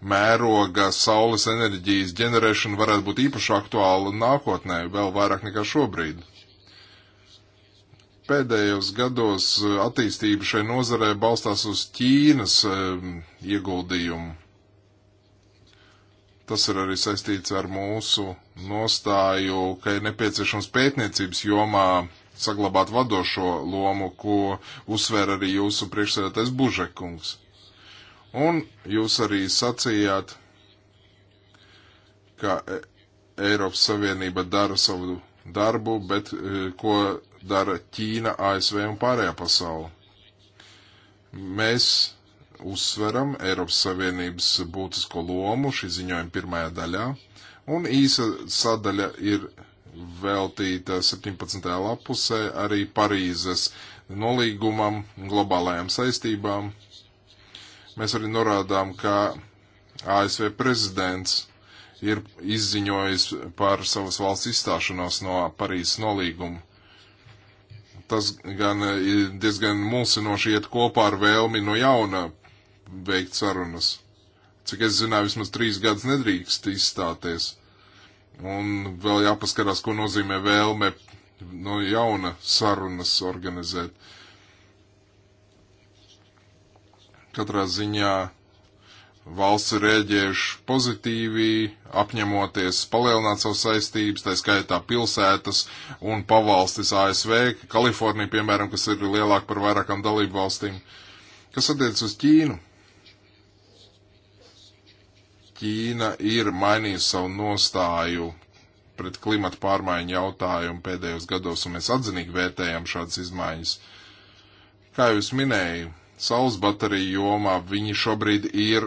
mēroga saules enerģijas ģenerēšana varētu būt īpaši aktuāla nākotnē, vēl vairāk nekā šobrīd pēdējos gados eh, attīstība šai nozarē balstās uz Ķīnas ieguldījumu. Tas ir arī saistīts ar mūsu nostāju, ka ir nepieciešams pētniecības jomā saglabāt vadošo lomu, ko uzsver arī jūsu priekšsēdētais Bužekungs. Un jūs arī sacījāt, ka e- Eiropas Savienība dara savu darbu, bet eh, ko dara Ķīna, ASV un pārējā pasaule. Mēs uzsveram Eiropas Savienības būtisko lomu šī ziņojuma pirmajā daļā, un īsa sadaļa ir veltīta 17. lapusē arī Parīzes nolīgumam, globālajām saistībām. Mēs arī norādām, ka ASV prezidents ir izziņojis par savas valsts izstāšanos no Parīzes nolīguma. Tas gan eh, diezgan mulsinoši iet kopā ar vēlmi no jauna veikt sarunas. Cik es zināju, vismaz trīs gadus nedrīkst izstāties. Un vēl jāpaskarās, ko nozīmē vēlme no jauna sarunas organizēt. Katrā ziņā valsts ir rēģējuši pozitīvi, apņemoties palielināt savas saistības, tā skaitā pilsētas un pavalstis ASV, Kalifornija, piemēram, kas ir lielāka par vairākām dalību valstīm. Kas attiec uz Ķīnu? Ķīna ir mainījusi savu nostāju pret klimatu pārmaiņu jautājumu pēdējos gados, un mēs atzinīgi vērtējam šādas izmaiņas. Kā jūs minēju, saules bateriju jomā viņi šobrīd ir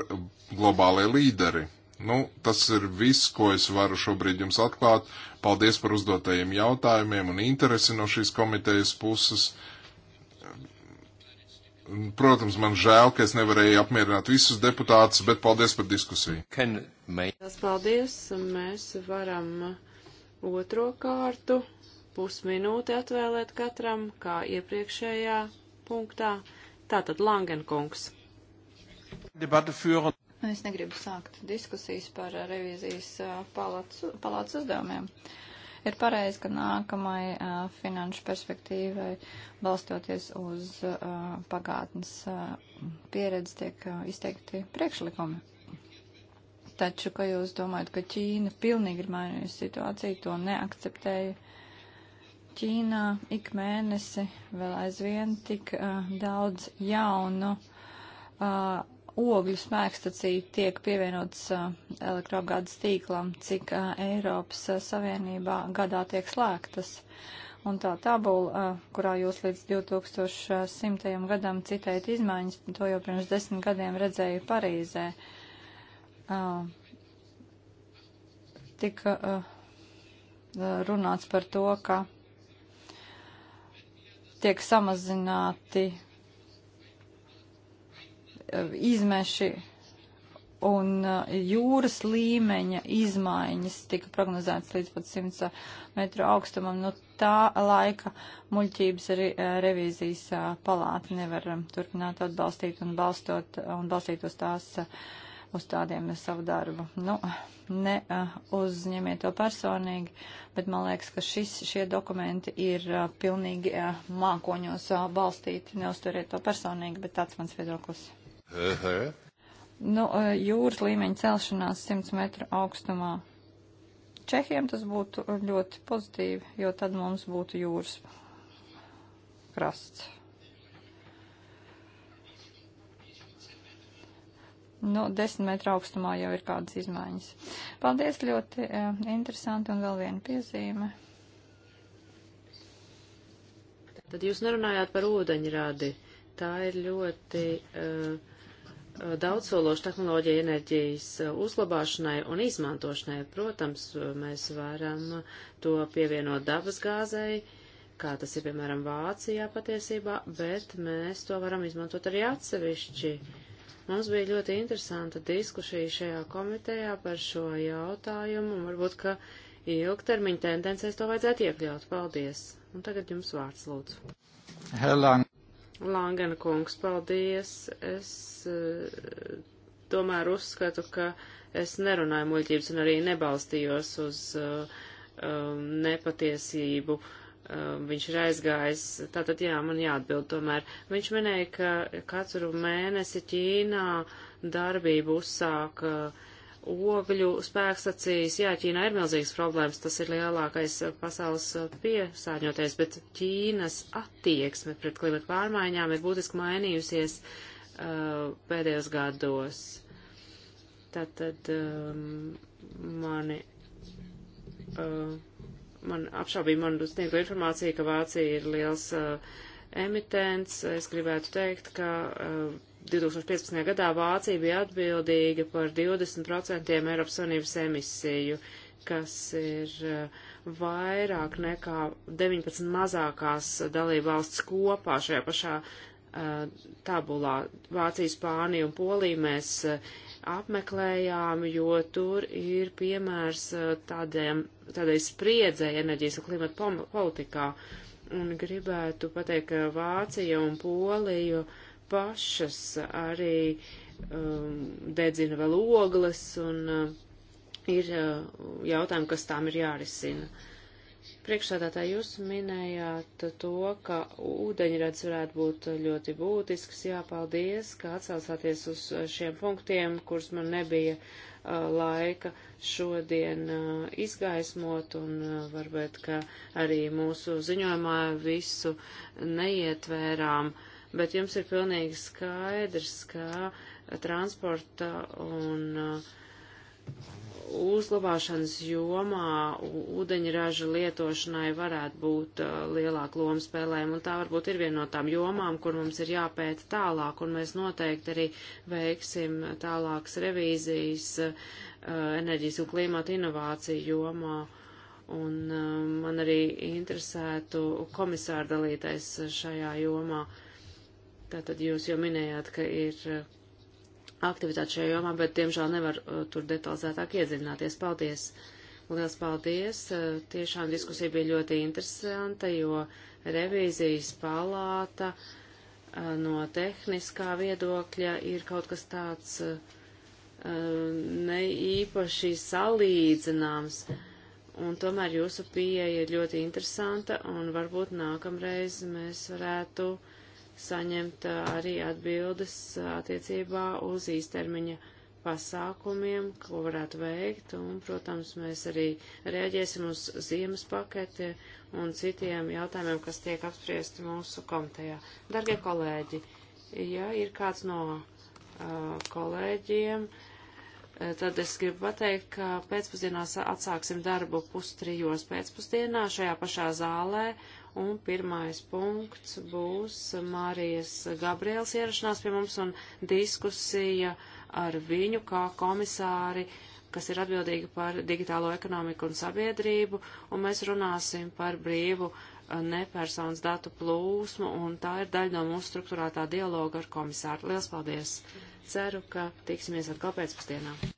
globālai līderi. Nu, tas ir viss, ko es varu šobrīd jums atklāt. Paldies par uzdotajiem jautājumiem un interesi no šīs komitejas puses. Protams, man žēl, ka es nevarēju apmierināt visus deputātus, bet paldies par diskusiju. Tas paldies. Mēs varam otro kārtu pusminūti atvēlēt katram, kā iepriekšējā punktā. Tātad Langenkungs. Es negribu sākt diskusijas par revīzijas palātas uzdevumiem. Ir pareizi, ka nākamai a, finanšu perspektīvai balstoties uz a, pagātnes a, pieredzi tiek izteikti priekšlikumi. Taču, ka jūs domājat, ka Ķīna pilnīgi ir mainījusi situāciju, to neakceptēju Ķīnā ik mēnesi vēl aizvien tik uh, daudz jaunu uh, ogļu spēkstacīju tiek pievienots uh, elektroapgādes tīklam, cik uh, Eiropas uh, Savienībā gadā tiek slēgtas. Un tā tabula, uh, kurā jūs līdz 2100. gadam citējat izmaiņas, to jau pirms desmit gadiem redzēju Parīzē. Uh, tika uh, runāts par to, ka tiek samazināti e, izmeši un e, jūras līmeņa izmaiņas tika prognozētas līdz pat 100 metru augstumam. No nu, tā laika muļķības arī e, revīzijas palāta nevar um, turpināt atbalstīt un, balstot, un balstītos tās uh, uzstādījām uz savu darbu. Nu, ne uh, uzņemiet to personīgi, bet man liekas, ka šis, šie dokumenti ir uh, pilnīgi uh, mākoņos uh, balstīti. Neuzturiet to personīgi, bet tāds mans viedoklis. Uh -huh. Nu, uh, jūras līmeņa celšanās 100 metru augstumā. Čehiem tas būtu ļoti pozitīvi, jo tad mums būtu jūras krasts. nu, desmit metru augstumā jau ir kādas izmaiņas. Paldies, ļoti uh, interesanti un vēl viena piezīme. Tad jūs nerunājāt par ūdeņradi. Tā ir ļoti uh, daudzsološa tehnoloģija enerģijas uzglabāšanai un izmantošanai. Protams, mēs varam to pievienot dabas gāzei, kā tas ir, piemēram, Vācijā patiesībā, bet mēs to varam izmantot arī atsevišķi. Uh, Mums bija ļoti interesanta diskusija šajā komitejā par šo jautājumu, un varbūt, ka ilgtermiņa tendencēs to vajadzētu iekļaut. Paldies! Un tagad jums vārds, lūdzu. Helang. Langana kungs, paldies! Es uh, tomēr uzskatu, ka es nerunāju muļķības un arī nebalstījos uz uh, um, nepatiesību. Uh, Um, viņš ir aizgājis. Tātad, jā, man jāatbild tomēr. Viņš minēja, ka katru mēnesi Ķīnā darbību uzsāk ogļu spēkstacijas. Jā, Ķīnā ir milzīgas problēmas, tas ir lielākais pasaules piesārņoties, bet Ķīnas attieksme pret klimatu pārmaiņām ir būtiski mainījusies uh, pēdējos gados. Tātad um, mani. Uh, man apšaubīja manu sniegto informāciju, ka Vācija ir liels uh, emitents. Es gribētu teikt, ka uh, 2015. gadā Vācija bija atbildīga par 20% Eiropas Savienības emisiju, kas ir uh, vairāk nekā 19 mazākās dalība valsts kopā šajā pašā uh, tabulā. Vācija, Spānija un Polija mēs uh, apmeklējām, jo tur ir piemērs eh, tādiem, tādai spriedzēji enerģijas un klimata politikā. Un gribētu pateikt, ka Vācija un Polija pašas arī um, dedzina vēl ogles un uh, ir uh, jautājumi, kas tām ir jārisina. Uh, Priekšsādātā jūs minējāt to, ka ūdeņrads varētu būt ļoti būtisks. Jā, paldies, ka atsaucāties uz eh, šiem punktiem, kurus man nebija uh, laika šodien uh, izgaismot, un uh, varbūt, ka arī mūsu ziņojumā visu neietvērām. Bet jums ir pilnīgi skaidrs, ka transporta un uh, uzglabāšanas jomā ūdeņraža lietošanai varētu būt uh, lielāka loma spēlēm, un tā varbūt ir viena no tām jomām, kur mums ir jāpēta tālāk, un mēs noteikti arī veiksim tālākas revīzijas uh, enerģijas un klimata inovāciju jomā. Un uh, man arī interesētu komisāra dalītais šajā jomā. Tātad jūs jau minējāt, ka ir uh, aktivitāti šajā jomā, bet, diemžēl, nevar uh, tur detalizētāk iedziļināties. Paldies! Liels paldies! Uh, tiešām diskusija bija ļoti interesanta, jo revīzijas palāta uh, no tehniskā viedokļa ir kaut kas tāds uh, ne īpaši salīdzināms. Un tomēr jūsu pieeja ir ļoti interesanta, un varbūt nākamreiz mēs varētu uh, saņemt arī atbildes attiecībā uz īstermiņa pasākumiem, ko varētu veikt, un, protams, mēs arī rēģēsim uz ziemas paketi un citiem jautājumiem, kas tiek apspriesti mūsu komitejā. Dargie kolēģi, ja ir kāds no uh, kolēģiem, tad es gribu pateikt, ka pēcpusdienās atsāksim darbu pustrijos pēcpusdienā šajā pašā zālē, un pirmais punkts būs Mārijas Gabriels ierašanās pie mums un diskusija ar viņu kā komisāri, kas ir atbildīgi par digitālo ekonomiku un sabiedrību, un mēs runāsim par brīvu eh, nepersonas datu plūsmu, un tā ir daļa no mūsu struktūrātā dialoga ar komisāru. Lielas paldies! Ceru, ka tiksimies atkal pēcpusdienā.